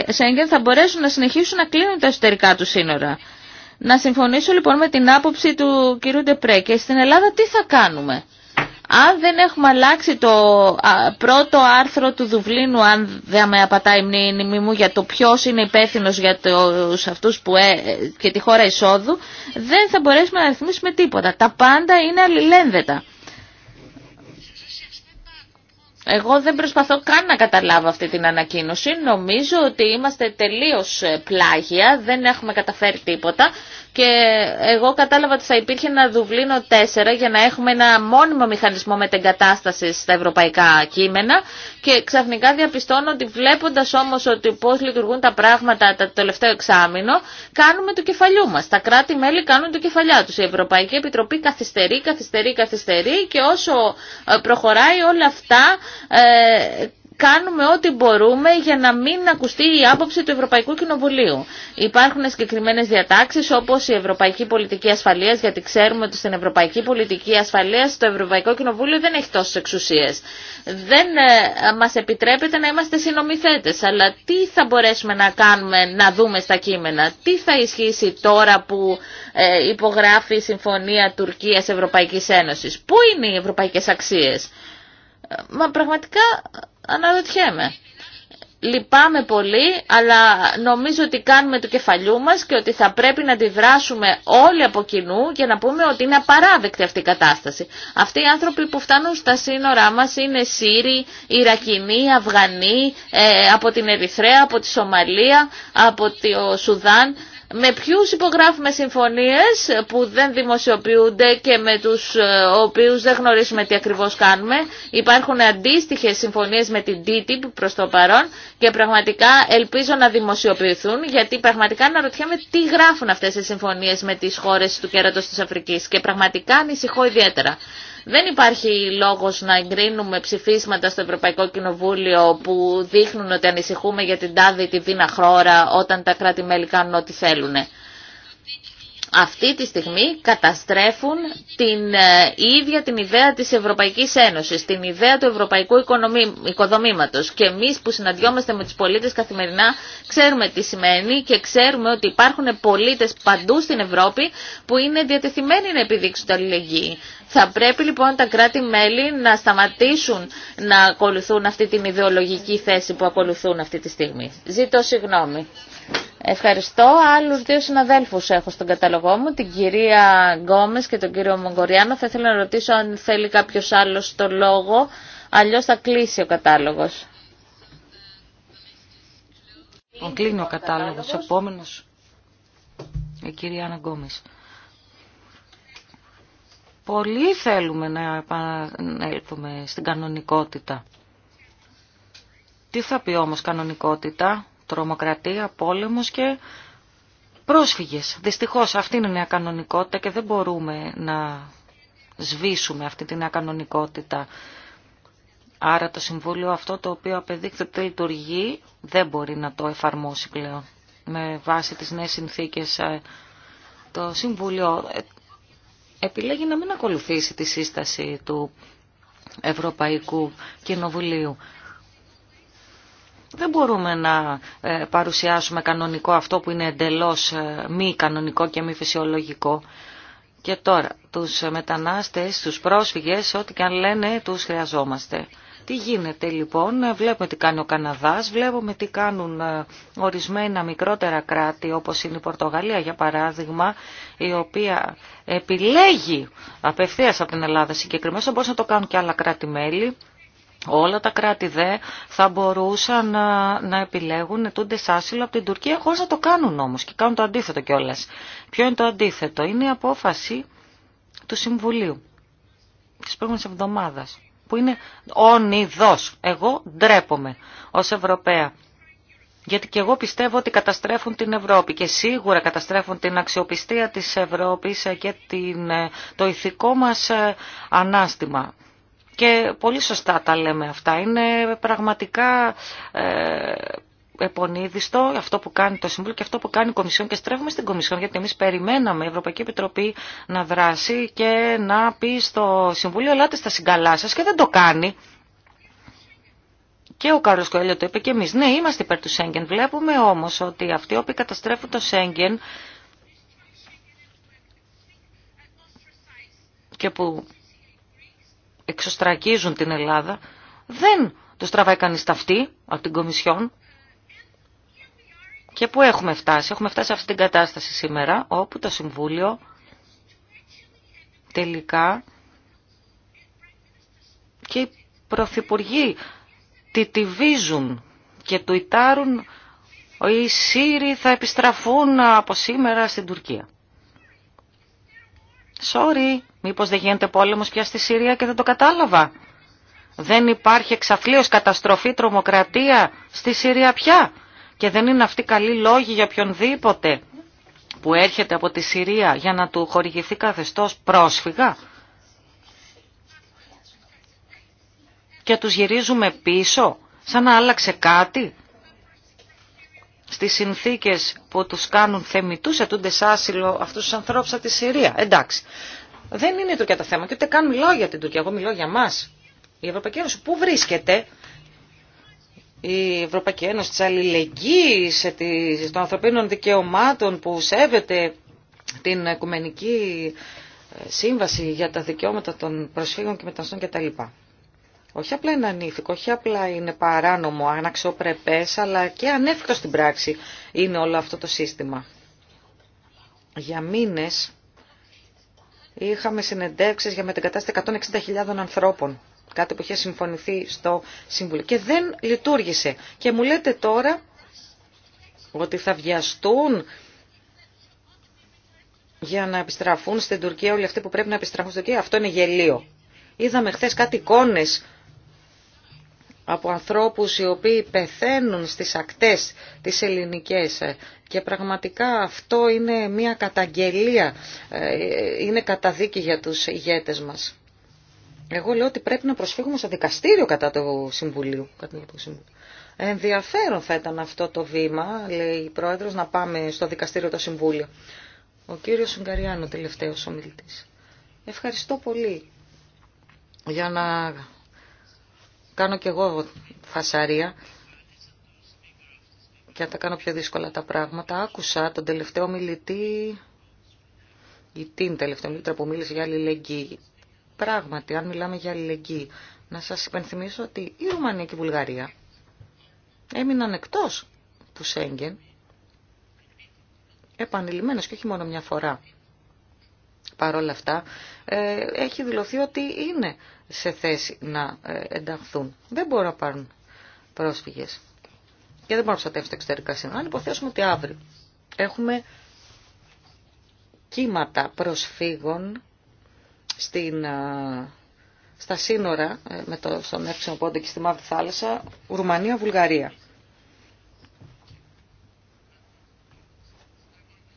Σέγγεν θα μπορέσουν να συνεχίσουν να κλείνουν τα εσωτερικά του σύνορα. Να συμφωνήσω λοιπόν με την άποψη του κ. Ντεπρέ και στην Ελλάδα τι θα κάνουμε. Αν δεν έχουμε αλλάξει το πρώτο άρθρο του Δουβλίνου, αν δεν με απατάει η μνήμη μου για το ποιο είναι υπεύθυνο για τους αυτούς που ε, ε, και τη χώρα εισόδου, δεν θα μπορέσουμε να ρυθμίσουμε τίποτα. Τα πάντα είναι αλληλένδετα. Εγώ δεν προσπαθώ καν να καταλάβω αυτή την ανακοίνωση. Νομίζω ότι είμαστε τελείως ε, πλάγια, δεν έχουμε καταφέρει τίποτα και εγώ κατάλαβα ότι θα υπήρχε ένα Δουβλίνο 4 για να έχουμε ένα μόνιμο μηχανισμό μετεγκατάστασης στα ευρωπαϊκά κείμενα και ξαφνικά διαπιστώνω ότι βλέποντας όμως ότι πώς λειτουργούν τα πράγματα το τελευταίο εξάμεινο κάνουμε το κεφαλιού μας. Τα κράτη-μέλη κάνουν το κεφαλιά τους. Η Ευρωπαϊκή Επιτροπή καθυστερεί, καθυστερεί, καθυστερεί και όσο ε, προχωράει όλα αυτά ε, κάνουμε ό,τι μπορούμε για να μην ακουστεί η άποψη του Ευρωπαϊκού Κοινοβουλίου. Υπάρχουν συγκεκριμένε διατάξει όπω η Ευρωπαϊκή Πολιτική Ασφαλείας, γιατί ξέρουμε ότι στην Ευρωπαϊκή Πολιτική Ασφαλείας το Ευρωπαϊκό Κοινοβούλιο δεν έχει τόσε εξουσίες. Δεν ε, μα επιτρέπεται να είμαστε συνομιθέτε. αλλά τι θα μπορέσουμε να κάνουμε να δούμε στα κείμενα. Τι θα ισχύσει τώρα που ε, υπογράφει η συμφωνια Τουρκία Ευρωπαϊκή Ένωση. Πού είναι οι ευρωπαϊκέ Αξίε, ε, Μα πραγματικά αναρωτιέμαι. Λυπάμαι πολύ, αλλά νομίζω ότι κάνουμε το κεφαλιού μας και ότι θα πρέπει να αντιδράσουμε όλοι από κοινού και να πούμε ότι είναι απαράδεκτη αυτή η κατάσταση. Αυτοί οι άνθρωποι που φτάνουν στα σύνορά μας είναι Σύριοι, Ιρακινοί, Αυγανοί, ε, από την Ερυθρέα, από τη Σομαλία, από το Σουδάν με ποιους υπογράφουμε συμφωνίες που δεν δημοσιοποιούνται και με τους ε, οποίους δεν γνωρίζουμε τι ακριβώς κάνουμε. Υπάρχουν αντίστοιχες συμφωνίες με την TTIP προς το παρόν και πραγματικά ελπίζω να δημοσιοποιηθούν γιατί πραγματικά αναρωτιέμαι τι γράφουν αυτές οι συμφωνίες με τις χώρες του κέρατος της Αφρικής και πραγματικά ανησυχώ ιδιαίτερα. Δεν υπάρχει λόγος να εγκρίνουμε ψηφίσματα στο Ευρωπαϊκό Κοινοβούλιο που δείχνουν ότι ανησυχούμε για την τάδη τη δίνα χώρα όταν τα κράτη-μέλη κάνουν ό,τι θέλουν αυτή τη στιγμή καταστρέφουν την ε, ίδια την ιδέα της Ευρωπαϊκής Ένωσης, την ιδέα του ευρωπαϊκού οικοδομήματος. Και εμείς που συναντιόμαστε με τους πολίτες καθημερινά ξέρουμε τι σημαίνει και ξέρουμε ότι υπάρχουν πολίτες παντού στην Ευρώπη που είναι διατεθειμένοι να επιδείξουν τα αλληλεγγύη. Θα πρέπει λοιπόν τα κράτη-μέλη να σταματήσουν να ακολουθούν αυτή την ιδεολογική θέση που ακολουθούν αυτή τη στιγμή. Ζήτω συγγνώμη. Ευχαριστώ. Άλλου δύο συναδέλφου έχω στον καταλογό μου, την κυρία Γκόμε και τον κύριο Μογκοριάνο. Θα ήθελα να ρωτήσω αν θέλει κάποιος άλλος το λόγο, αλλιώς θα κλείσει ο κατάλογος. κλείνει ο κατάλογος, Επόμενο. η κυρία Άννα Πολύ θέλουμε να επανέλθουμε στην κανονικότητα. Τι θα πει όμως κανονικότητα, τρομοκρατία, πόλεμος και πρόσφυγες. Δυστυχώς αυτή είναι η κανονικότητα και δεν μπορούμε να σβήσουμε αυτή την ακανονικότητα. Άρα το Συμβούλιο αυτό το οποίο απεδείχθεται λειτουργεί δεν μπορεί να το εφαρμόσει πλέον. Με βάση τις νέες συνθήκες ε, το Συμβούλιο ε, επιλέγει να μην ακολουθήσει τη σύσταση του Ευρωπαϊκού Κοινοβουλίου δεν μπορούμε να ε, παρουσιάσουμε κανονικό αυτό που είναι εντελώς ε, μη κανονικό και μη φυσιολογικό. Και τώρα, τους μετανάστες, τους πρόσφυγες, ό,τι και αν λένε, τους χρειαζόμαστε. Τι γίνεται λοιπόν, βλέπουμε τι κάνει ο Καναδάς, βλέπουμε τι κάνουν ε, ορισμένα μικρότερα κράτη όπως είναι η Πορτογαλία για παράδειγμα, η οποία επιλέγει απευθείας από την Ελλάδα συγκεκριμένα, όπως να το κάνουν και άλλα κράτη-μέλη, Όλα τα κράτη δε θα μπορούσαν να, να επιλέγουν τούντε άσυλο από την Τουρκία χωρί να το κάνουν όμως και κάνουν το αντίθετο κιόλα. Ποιο είναι το αντίθετο. Είναι η απόφαση του Συμβουλίου τη προηγούμενης εβδομάδα. που είναι ονειδο, Εγώ ντρέπομαι ως Ευρωπαία. Γιατί και εγώ πιστεύω ότι καταστρέφουν την Ευρώπη και σίγουρα καταστρέφουν την αξιοπιστία της Ευρώπης και την, το ηθικό μας ε, ανάστημα. Και πολύ σωστά τα λέμε αυτά. Είναι πραγματικά ε, επονίδιστο αυτό που κάνει το Συμβούλιο και αυτό που κάνει η Κομισιόν και στρέφουμε στην Κομισιόν γιατί εμείς περιμέναμε η Ευρωπαϊκή Επιτροπή να δράσει και να πει στο Συμβούλιο ελάτε στα συγκαλά σας και δεν το κάνει. Και ο Κάρλος Κοέλιο το είπε και εμεί, Ναι, είμαστε υπέρ του Σέγγεν. Βλέπουμε όμω ότι αυτοί οι οποίοι καταστρέφουν το Σέγγεν και που εξωστρακίζουν την Ελλάδα, δεν το τραβάει κανείς ταυτί από την Κομισιόν. Και πού έχουμε φτάσει. Έχουμε φτάσει σε αυτή την κατάσταση σήμερα, όπου το Συμβούλιο τελικά και οι πρωθυπουργοί τιτιβίζουν και του τουιτάρουν οι Σύροι θα επιστραφούν από σήμερα στην Τουρκία. Sorry, μήπως δεν γίνεται πόλεμος πια στη Συρία και δεν το κατάλαβα. Δεν υπάρχει εξαφλίως καταστροφή, τρομοκρατία στη Συρία πια. Και δεν είναι αυτοί καλοί λόγοι για οποιονδήποτε που έρχεται από τη Συρία για να του χορηγηθεί καθεστώς πρόσφυγα. Και τους γυρίζουμε πίσω, σαν να άλλαξε κάτι στις συνθήκες που τους κάνουν θεμητούς ετούντες άσυλο αυτούς τους ανθρώπους από τη Συρία. Εντάξει. Δεν είναι η Τουρκία το θέμα και ούτε καν μιλάω για την Τουρκία. Εγώ μιλάω για μας. Η Ευρωπαϊκή Ένωση πού βρίσκεται η Ευρωπαϊκή Ένωση της αλληλεγγύης, των ανθρωπίνων δικαιωμάτων που σέβεται την Οικουμενική Σύμβαση για τα Δικαιώματα των Προσφύγων και Μεταναστών κτλ όχι απλά είναι ανήθικο, όχι απλά είναι παράνομο, αναξιοπρεπές, αλλά και ανέφικτο στην πράξη είναι όλο αυτό το σύστημα. Για μήνες είχαμε συνεντεύξεις για μετεγκατάσταση 160.000 ανθρώπων, κάτι που είχε συμφωνηθεί στο Συμβουλίο και δεν λειτουργήσε. Και μου λέτε τώρα ότι θα βιαστούν για να επιστραφούν στην Τουρκία όλοι αυτοί που πρέπει να επιστραφούν στην Τουρκία. Αυτό είναι γελίο. Είδαμε χθε κάτι εικόνες από ανθρώπους οι οποίοι πεθαίνουν στις ακτές τις ελληνικές και πραγματικά αυτό είναι μια καταγγελία, ε, είναι καταδίκη για τους ηγέτες μας. Εγώ λέω ότι πρέπει να προσφύγουμε στο δικαστήριο κατά το Συμβουλίο. Ενδιαφέρον θα ήταν αυτό το βήμα, λέει η Πρόεδρος, να πάμε στο δικαστήριο το Συμβούλιο. Ο κύριος Σουγκαριάνο, τελευταίος ομιλητής. Ευχαριστώ πολύ για να κάνω κι εγώ φασαρία και αν τα κάνω πιο δύσκολα τα πράγματα. Άκουσα τον τελευταίο μιλητή, ή την τελευταία μιλήτρα που μίλησε για αλληλεγγύη. Πράγματι, αν μιλάμε για αλληλεγγύη, να σας υπενθυμίσω ότι η Ρουμανία και η Βουλγαρία έμειναν εκτός του Σέγγεν επανειλημμένος και όχι μόνο μια φορά παρόλα αυτά ε, έχει δηλωθεί ότι είναι σε θέση να ε, ενταχθούν. Δεν μπορούν να πάρουν πρόσφυγες και δεν μπορούν να προστατεύσουν τα εξωτερικά σύνορα. Αν υποθέσουμε ότι αύριο έχουμε κύματα προσφύγων στην, ε, στα σύνορα με το, στον Πόντο και στη Μαύρη Θάλασσα, Ρουμανία-Βουλγαρία.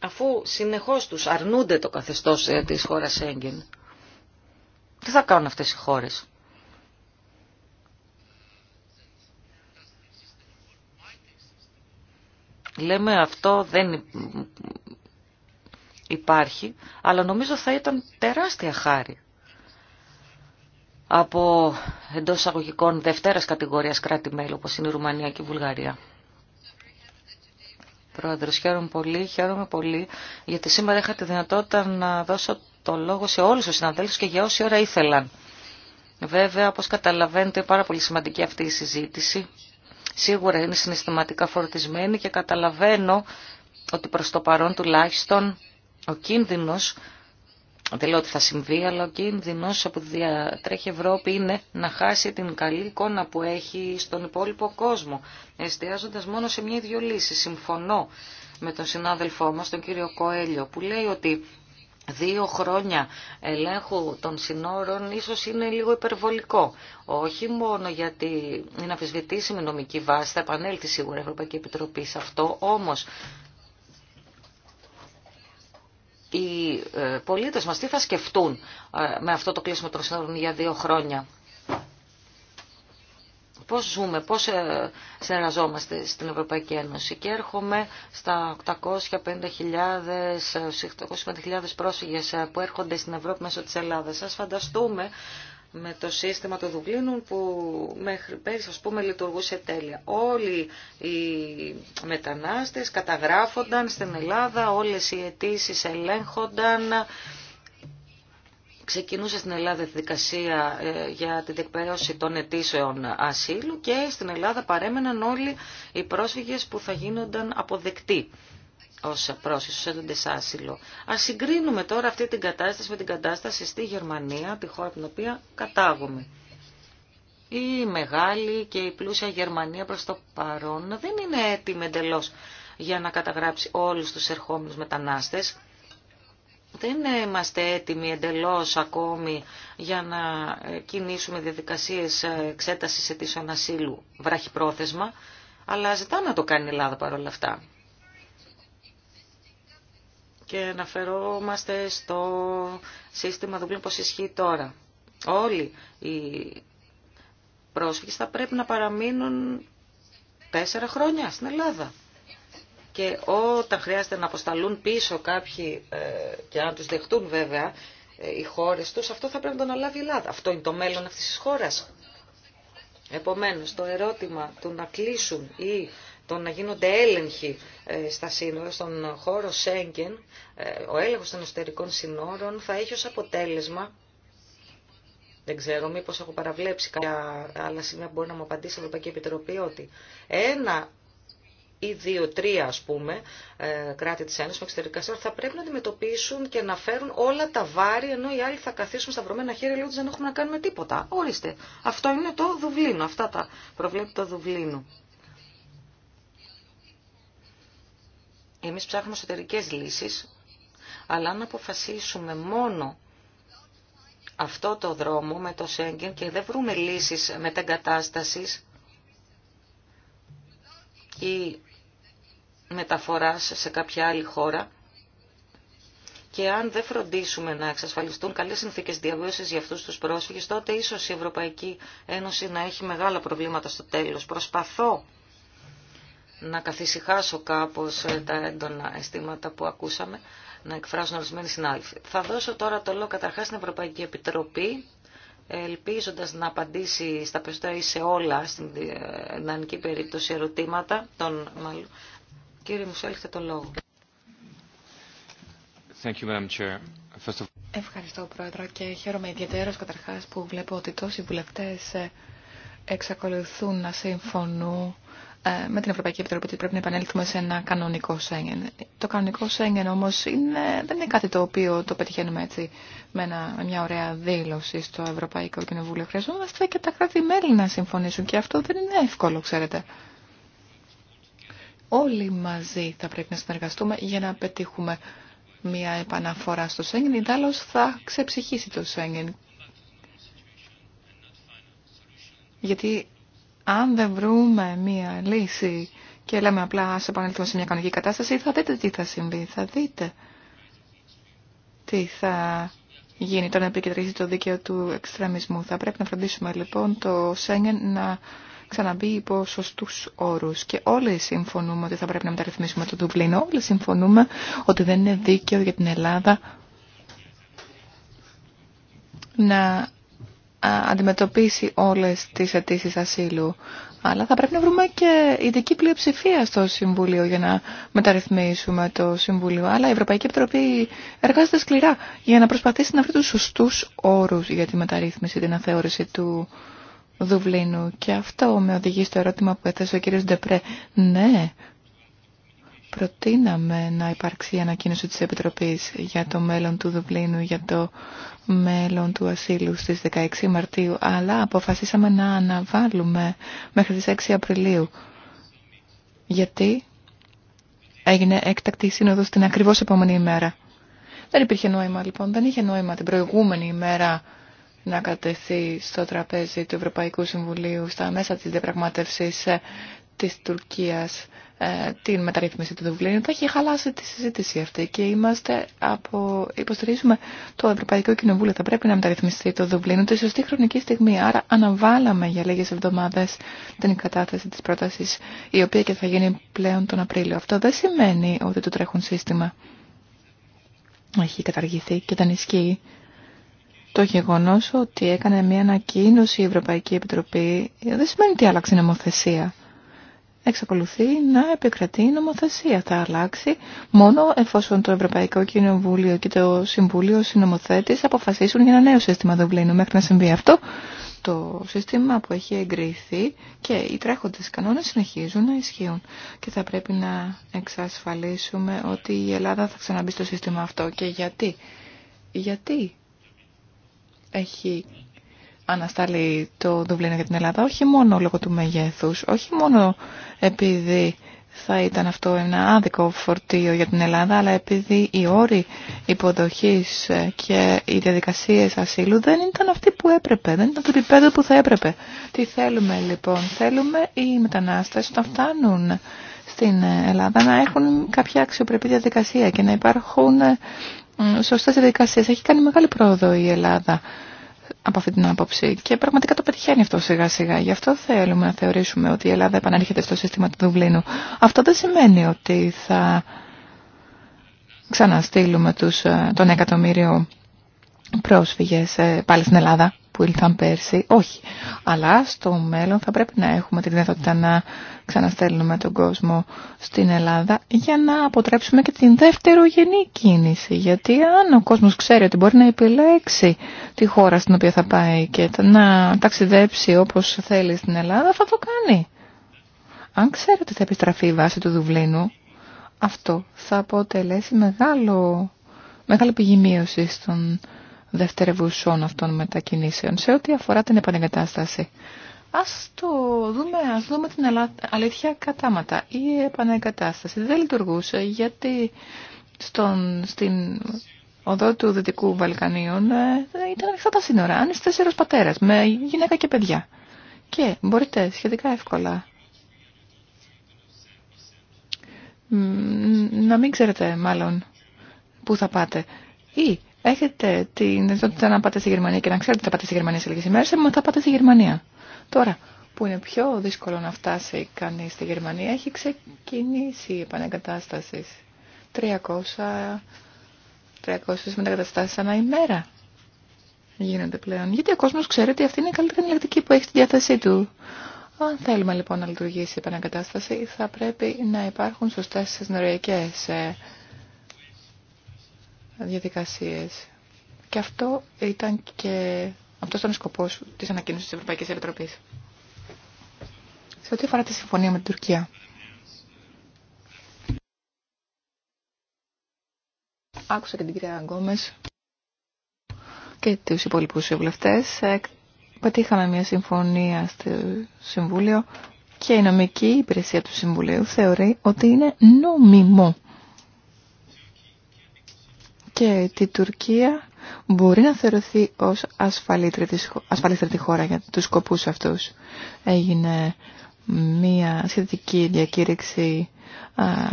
αφού συνεχώς τους αρνούνται το καθεστώς ε, της χώρας Σέγγεν. Τι θα κάνουν αυτές οι χώρες. Λέμε αυτό δεν υπάρχει, αλλά νομίζω θα ήταν τεράστια χάρη Από εντό αγωγικών δευτέρας κατηγορία κράτη-μέλη, όπως είναι η Ρουμανία και η Βουλγαρία. Πρόεδρος, χαίρομαι πολύ, χαίρομαι πολύ, γιατί σήμερα είχα τη δυνατότητα να δώσω το λόγο σε όλους τους συναδέλφους και για όση ώρα ήθελαν. Βέβαια, όπως καταλαβαίνετε, πάρα πολύ σημαντική αυτή η συζήτηση. Σίγουρα είναι συναισθηματικά φορτισμένη και καταλαβαίνω ότι προς το παρόν τουλάχιστον ο κίνδυνος δεν λέω ότι θα συμβεί, αλλά ο κίνδυνο τη διατρέχει Ευρώπη είναι να χάσει την καλή εικόνα που έχει στον υπόλοιπο κόσμο, εστιάζοντα μόνο σε μια ή δύο Συμφωνώ με τον συνάδελφό μα, τον κύριο Κοέλιο, που λέει ότι δύο χρόνια ελέγχου των συνόρων ίσως είναι λίγο υπερβολικό. Όχι μόνο γιατί είναι αφισβητήσιμη νομική βάση, θα επανέλθει σίγουρα η Ευρωπαϊκή Επιτροπή σε αυτό, όμως οι ε, πολίτες μας τι θα σκεφτούν ε, με αυτό το κλείσιμο των συνόρων για δύο χρόνια. Πώς ζούμε, πώς ε, συνεργαζόμαστε στην Ευρωπαϊκή Ένωση και έρχομαι στα 850.000 850.000 πρόσφυγες που έρχονται στην Ευρώπη μέσω της Ελλάδας. Σας φανταστούμε με το σύστημα του Δουβλίνου που μέχρι πέρυσι ας πούμε λειτουργούσε τέλεια. Όλοι οι μετανάστες καταγράφονταν στην Ελλάδα, όλες οι αιτήσει ελέγχονταν. Ξεκινούσε στην Ελλάδα η δικασία ε, για την εκπαίδευση των αιτήσεων ασύλου και στην Ελλάδα παρέμεναν όλοι οι πρόσφυγες που θα γίνονταν αποδεκτοί ως πρόσφυγες, έντοντες άσυλο. Ας συγκρίνουμε τώρα αυτή την κατάσταση με την κατάσταση στη Γερμανία, τη χώρα την οποία κατάγομαι. Η μεγάλη και η πλούσια Γερμανία προς το παρόν δεν είναι έτοιμη εντελώ για να καταγράψει όλους τους ερχόμενους μετανάστες. Δεν είμαστε έτοιμοι εντελώς ακόμη για να κινήσουμε διαδικασίες εξέτασης αιτήσεων ασύλου βραχυπρόθεσμα, αλλά ζητάμε να το κάνει η Ελλάδα παρόλα αυτά και αναφερόμαστε στο σύστημα δουλειών πώς ισχύει τώρα. Όλοι οι πρόσφυγες θα πρέπει να παραμείνουν τέσσερα χρόνια στην Ελλάδα. Και όταν χρειάζεται να αποσταλούν πίσω κάποιοι, ε, και αν τους δεχτούν βέβαια, ε, οι χώρες τους, αυτό θα πρέπει να το αναλάβει η Ελλάδα. Αυτό είναι το μέλλον αυτής της χώρας. Επομένως, το ερώτημα του να κλείσουν ή το να γίνονται έλεγχοι ε, στα σύνορα, στον χώρο Σέγγεν, ε, ο έλεγχος των εσωτερικών σύνορων θα έχει ως αποτέλεσμα δεν ξέρω, μήπω έχω παραβλέψει κάποια άλλα σημεία που μπορεί να μου απαντήσει η Ευρωπαϊκή Επιτροπή ότι ένα ή δύο-τρία, ας πούμε, ε, κράτη της Ένωσης με εξωτερικά σύνορα θα πρέπει να αντιμετωπίσουν και να φέρουν όλα τα βάρη, ενώ οι άλλοι θα καθίσουν στα βρωμένα χέρια λέγοντας δεν έχουμε να κάνουμε τίποτα. Ορίστε, αυτό είναι το Δουβλίνο, αυτά τα προβλέπει το Δουβλίνο. Εμείς ψάχνουμε εσωτερικές λύσεις, αλλά αν αποφασίσουμε μόνο αυτό το δρόμο με το Σέγγεν και δεν βρούμε λύσεις μεταγκατάστασης ή μεταφοράς σε κάποια άλλη χώρα, και αν δεν φροντίσουμε να εξασφαλιστούν καλές συνθήκες διαβίωσης για αυτούς τους πρόσφυγες, τότε ίσως η Ευρωπαϊκή Ένωση να έχει μεγάλα προβλήματα στο τέλος. Προσπαθώ να καθησυχάσω κάπως ε, τα έντονα αισθήματα που ακούσαμε να εκφράσουν ορισμένοι συνάδελφοι. Θα δώσω τώρα το λόγο καταρχάς στην Ευρωπαϊκή Επιτροπή ελπίζοντας να απαντήσει στα περισσότερα ή σε όλα στην ε, δυναμική περίπτωση ερωτήματα των μάλλον. Κύριε Μουσέλ, έχετε το λόγο. Thank you, Madam Chair. First of... Ευχαριστώ, Πρόεδρο, και χαίρομαι ιδιαίτερα, καταρχάς που βλέπω ότι τόσοι βουλευτές ε, εξακολουθούν να συμφωνούν με την Ευρωπαϊκή Επιτροπή ότι πρέπει να επανέλθουμε σε ένα κανονικό Σέγγεν. Το κανονικό Σέγγεν όμω δεν είναι κάτι το οποίο το πετυχαίνουμε έτσι με, ένα, μια ωραία δήλωση στο Ευρωπαϊκό Κοινοβούλιο. Χρειαζόμαστε και τα κράτη-μέλη να συμφωνήσουν και αυτό δεν είναι εύκολο, ξέρετε. Όλοι μαζί θα πρέπει να συνεργαστούμε για να πετύχουμε μια επαναφορά στο Σέγγεν. Ιδάλω θα ξεψυχήσει το Σέγγεν. Γιατί αν δεν βρούμε μία λύση και λέμε απλά ας επανέλθουμε σε μια κανονική κατάσταση, θα δείτε τι θα συμβεί, θα δείτε τι θα γίνει τώρα να επικεντρήσει το δίκαιο του εξτρεμισμού. Θα πρέπει να φροντίσουμε λοιπόν το Σέγγεν να ξαναμπεί υπό σωστού όρου. Και όλοι συμφωνούμε ότι θα πρέπει να μεταρρυθμίσουμε το Δουβλίνο. Όλοι συμφωνούμε ότι δεν είναι δίκαιο για την Ελλάδα να αντιμετωπίσει όλες τις αιτήσει ασύλου. Αλλά θα πρέπει να βρούμε και ειδική πλειοψηφία στο Συμβούλιο για να μεταρρυθμίσουμε το Συμβούλιο. Αλλά η Ευρωπαϊκή Επιτροπή εργάζεται σκληρά για να προσπαθήσει να βρει τους σωστούς όρους για τη μεταρρύθμιση, την αθεώρηση του Δουβλίνου. Και αυτό με οδηγεί στο ερώτημα που έθεσε ο κ. Ντεπρέ. Ναι, προτείναμε να υπάρξει η ανακοίνωση της Επιτροπής για το μέλλον του Δουβλίνου, για το μέλλον του ασύλου στις 16 Μαρτίου, αλλά αποφασίσαμε να αναβάλουμε μέχρι τις 6 Απριλίου. Γιατί έγινε έκτακτη σύνοδος την ακριβώς επόμενη ημέρα. Δεν υπήρχε νόημα λοιπόν, δεν είχε νόημα την προηγούμενη ημέρα να κατεθεί στο τραπέζι του Ευρωπαϊκού Συμβουλίου στα μέσα της διαπραγμάτευσης ε, της Τουρκίας ε, την μεταρρύθμιση του Δουβλίνου, θα έχει χαλάσει τη συζήτηση αυτή και είμαστε από... υποστηρίζουμε το Ευρωπαϊκό Κοινοβούλιο. Θα πρέπει να μεταρρυθμιστεί το Δουβλίνο τη σωστή χρονική στιγμή. Άρα αναβάλαμε για λίγε εβδομάδε την κατάθεση τη πρόταση, η οποία και θα γίνει πλέον τον Απρίλιο. Αυτό δεν σημαίνει ότι το τρέχον σύστημα έχει καταργηθεί και δεν ισχύει. Το γεγονό ότι έκανε μια ανακοίνωση η Ευρωπαϊκή Επιτροπή δεν σημαίνει ότι άλλαξε νομοθεσία εξακολουθεί να επικρατεί η νομοθεσία. Θα αλλάξει μόνο εφόσον το Ευρωπαϊκό Κοινοβούλιο και το Συμβούλιο Συνομοθέτης αποφασίσουν για ένα νέο σύστημα Δουβλίνου. Μέχρι να συμβεί αυτό, το σύστημα που έχει εγκριθεί και οι τρέχοντες κανόνες συνεχίζουν να ισχύουν. Και θα πρέπει να εξασφαλίσουμε ότι η Ελλάδα θα ξαναμπεί στο σύστημα αυτό. Και γιατί. Γιατί έχει ανασταλεί το Δουβλίνο για την Ελλάδα, όχι μόνο λόγω του μεγέθους, όχι μόνο επειδή θα ήταν αυτό ένα άδικο φορτίο για την Ελλάδα, αλλά επειδή οι όροι υποδοχής ε, και οι διαδικασίες ασύλου δεν ήταν αυτοί που έπρεπε, δεν ήταν το επίπεδο που θα έπρεπε. Τι θέλουμε λοιπόν, θέλουμε οι μετανάστες να φτάνουν στην Ελλάδα να έχουν κάποια αξιοπρεπή διαδικασία και να υπάρχουν ε, σωστές διαδικασίες. Έχει κάνει μεγάλη πρόοδο η Ελλάδα από αυτή την άποψη. Και πραγματικά το πετυχαίνει αυτό σιγά σιγά. Γι' αυτό θέλουμε να θεωρήσουμε ότι η Ελλάδα επανέρχεται στο σύστημα του Δουβλίνου. Αυτό δεν σημαίνει ότι θα ξαναστείλουμε τους, ε, τον εκατομμύριο πρόσφυγες ε, πάλι στην Ελλάδα που ήλθαν πέρσι, όχι. Αλλά στο μέλλον θα πρέπει να έχουμε τη δυνατότητα να ξαναστέλνουμε τον κόσμο στην Ελλάδα για να αποτρέψουμε και την δεύτερογενή κίνηση. Γιατί αν ο κόσμος ξέρει ότι μπορεί να επιλέξει τη χώρα στην οποία θα πάει και να ταξιδέψει όπως θέλει στην Ελλάδα, θα το κάνει. Αν ξέρει ότι θα επιστραφεί η βάση του Δουβλίνου, αυτό θα αποτελέσει μεγάλο, μεγάλη πηγή μείωση στον δευτερευουσών αυτών μετακινήσεων σε ό,τι αφορά την επανεγκατάσταση. Ας το δούμε, ας δούμε την αλήθεια κατάματα. Η επανεγκατάσταση δεν λειτουργούσε γιατί στον, στην οδό του Δυτικού Βαλκανίων ε, ήταν ανοιχτά τα σύνορα. Αν είστε τέσσερις πατέρας με γυναίκα και παιδιά. Και μπορείτε σχετικά εύκολα να μην ξέρετε μάλλον πού θα πάτε. Ή Έχετε την δυνατότητα να πάτε στη Γερμανία και να ξέρετε ότι θα πάτε στη Γερμανία σε λίγες ημέρες, αλλά θα πάτε στη Γερμανία. Τώρα, που είναι πιο δύσκολο να φτάσει κανεί στη Γερμανία, έχει ξεκινήσει η επανεγκατάσταση. 300, 300 μεταγκαταστάσεις ανά ημέρα γίνονται πλέον. Γιατί ο κόσμο ξέρει ότι αυτή είναι η καλύτερη εναλλακτική που έχει στη διάθεσή του. Αν θέλουμε λοιπόν να λειτουργήσει η επανεγκατάσταση, θα πρέπει να υπάρχουν συνοριακές συνοριακέ ε, διαδικασίες. Και αυτό ήταν και αυτό ήταν ο σκοπός της ανακοίνωσης της Ευρωπαϊκής Επιτροπής. Σε ό,τι αφορά τη συμφωνία με την Τουρκία. Άκουσα και την κυρία Γκόμες και τους υπόλοιπους συμβουλευτές ε, Πετύχαμε μια συμφωνία στο Συμβούλιο και η νομική υπηρεσία του Συμβουλίου θεωρεί ότι είναι νόμιμο και την Τουρκία μπορεί να θεωρηθεί ως ασφαλή χώρα για τους σκοπούς αυτούς. Έγινε μία σχετική διακήρυξη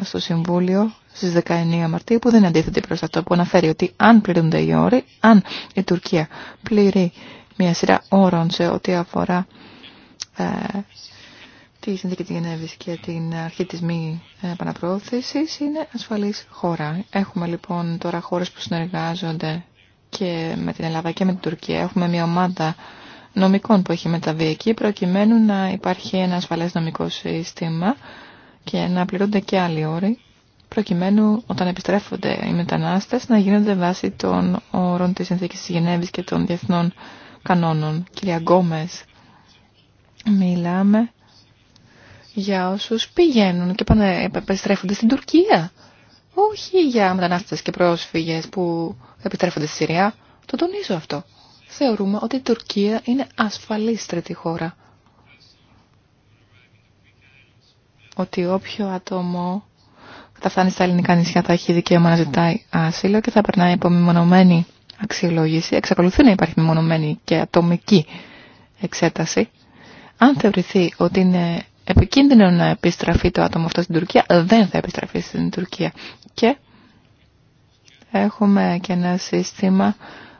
στο Συμβούλιο στις 19 Μαρτίου που δεν είναι αντίθετη προς αυτό που αναφέρει ότι αν πληρούνται οι όροι, αν η Τουρκία πληρεί μία σειρά όρων σε ό,τι αφορά ε, τη συνθήκη της Γενέβης και την αρχή της μη επαναπροώθησης είναι ασφαλής χώρα. Έχουμε λοιπόν τώρα χώρες που συνεργάζονται και με την Ελλάδα και με την Τουρκία. Έχουμε μια ομάδα νομικών που έχει μεταβεί εκεί προκειμένου να υπάρχει ένα ασφαλές νομικό σύστημα και να πληρούνται και άλλοι όροι προκειμένου όταν επιστρέφονται οι μετανάστες να γίνονται βάσει των όρων της συνθήκης της Γενέβης και των διεθνών κανόνων. Κυρία Γκόμες, μιλάμε για όσους πηγαίνουν και πάνε, επιστρέφονται στην Τουρκία. Όχι για μετανάστες και πρόσφυγες που επιστρέφονται στη Συρία. Το τονίζω αυτό. Θεωρούμε ότι η Τουρκία είναι ασφαλή τρίτη χώρα. Ότι όποιο άτομο θα φτάνει στα ελληνικά νησιά θα έχει δικαίωμα να ζητάει άσυλο και θα περνάει από μεμονωμένη αξιολόγηση. Εξακολουθεί να υπάρχει μεμονωμένη και ατομική εξέταση. Αν θεωρηθεί ότι είναι επικίνδυνο να επιστραφεί το άτομο αυτό στην Τουρκία, δεν θα επιστραφεί στην Τουρκία. Και έχουμε και ένα σύστημα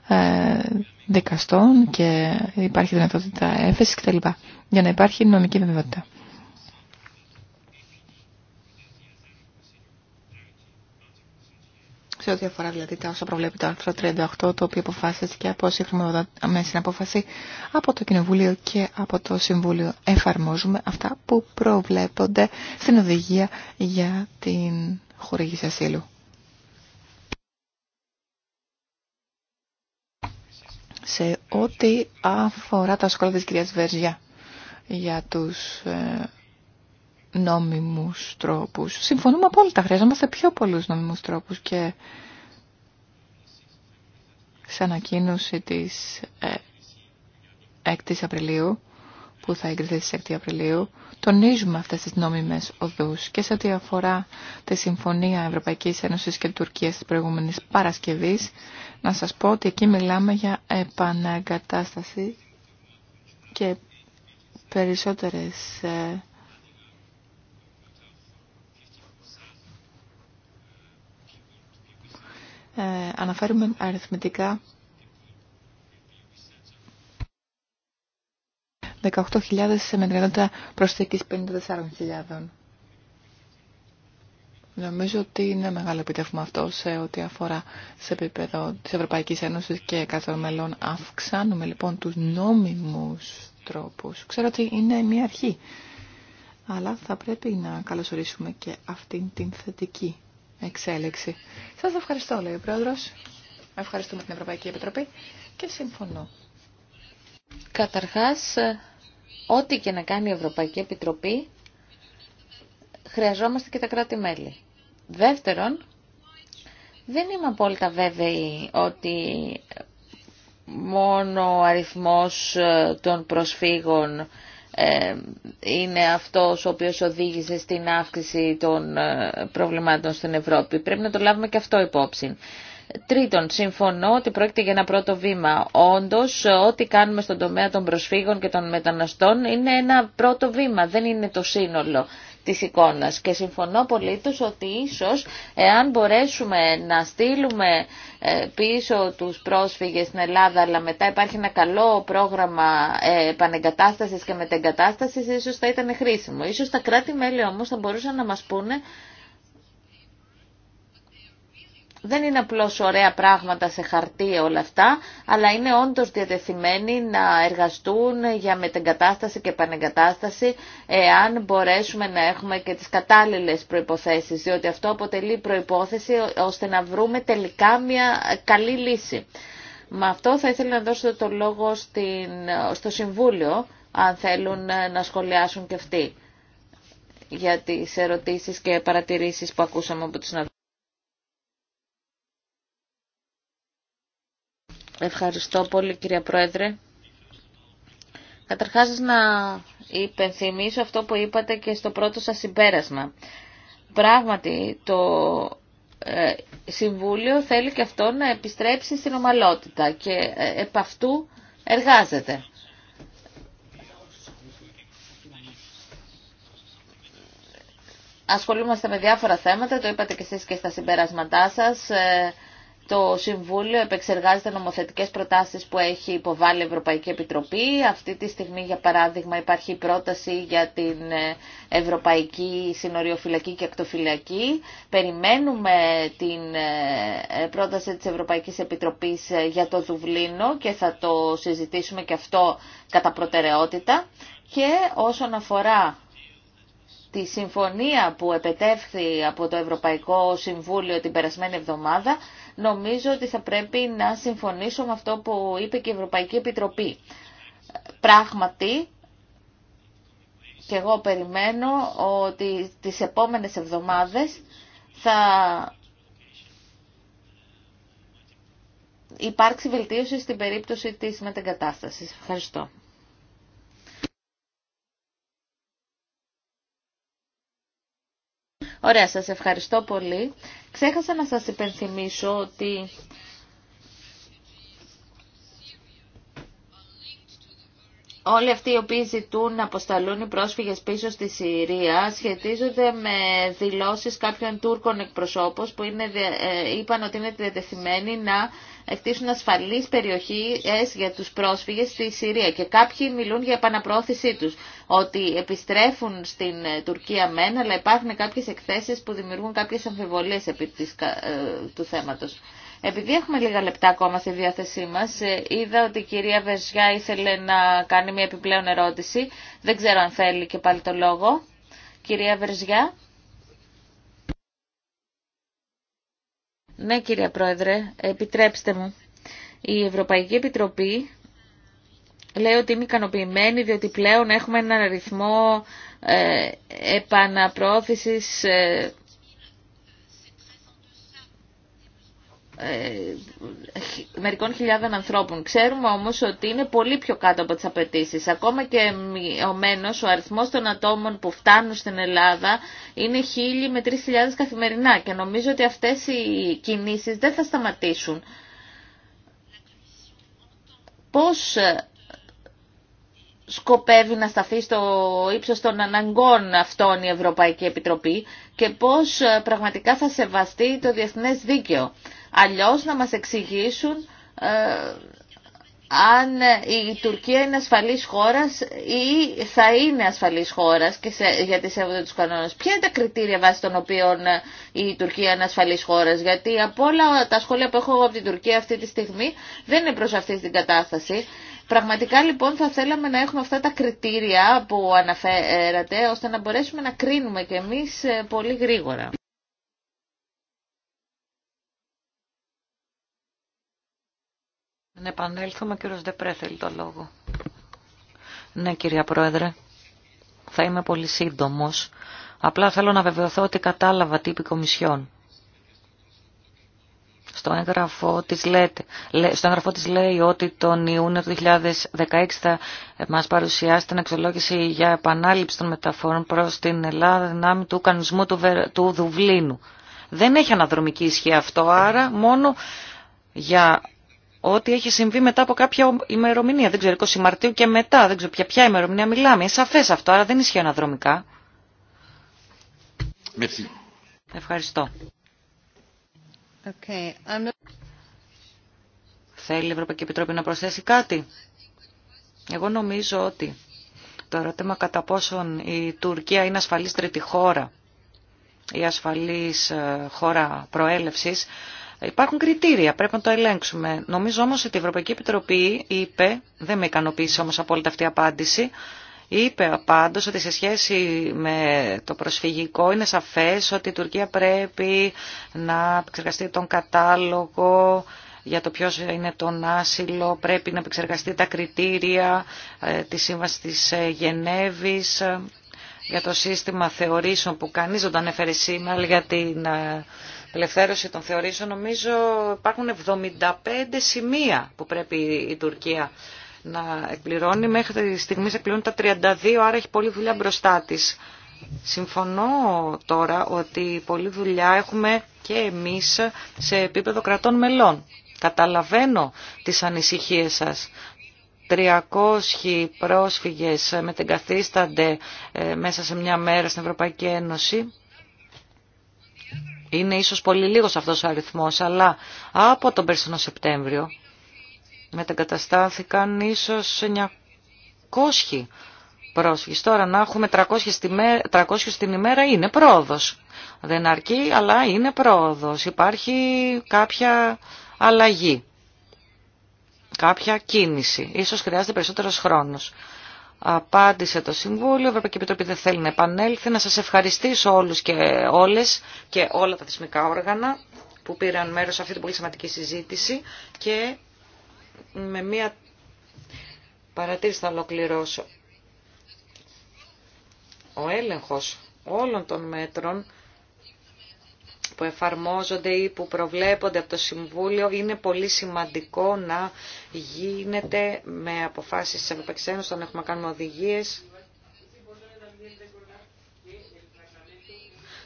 ε, δικαστών και υπάρχει δυνατότητα έφεσης κτλ. Για να υπάρχει νομική βεβαιότητα. σε ό,τι αφορά δηλαδή τα όσα προβλέπει το άρθρο 38, το οποίο και από σύγχρονη με αποφαση από το Κοινοβούλιο και από το Συμβούλιο. Εφαρμόζουμε αυτά που προβλέπονται στην οδηγία για την χορήγηση ασύλου. Σε ό,τι αφορά τα σχόλια της κυρίας Βερζιά για τους ε, νόμιμους τρόπους. Συμφωνούμε απόλυτα, χρειαζόμαστε πιο πολλούς νόμιμους τρόπους και σε ανακοίνωση της 6 ε, Απριλίου που θα εγκριθεί στις 6 Απριλίου, τονίζουμε αυτές τις νόμιμες οδούς και σε ό,τι αφορά τη Συμφωνία Ευρωπαϊκής Ένωσης και Τουρκίας της προηγούμενης Παρασκευής, να σας πω ότι εκεί μιλάμε για επαναγκατάσταση και περισσότερες ε, Ε, αναφέρουμε αριθμητικά 18.000 σε μετριότητα προσθήκης 54.000. Νομίζω ότι είναι μεγάλο επιτεύγμα αυτό σε ό,τι αφορά σε επίπεδο της Ευρωπαϊκής Ένωσης και κάθε μελών. Αυξάνουμε λοιπόν τους νόμιμους τρόπους. Ξέρω ότι είναι μια αρχή, αλλά θα πρέπει να καλωσορίσουμε και αυτήν την θετική εξέλιξη. Σας ευχαριστώ, λέει ο πρόεδρο. Ευχαριστούμε την Ευρωπαϊκή Επιτροπή και συμφωνώ. Καταρχάς, ό,τι και να κάνει η Ευρωπαϊκή Επιτροπή, χρειαζόμαστε και τα κράτη-μέλη. Δεύτερον, δεν είμαι απόλυτα βέβαιη ότι μόνο ο αριθμός των προσφύγων ε, είναι αυτός ο οποίος οδήγησε στην αύξηση των ε, προβλημάτων στην Ευρώπη. Πρέπει να το λάβουμε και αυτό υπόψη. Τρίτον, συμφωνώ ότι πρόκειται για ένα πρώτο βήμα. Όντως, ό,τι κάνουμε στον τομέα των προσφύγων και των μεταναστών είναι ένα πρώτο βήμα, δεν είναι το σύνολο της εικόνας. Και συμφωνώ τους ότι ίσως εάν μπορέσουμε να στείλουμε ε, πίσω τους πρόσφυγες στην Ελλάδα αλλά μετά υπάρχει ένα καλό πρόγραμμα ε, επανεγκατάστασης και μετεγκατάστασης ίσως θα ήταν χρήσιμο. Ίσως τα κράτη-μέλη όμως θα μπορούσαν να μας πούνε δεν είναι απλώς ωραία πράγματα σε χαρτί όλα αυτά, αλλά είναι όντως διατεθειμένοι να εργαστούν για μετεγκατάσταση και επανεγκατάσταση, εάν μπορέσουμε να έχουμε και τις κατάλληλες προϋποθέσεις, διότι αυτό αποτελεί προϋπόθεση ώστε να βρούμε τελικά μια καλή λύση. Με αυτό θα ήθελα να δώσω το λόγο στην, στο Συμβούλιο, αν θέλουν να σχολιάσουν και αυτοί για τις ερωτήσεις και παρατηρήσεις που ακούσαμε από τους συναδέλφους. Ευχαριστώ πολύ κυρία Πρόεδρε. Καταρχάς να υπενθυμίσω αυτό που είπατε και στο πρώτο σας συμπέρασμα. Πράγματι το ε, Συμβούλιο θέλει και αυτό να επιστρέψει στην ομαλότητα και ε, επ' αυτού εργάζεται. Ασχολούμαστε με διάφορα θέματα, το είπατε και εσείς και στα συμπεράσματά σας. Ε, το Συμβούλιο επεξεργάζεται νομοθετικές προτάσεις που έχει υποβάλει η Ευρωπαϊκή Επιτροπή. Αυτή τη στιγμή, για παράδειγμα, υπάρχει πρόταση για την Ευρωπαϊκή Συνοριοφυλακή και Ακτοφυλακή. Περιμένουμε την ε, πρόταση της Ευρωπαϊκής Επιτροπής ε, για το Δουβλίνο και θα το συζητήσουμε και αυτό κατά προτεραιότητα. Και όσον αφορά τη συμφωνία που επετεύχθη από το Ευρωπαϊκό Συμβούλιο την περασμένη εβδομάδα, νομίζω ότι θα πρέπει να συμφωνήσω με αυτό που είπε και η Ευρωπαϊκή Επιτροπή. Πράγματι, και εγώ περιμένω ότι τις επόμενες εβδομάδες θα υπάρξει βελτίωση στην περίπτωση της μετεγκατάστασης. Ευχαριστώ. Ωραία, σας ευχαριστώ πολύ. Ξέχασα να σας υπενθυμίσω ότι Όλοι αυτοί οι οποίοι ζητούν να αποσταλούν οι πρόσφυγες πίσω στη Συρία σχετίζονται με δηλώσεις κάποιων Τούρκων εκπροσώπων που είναι, ε, είπαν ότι είναι διατεθειμένοι να εκτίσουν ασφαλείς περιοχές για τους πρόσφυγες στη Συρία και κάποιοι μιλούν για επαναπρόθεσή τους, ότι επιστρέφουν στην ε, Τουρκία μεν, αλλά υπάρχουν κάποιες εκθέσεις που δημιουργούν κάποιες αμφιβολίες επί της, ε, του θέματος. Επειδή έχουμε λίγα λεπτά ακόμα στη διάθεσή μας, ε, είδα ότι η κυρία Βερζιά ήθελε να κάνει μια επιπλέον ερώτηση. Δεν ξέρω αν θέλει και πάλι το λόγο. Κυρία Βερζιά... Ναι, κύριε Πρόεδρε, επιτρέψτε μου. Η Ευρωπαϊκή Επιτροπή λέει ότι είμαι ικανοποιημένη διότι πλέον έχουμε έναν αριθμό ε, ε Ε, μερικών χιλιάδων ανθρώπων. Ξέρουμε όμως ότι είναι πολύ πιο κάτω από τις απαιτήσει. Ακόμα και μειωμένος ο αριθμός των ατόμων που φτάνουν στην Ελλάδα είναι χίλιοι με τρεις χιλιάδες καθημερινά και νομίζω ότι αυτές οι κινήσεις δεν θα σταματήσουν. Πώς ε, σκοπεύει να σταθεί στο ύψος των αναγκών αυτών η Ευρωπαϊκή Επιτροπή και πώς ε, πραγματικά θα σεβαστεί το διεθνές δίκαιο. Αλλιώς να μας εξηγήσουν ε, αν η Τουρκία είναι ασφαλής χώρας ή θα είναι ασφαλής χώρας και σε, γιατί σέβονται τους κανόνες. Ποια είναι τα κριτήρια βάσει των οποίων ε, η Τουρκία είναι ασφαλής χώρας. Γιατί από όλα τα σχόλια που έχω από την Τουρκία αυτή τη στιγμή δεν είναι προς αυτή την κατάσταση. Πραγματικά λοιπόν θα θέλαμε να έχουμε αυτά τα κριτήρια που αναφέρατε ώστε να μπορέσουμε να κρίνουμε κι εμείς ε, πολύ γρήγορα. Να επανέλθουμε, κύριο Δεπρέ θέλει το λόγο. Ναι, κυρία Πρόεδρε, θα είμαι πολύ σύντομος. Απλά θέλω να βεβαιωθώ ότι κατάλαβα τύπη κομισιόν. Στο έγγραφό, της λέτε, στο έγγραφό της λέει ότι τον Ιούνιο του 2016 θα μας παρουσιάσει την αξιολόγηση για επανάληψη των μεταφορών προς την Ελλάδα δυνάμει του κανονισμού του, του Δουβλίνου. Δεν έχει αναδρομική ισχύ αυτό, άρα μόνο για ό,τι έχει συμβεί μετά από κάποια ημερομηνία. Δεν ξέρω, 20 Μαρτίου και μετά, δεν ξέρω ποια, ποια ημερομηνία μιλάμε. Είναι σαφές αυτό, άρα δεν ισχύει αναδρομικά. Ευχαριστώ. I'm Θέλει η Ευρωπαϊκή Επιτροπή να προσθέσει κάτι. Εγώ νομίζω ότι το ερώτημα κατά πόσον η Τουρκία είναι ασφαλής τρίτη χώρα ή ασφαλής ε, χώρα προέλευσης Υπάρχουν κριτήρια, πρέπει να το ελέγξουμε. Νομίζω όμως ότι η Ευρωπαϊκή Επιτροπή είπε, δεν με ικανοποίησε όμως απόλυτα αυτή η απάντηση, είπε πάντως ότι σε σχέση με το προσφυγικό είναι σαφές ότι η Τουρκία πρέπει να επεξεργαστεί τον κατάλογο για το ποιος είναι τον άσυλο, πρέπει να επεξεργαστεί τα κριτήρια ε, της Σύμβασης ε, της Γενέβης ε, για το σύστημα θεωρήσεων που κανείς δεν το ανέφερε σήμερα για την Ελευθέρωση των θεωρήσεων, νομίζω υπάρχουν 75 σημεία που πρέπει η Τουρκία να εκπληρώνει. Μέχρι τη στιγμή εκπληρώνει τα 32, άρα έχει πολλή δουλειά μπροστά της. Συμφωνώ τώρα ότι πολλή δουλειά έχουμε και εμείς σε επίπεδο κρατών μελών. Καταλαβαίνω τις ανησυχίες σας. 300 πρόσφυγες μετεγκαθίστανται ε, μέσα σε μια μέρα στην Ευρωπαϊκή Ένωση. Είναι ίσως πολύ λίγος αυτός ο αριθμός, αλλά από τον περσινό Σεπτέμβριο μετεγκαταστάθηκαν ίσως 900 πρόσφυγες. Τώρα να έχουμε 300 την, ημέρα, ημέρα είναι πρόοδος. Δεν αρκεί, αλλά είναι πρόοδος. Υπάρχει κάποια αλλαγή, κάποια κίνηση. Ίσως χρειάζεται περισσότερος χρόνος. Απάντησε το Συμβούλιο, η Ευρωπαϊκή Επιτροπή δεν θέλει να επανέλθει. Να σας ευχαριστήσω όλους και όλες και όλα τα θεσμικά όργανα που πήραν μέρος σε αυτή την πολύ σημαντική συζήτηση και με μία παρατήρηση θα ολοκληρώσω. Ο έλεγχος όλων των μέτρων που εφαρμόζονται ή που προβλέπονται από το Συμβούλιο είναι πολύ σημαντικό να γίνεται με αποφάσεις της Ευρωπαϊκής Ένωσης, όταν έχουμε κάνει οδηγίες.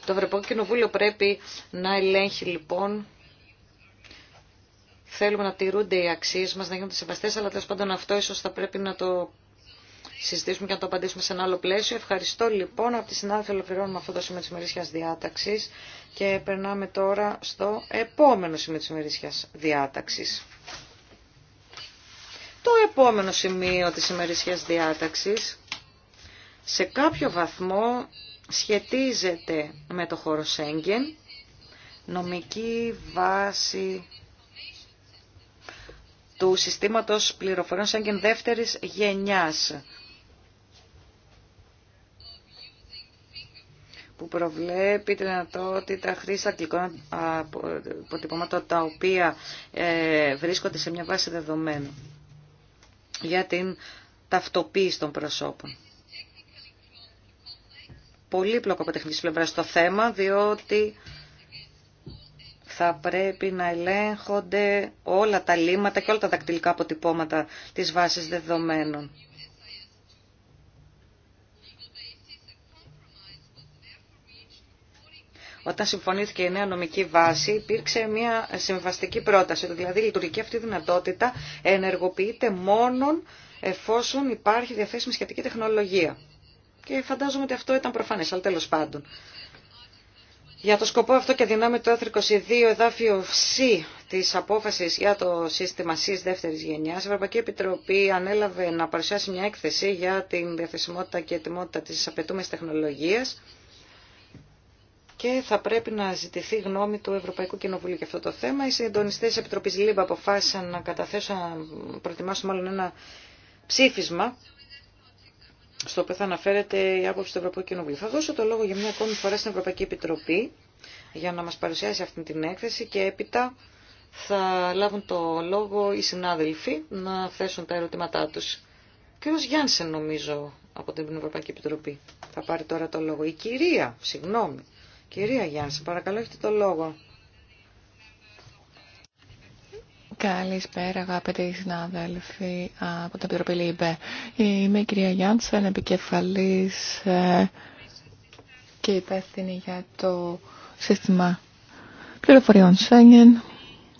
Το Ευρωπαϊκό Κοινοβούλιο πρέπει να ελέγχει λοιπόν θέλουμε να τηρούνται οι αξίες μας, να γίνονται σεβαστές, αλλά τέλος πάντων αυτό ίσως θα πρέπει να το συζητήσουμε και να το απαντήσουμε σε ένα άλλο πλαίσιο. Ευχαριστώ λοιπόν από τη συνάδελφη ολοκληρώνουμε αυτό το σημείο τη ημερήσια διάταξης και περνάμε τώρα στο επόμενο σημείο τη ημερήσια διάταξης. Το επόμενο σημείο της ημερήσιας διάταξης σε κάποιο βαθμό σχετίζεται με το χώρο Σέγγεν, νομική βάση του συστήματος πληροφοριών Σέγγεν δεύτερης γενιάς που προβλέπει τη δυνατότητα χρήση αγγλικών αποτυπωμάτων τα οποία ε, βρίσκονται σε μια βάση δεδομένων για την ταυτοποίηση των προσώπων. Πολύπλοκο από τεχνική πλευρά το θέμα, διότι θα πρέπει να ελέγχονται όλα τα λήματα και όλα τα δακτυλικά αποτυπώματα της βάσης δεδομένων. όταν συμφωνήθηκε η νέα νομική βάση, υπήρξε μια συμβαστική πρόταση. Δηλαδή, η λειτουργική αυτή δυνατότητα ενεργοποιείται μόνο εφόσον υπάρχει διαθέσιμη σχετική τεχνολογία. Και φαντάζομαι ότι αυτό ήταν προφανέ αλλά τέλο πάντων. Για το σκοπό αυτό και δυνάμει το άρθρο 22 εδάφιο C τη απόφαση για το σύστημα C Δεύτερη Γενιά, η Ευρωπαϊκή Επιτροπή ανέλαβε να παρουσιάσει μια έκθεση για την διαθεσιμότητα και ετοιμότητα τη απαιτούμενη τεχνολογία και θα πρέπει να ζητηθεί γνώμη του Ευρωπαϊκού Κοινοβουλίου για αυτό το θέμα. Οι συντονιστέ τη Επιτροπή ΛΥΜΠΑ αποφάσισαν να καταθέσουν, να προετοιμάσουν μάλλον ένα ψήφισμα στο οποίο θα αναφέρεται η άποψη του Ευρωπαϊκού Κοινοβουλίου. Θα δώσω το λόγο για μια ακόμη φορά στην Ευρωπαϊκή Επιτροπή για να μας παρουσιάσει αυτή την έκθεση και έπειτα θα λάβουν το λόγο οι συνάδελφοι να θέσουν τα ερωτήματά τους. Ο κύριος νομίζω από την Ευρωπαϊκή Επιτροπή θα πάρει τώρα το λόγο. Η κυρία, συγγνώμη. Κυρία Γιάννη, παρακαλώ έχετε το λόγο. Καλησπέρα αγαπητοί συνάδελφοι από την Επιτροπή ΛΥΠΕ. Είμαι η κυρία Γιάννη, επικεφαλής ε, και υπεύθυνη για το σύστημα πληροφοριών Σέγγεν.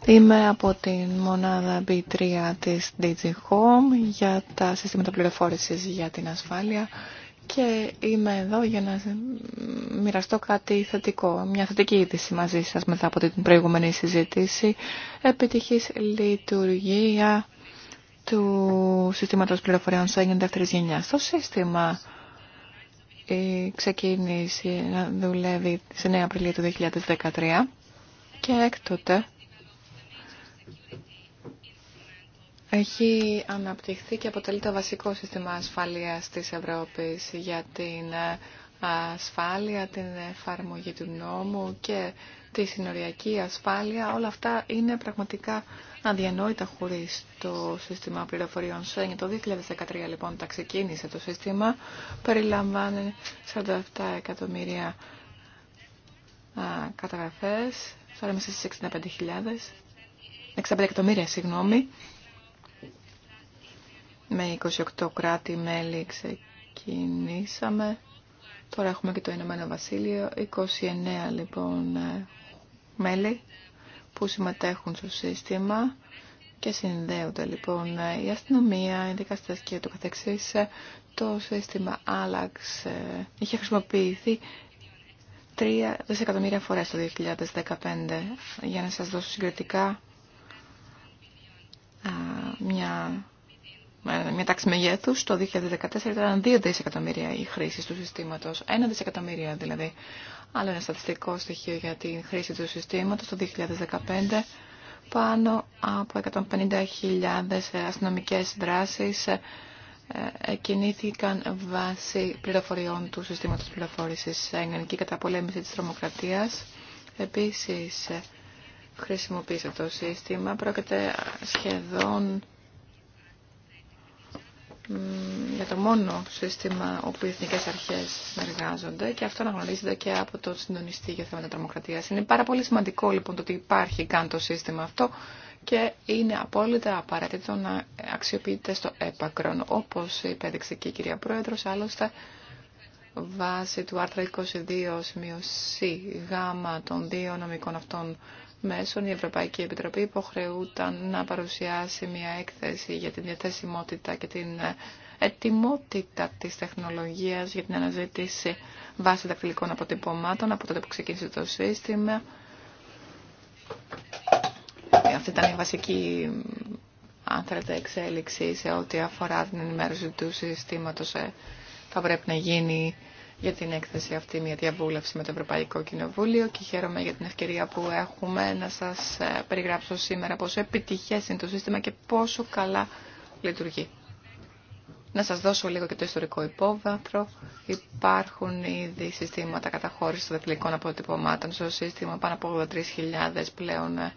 Είμαι από την μονάδα B3 της DigiHome για τα συστήματα πληροφόρησης για την ασφάλεια και είμαι εδώ για να μοιραστώ κάτι θετικό, μια θετική είδηση μαζί σας μετά από την προηγούμενη συζήτηση. Επιτυχής λειτουργία του συστήματος πληροφοριών Σέγγεν δεύτερης γενιάς. Το σύστημα ε, ξεκίνησε να δουλεύει σε 9 Απριλίου του 2013 και έκτοτε έχει αναπτυχθεί και αποτελεί το βασικό σύστημα ασφαλείας της Ευρώπης για την ε, ασφάλεια, την εφαρμογή του νόμου και τη συνοριακή ασφάλεια. Όλα αυτά είναι πραγματικά αδιανόητα χωρίς το σύστημα πληροφοριών ΣΕΝ. Το 2013 λοιπόν τα ξεκίνησε το σύστημα, περιλαμβάνει 47 εκατομμύρια καταγραφές, τώρα είμαστε στις 65.000. 65 εκατομμύρια, συγγνώμη, με 28 κράτη-μέλη ξεκινήσαμε. Τώρα έχουμε και το Ηνωμένο Βασίλειο, 29 λοιπόν μέλη που συμμετέχουν στο σύστημα και συνδέονται λοιπόν η αστυνομία, οι δικαστές και το καθεξής. Το σύστημα άλλαξε, είχε χρησιμοποιηθεί 3 δισεκατομμύρια φορές το 2015. Για να σας δώσω συγκριτικά μια μια τάξη μεγέθους, το 2014 ήταν 2 δισεκατομμύρια η χρήση του συστήματος, 1 δισεκατομμύρια δηλαδή. Άλλο ένα στατιστικό στοιχείο για την χρήση του συστήματος το 2015, πάνω από 150.000 αστυνομικές δράσεις ε, κινήθηκαν βάσει πληροφοριών του συστήματος πληροφόρησης εγγενική καταπολέμηση της τρομοκρατίας. Επίσης, ε, χρησιμοποίησε το σύστημα. Πρόκειται σχεδόν για το μόνο σύστημα όπου οι εθνικέ αρχέ συνεργάζονται και αυτό αναγνωρίζεται και από το συντονιστή για θέματα τρομοκρατία. Είναι πάρα πολύ σημαντικό λοιπόν το ότι υπάρχει καν το σύστημα αυτό και είναι απόλυτα απαραίτητο να αξιοποιείται στο έπακρον. Όπω υπέδειξε και η κυρία Πρόεδρο, άλλωστε βάσει του άρθρα 22 σημείο C γαμα των δύο νομικών αυτών μέσων η Ευρωπαϊκή Επιτροπή υποχρεούταν να παρουσιάσει μια έκθεση για την διαθέσιμότητα και την ετοιμότητα της τεχνολογίας για την αναζήτηση βάση δακτυλικών αποτυπωμάτων από τότε που ξεκίνησε το σύστημα. Αυτή ήταν η βασική αν θέλετε, εξέλιξη σε ό,τι αφορά την ενημέρωση του συστήματος ε, θα πρέπει να γίνει για την έκθεση αυτή μια διαβούλευση με το Ευρωπαϊκό Κοινοβούλιο και χαίρομαι για την ευκαιρία που έχουμε να σας ε, περιγράψω σήμερα πόσο επιτυχές είναι το σύστημα και πόσο καλά λειτουργεί. Να σας δώσω λίγο και το ιστορικό υπόβαθρο. Υπάρχουν ήδη συστήματα καταχώρησης των αποτυπωμάτων στο σύστημα πάνω από 83.000 πλέον ε,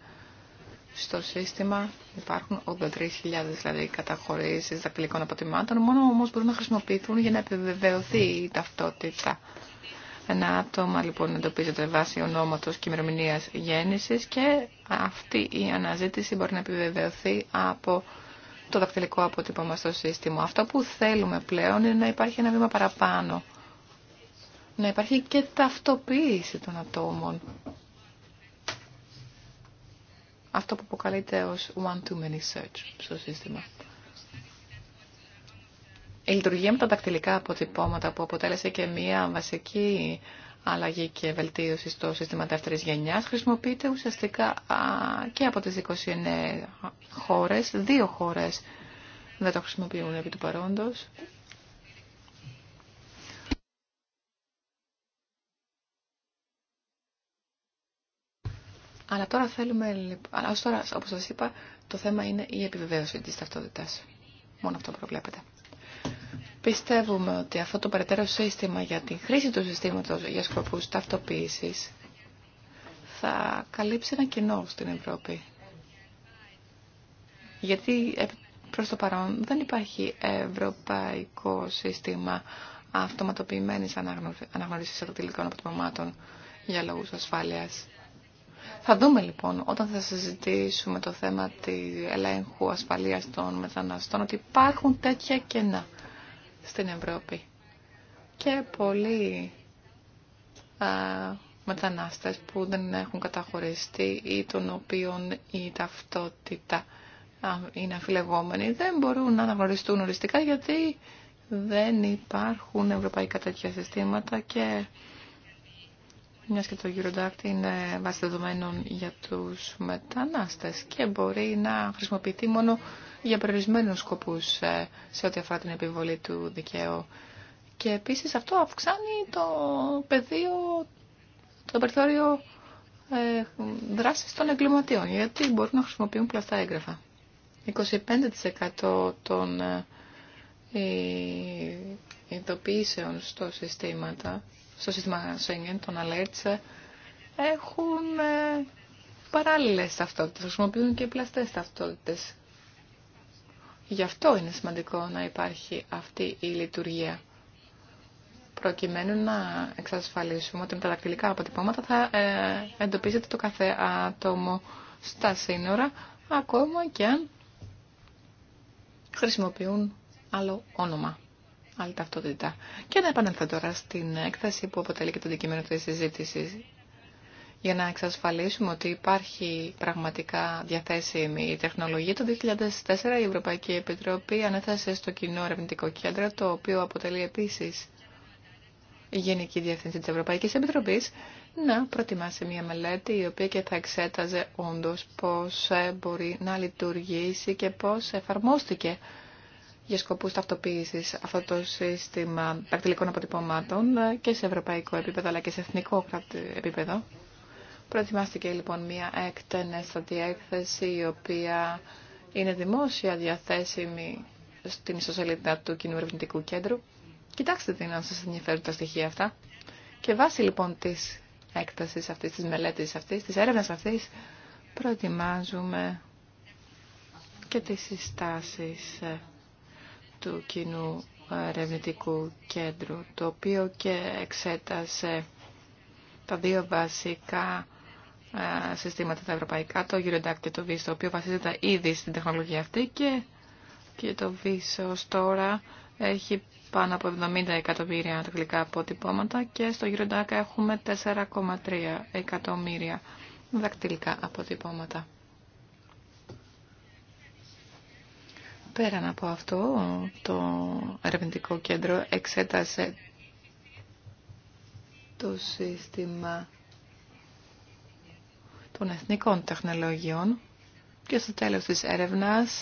στο σύστημα υπάρχουν 83.000 δηλαδή καταχωρήσεις δακτυλικών αποτιμάτων, μόνο όμως μπορούν να χρησιμοποιηθούν για να επιβεβαιωθεί η ταυτότητα. Ένα άτομα λοιπόν εντοπίζεται βάσει ονόματος και ημερομηνία γέννησης και αυτή η αναζήτηση μπορεί να επιβεβαιωθεί από το δακτυλικό αποτύπωμα στο σύστημα. Αυτό που θέλουμε πλέον είναι να υπάρχει ένα βήμα παραπάνω. Να υπάρχει και ταυτοποίηση των ατόμων αυτό που αποκαλείται ως one too many search στο σύστημα. Η λειτουργία με τα δακτυλικά αποτυπώματα που αποτέλεσε και μία βασική αλλαγή και βελτίωση στο σύστημα δεύτερης γενιάς χρησιμοποιείται ουσιαστικά και από τις 29 χώρες, δύο χώρες δεν το χρησιμοποιούν επί του παρόντος Αλλά τώρα θέλουμε, αλλά ως τώρα, όπως σας είπα, το θέμα είναι η επιβεβαίωση της ταυτότητας. Μόνο αυτό προβλέπετε. Πιστεύουμε ότι αυτό το περαιτέρω σύστημα για τη χρήση του συστήματος για σκοπούς ταυτοποίησης θα καλύψει ένα κοινό στην Ευρώπη. Γιατί ε, προς το παρόν δεν υπάρχει ευρωπαϊκό σύστημα αυτοματοποιημένης αναγνώρισης τελικών αποτυπωμάτων για λόγους ασφάλειας. Θα δούμε λοιπόν όταν θα συζητήσουμε το θέμα τη ελέγχου ασφαλείας των μεταναστών ότι υπάρχουν τέτοια κενά στην Ευρώπη. Και πολλοί α, μετανάστες που δεν έχουν καταχωριστεί ή των οποίων η ταυτότητα είναι αφιλεγόμενη δεν μπορούν να αναγνωριστούν οριστικά γιατί δεν υπάρχουν ευρωπαϊκά τέτοια συστήματα και μια και το Eurodact είναι βάση δεδομένων για τους μετανάστες και μπορεί να χρησιμοποιηθεί μόνο για περιορισμένους σκοπούς ε, σε ό,τι αφορά την επιβολή του δικαίου. Και επίσης αυτό αυξάνει το πεδίο, το περιθώριο ε, δράσης των εγκληματιών, γιατί μπορούν να χρησιμοποιούν πλαστά έγγραφα. 25% των ε, ειδοποιήσεων στο συστήματα στο σύστημα Schengen, τον alerts, ε, έχουν ε, παράλληλες ταυτότητες, χρησιμοποιούν και πλαστές ταυτότητες. Γι' αυτό είναι σημαντικό να υπάρχει αυτή η λειτουργία προκειμένου να εξασφαλίσουμε ότι με τα δακτυλικά αποτυπώματα θα ε, εντοπίζεται το κάθε άτομο στα σύνορα, ακόμα και αν χρησιμοποιούν άλλο όνομα άλλη ταυτότητα. Και να επανέλθω τώρα στην έκθεση που αποτελεί και το αντικείμενο της συζήτηση για να εξασφαλίσουμε ότι υπάρχει πραγματικά διαθέσιμη η τεχνολογία. Το 2004 η Ευρωπαϊκή Επιτροπή ανέθεσε στο κοινό ερευνητικό κέντρο, το οποίο αποτελεί επίσης η Γενική Διευθύνση της Ευρωπαϊκής Επιτροπής, να προτιμάσει μια μελέτη η οποία και θα εξέταζε όντως πώς μπορεί να λειτουργήσει και πώς εφαρμόστηκε για σκοπούς ταυτοποίησης αυτό το σύστημα δακτυλικών αποτυπωμάτων και σε ευρωπαϊκό επίπεδο αλλά και σε εθνικό επίπεδο. Προετοιμάστηκε λοιπόν μια εκτενέστατη έκθεση η οποία είναι δημόσια διαθέσιμη στην ιστοσελίδα του Κοινού Ερευνητικού Κέντρου. Κοιτάξτε την αν σας ενδιαφέρουν τα στοιχεία αυτά. Και βάσει λοιπόν της έκταση αυτής, της μελέτης αυτής, της έρευνας αυτής, προετοιμάζουμε και τι συστάσει. Ε, του κοινού ερευνητικού κέντρου, το οποίο και εξέτασε τα δύο βασικά ε, συστήματα τα ευρωπαϊκά, το Eurodac και το VIS, το οποίο βασίζεται ήδη στην τεχνολογία αυτή και, και το VIS ως τώρα έχει πάνω από 70 εκατομμύρια αποτυπώματα και στο Eurodac έχουμε 4,3 εκατομμύρια δακτυλικά αποτυπώματα. Πέραν από αυτό, το ερευνητικό κέντρο εξέτασε το σύστημα των εθνικών τεχνολογιών και στο τέλος της έρευνας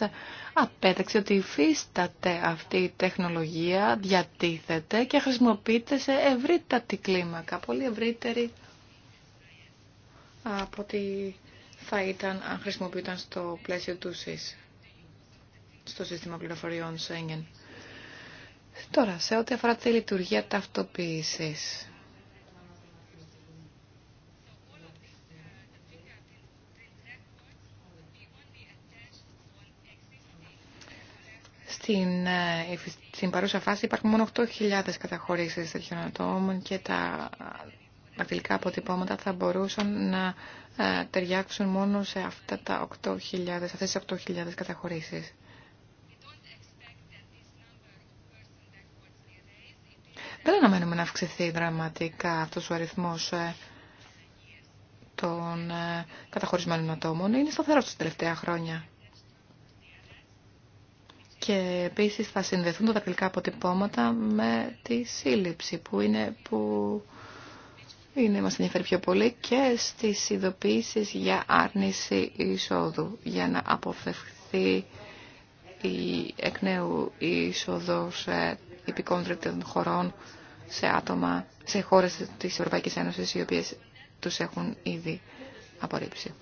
απέταξε ότι υφίσταται αυτή η τεχνολογία, διατίθεται και χρησιμοποιείται σε ευρύτατη κλίμακα, πολύ ευρύτερη από ότι θα ήταν αν χρησιμοποιούνταν στο πλαίσιο του ΣΥΣ στο σύστημα πληροφοριών Σέγγεν. Τώρα, σε ό,τι αφορά τη λειτουργία ταυτοποίησης. Στην, ε, στην παρούσα φάση υπάρχουν μόνο 8.000 καταχωρήσεις τέτοιων ατόμων και τα δακτυλικά αποτυπώματα θα μπορούσαν να ε, ταιριάξουν μόνο σε αυτά τα 8.000, αυτές τις 8.000 καταχωρήσεις. Δεν αναμένουμε να αυξηθεί δραματικά αυτός ο αριθμός ε, των ε, καταχωρισμένων ατόμων. Είναι σταθερό τα τελευταία χρόνια. Και επίσης θα συνδεθούν τα δακτυλικά αποτυπώματα με τη σύλληψη που είναι που είναι, μας ενδιαφέρει πιο πολύ και στις ειδοποίησει για άρνηση εισόδου για να αποφευχθεί η εκ νέου είσοδος ε, υπηκόντρωτων χωρών σε άτομα, σε χώρες της Ευρωπαϊκής Ένωσης οι οποίες τους έχουν ήδη απορρίψει.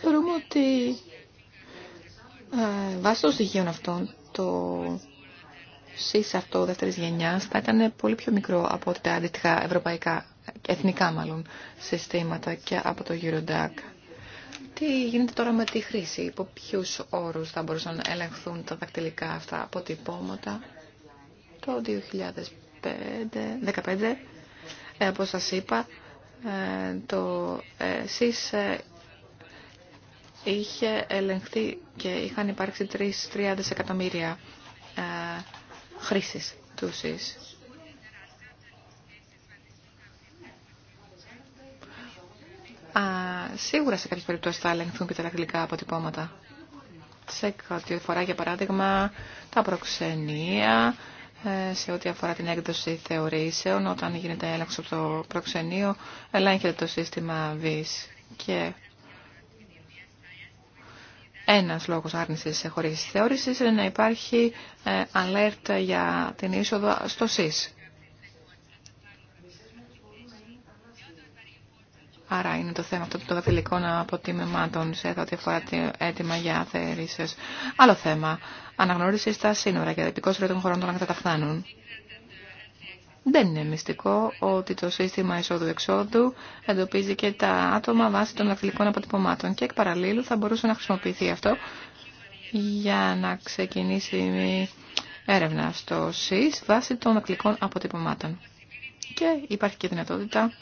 Θεωρούμε ότι ε, βάσει των στοιχείων αυτών το ΣΥΣ αυτό δεύτερης γενιάς θα ήταν πολύ πιο μικρό από τα αντίστοιχα ευρωπαϊκά, εθνικά μάλλον, συστήματα και από το Eurodac. Τι γίνεται τώρα με τη χρήση, υπό ποιου όρους θα μπορούσαν να ελεγχθούν τα δακτυλικά αυτά αποτυπώματα το 2015, ε, όπως σας είπα, ε, το ε, ΣΥΣ ε, είχε ελεγχθεί και είχαν υπάρξει 3, 3 δισεκατομμύρια χρήσεις του ΣΥΣ. Α, σίγουρα σε κάποιες περιπτώσεις θα ελεγχθούν και τα δακτυλικά αποτυπώματα. Σε κάτι αφορά, για παράδειγμα, τα προξενία, ε, σε ό,τι αφορά την έκδοση θεωρήσεων, όταν γίνεται έλεγχος από το προξενείο, ελέγχεται το σύστημα ΒΙΣ. Και ένας λόγος άρνησης χωρίς θεώρησης είναι να υπάρχει αλέρτ ε, για την είσοδο στο ΣΥΣ. Άρα είναι το θέμα αυτό των δακτυλικών αποτιμημάτων σε ό,τι αφορά το αίτημα για θεωρήσεις. Άλλο θέμα. Αναγνώριση στα σύνορα για σύνορα των χωρών των να καταφθάνουν. Δεν είναι μυστικό ότι το σύστημα εισόδου-εξόδου εντοπίζει και τα άτομα βάσει των δακτυλικών αποτυπωμάτων και εκ παραλλήλου θα μπορούσε να χρησιμοποιηθεί αυτό για να ξεκινήσει η έρευνα στο ΣΥΣ βάσει των δακτυλικών αποτυπωμάτων. Και υπάρχει και δυνατότητα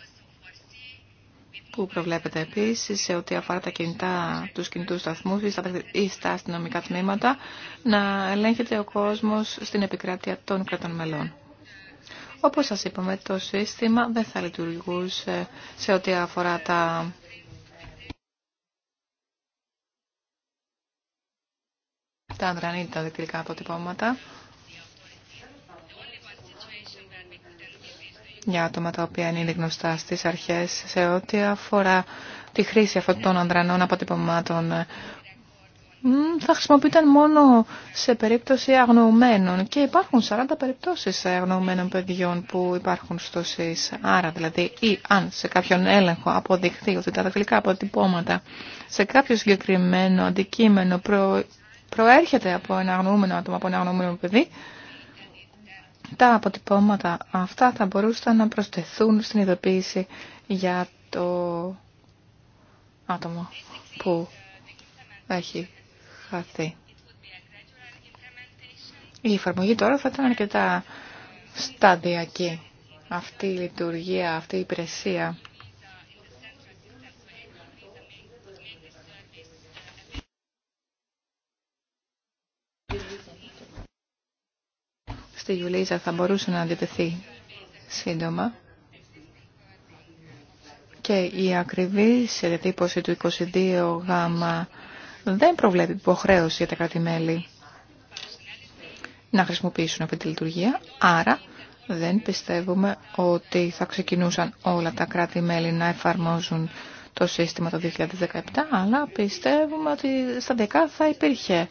που προβλέπεται επίσης σε ό,τι αφορά τα κινητά, τους κινητούς σταθμούς ή στα, αστυνομικά τμήματα, να ελέγχεται ο κόσμος στην επικράτεια των κρατών μελών. Όπως σας είπαμε, το σύστημα δεν θα λειτουργούσε σε ό,τι αφορά τα τα αδρανή, τα αποτυπώματα. για άτομα τα οποία είναι γνωστά στις αρχές σε ό,τι αφορά τη χρήση αυτών των ανδρανών αποτυπωμάτων. Θα χρησιμοποιούνταν μόνο σε περίπτωση αγνοωμένων και υπάρχουν 40 περιπτώσεις αγνοωμένων παιδιών που υπάρχουν στο ΣΥΣ. Άρα δηλαδή ή αν σε κάποιον έλεγχο αποδειχθεί ότι τα δακτυλικά αποτυπώματα σε κάποιο συγκεκριμένο αντικείμενο προ... προέρχεται από ένα αγνοούμενο άτομο, από ένα αγνοούμενο παιδί, τα αποτυπώματα αυτά θα μπορούσαν να προσθεθούν στην ειδοποίηση για το άτομο που έχει χαθεί. Η εφαρμογή τώρα θα ήταν αρκετά σταδιακή. Αυτή η λειτουργία, αυτή η υπηρεσία στη Γιουλίζα θα μπορούσε να αντιτεθεί σύντομα και η ακριβή διατύπωση του 22 γ δεν προβλέπει υποχρέωση για τα κρατη να χρησιμοποιήσουν αυτή τη λειτουργία, άρα δεν πιστεύουμε ότι θα ξεκινούσαν όλα τα κράτη-μέλη να εφαρμόζουν το σύστημα το 2017, αλλά πιστεύουμε ότι στα σταδιακά θα υπήρχε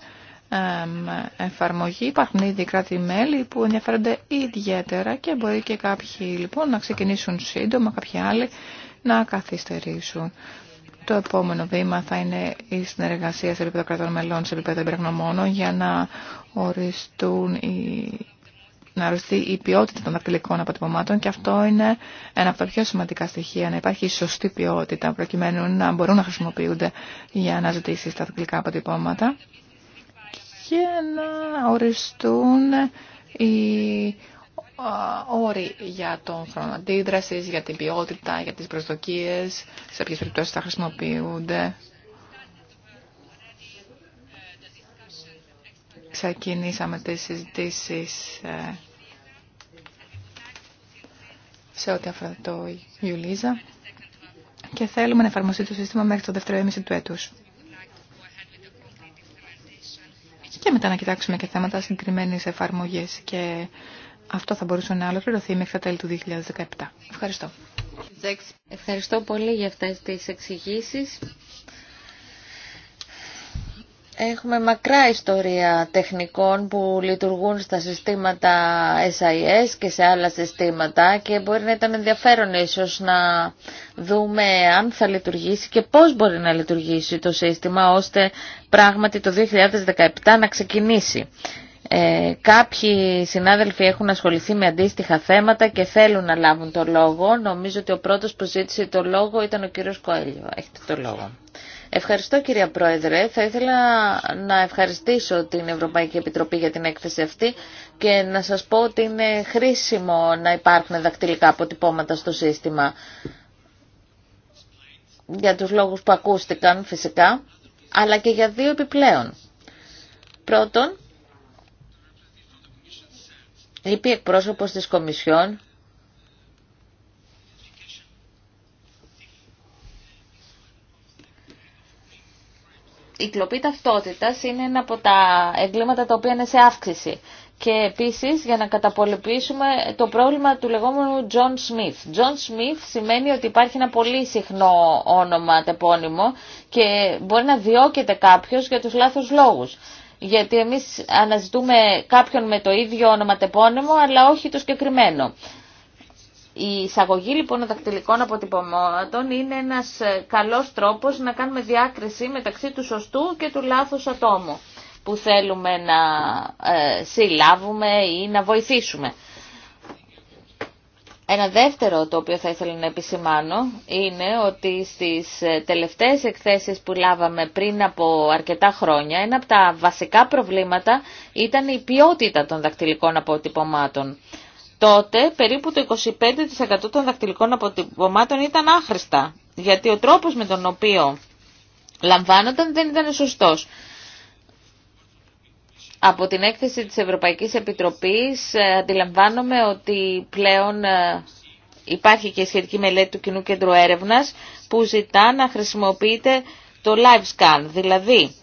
εφαρμογή. Υπάρχουν ήδη κράτη-μέλη που ενδιαφέρονται ιδιαίτερα και μπορεί και κάποιοι λοιπόν να ξεκινήσουν σύντομα, κάποιοι άλλοι να καθυστερήσουν. Το επόμενο βήμα θα είναι η συνεργασία σε επίπεδο κρατών μελών, σε επίπεδο εμπειρογνωμόνων για να οριστούν οι να οριστεί η ποιότητα των δακτυλικών αποτυπωμάτων και αυτό είναι ένα από τα πιο σημαντικά στοιχεία, να υπάρχει η σωστή ποιότητα προκειμένου να μπορούν να χρησιμοποιούνται για να ζητήσει τα δακτυλικά αποτυπώματα και να οριστούν οι όροι για τον χρόνο αντίδραση, για την ποιότητα, για τις προσδοκίες, σε ποιες περιπτώσεις θα χρησιμοποιούνται. Ξεκινήσαμε τις συζητήσεις ε, σε ό,τι αφορά το Ιουλίζα και θέλουμε να εφαρμοστεί το σύστημα μέχρι το δεύτερο έμιση του έτους. και μετά να κοιτάξουμε και θέματα συγκεκριμένε εφαρμογή. Και αυτό θα μπορούσε να ολοκληρωθεί μέχρι τα τέλη του 2017. Ευχαριστώ. Ευχαριστώ πολύ για αυτές τις εξηγήσεις. Έχουμε μακρά ιστορία τεχνικών που λειτουργούν στα συστήματα SIS και σε άλλα συστήματα και μπορεί να ήταν ενδιαφέρον ίσως να δούμε αν θα λειτουργήσει και πώς μπορεί να λειτουργήσει το σύστημα ώστε πράγματι το 2017 να ξεκινήσει. Ε, κάποιοι συνάδελφοι έχουν ασχοληθεί με αντίστοιχα θέματα και θέλουν να λάβουν το λόγο. Νομίζω ότι ο πρώτος που ζήτησε το λόγο ήταν ο κύριος Κοέλιο. Έχετε το λόγο. Ευχαριστώ κυρία Πρόεδρε. Θα ήθελα να ευχαριστήσω την Ευρωπαϊκή Επιτροπή για την έκθεση αυτή και να σας πω ότι είναι χρήσιμο να υπάρχουν δακτυλικά αποτυπώματα στο σύστημα για τους λόγους που ακούστηκαν φυσικά, αλλά και για δύο επιπλέον. Πρώτον, είπε εκπρόσωπος της Κομισιόν η κλοπή ταυτότητας είναι ένα από τα εγκλήματα τα οποία είναι σε αύξηση. Και επίσης για να καταπολεμήσουμε το πρόβλημα του λεγόμενου John Smith. John Smith σημαίνει ότι υπάρχει ένα πολύ συχνό όνομα τεπώνυμο και μπορεί να διώκεται κάποιος για τους λάθους λόγους. Γιατί εμείς αναζητούμε κάποιον με το ίδιο όνομα τεπώνυμο αλλά όχι το συγκεκριμένο. Η εισαγωγή λοιπόν δακτυλικών αποτυπωμάτων είναι ένας ε, καλός τρόπος να κάνουμε διάκριση μεταξύ του σωστού και του λάθους ατόμου που θέλουμε να ε, συλλάβουμε ή να βοηθήσουμε. Ένα δεύτερο το οποίο θα ήθελα να επισημάνω είναι ότι στις ε, τελευταίες εκθέσεις που λάβαμε πριν από αρκετά χρόνια ένα από τα βασικά προβλήματα ήταν η ποιότητα των δακτυλικών αποτυπωμάτων τότε περίπου το 25% των δακτυλικών αποτυπωμάτων ήταν άχρηστα, γιατί ο τρόπος με τον οποίο λαμβάνονταν δεν ήταν σωστός. Από την έκθεση της Ευρωπαϊκής Επιτροπής ε, αντιλαμβάνομαι ότι πλέον ε, υπάρχει και η σχετική μελέτη του Κοινού Κέντρου Έρευνας που ζητά να χρησιμοποιείται το live scan, δηλαδή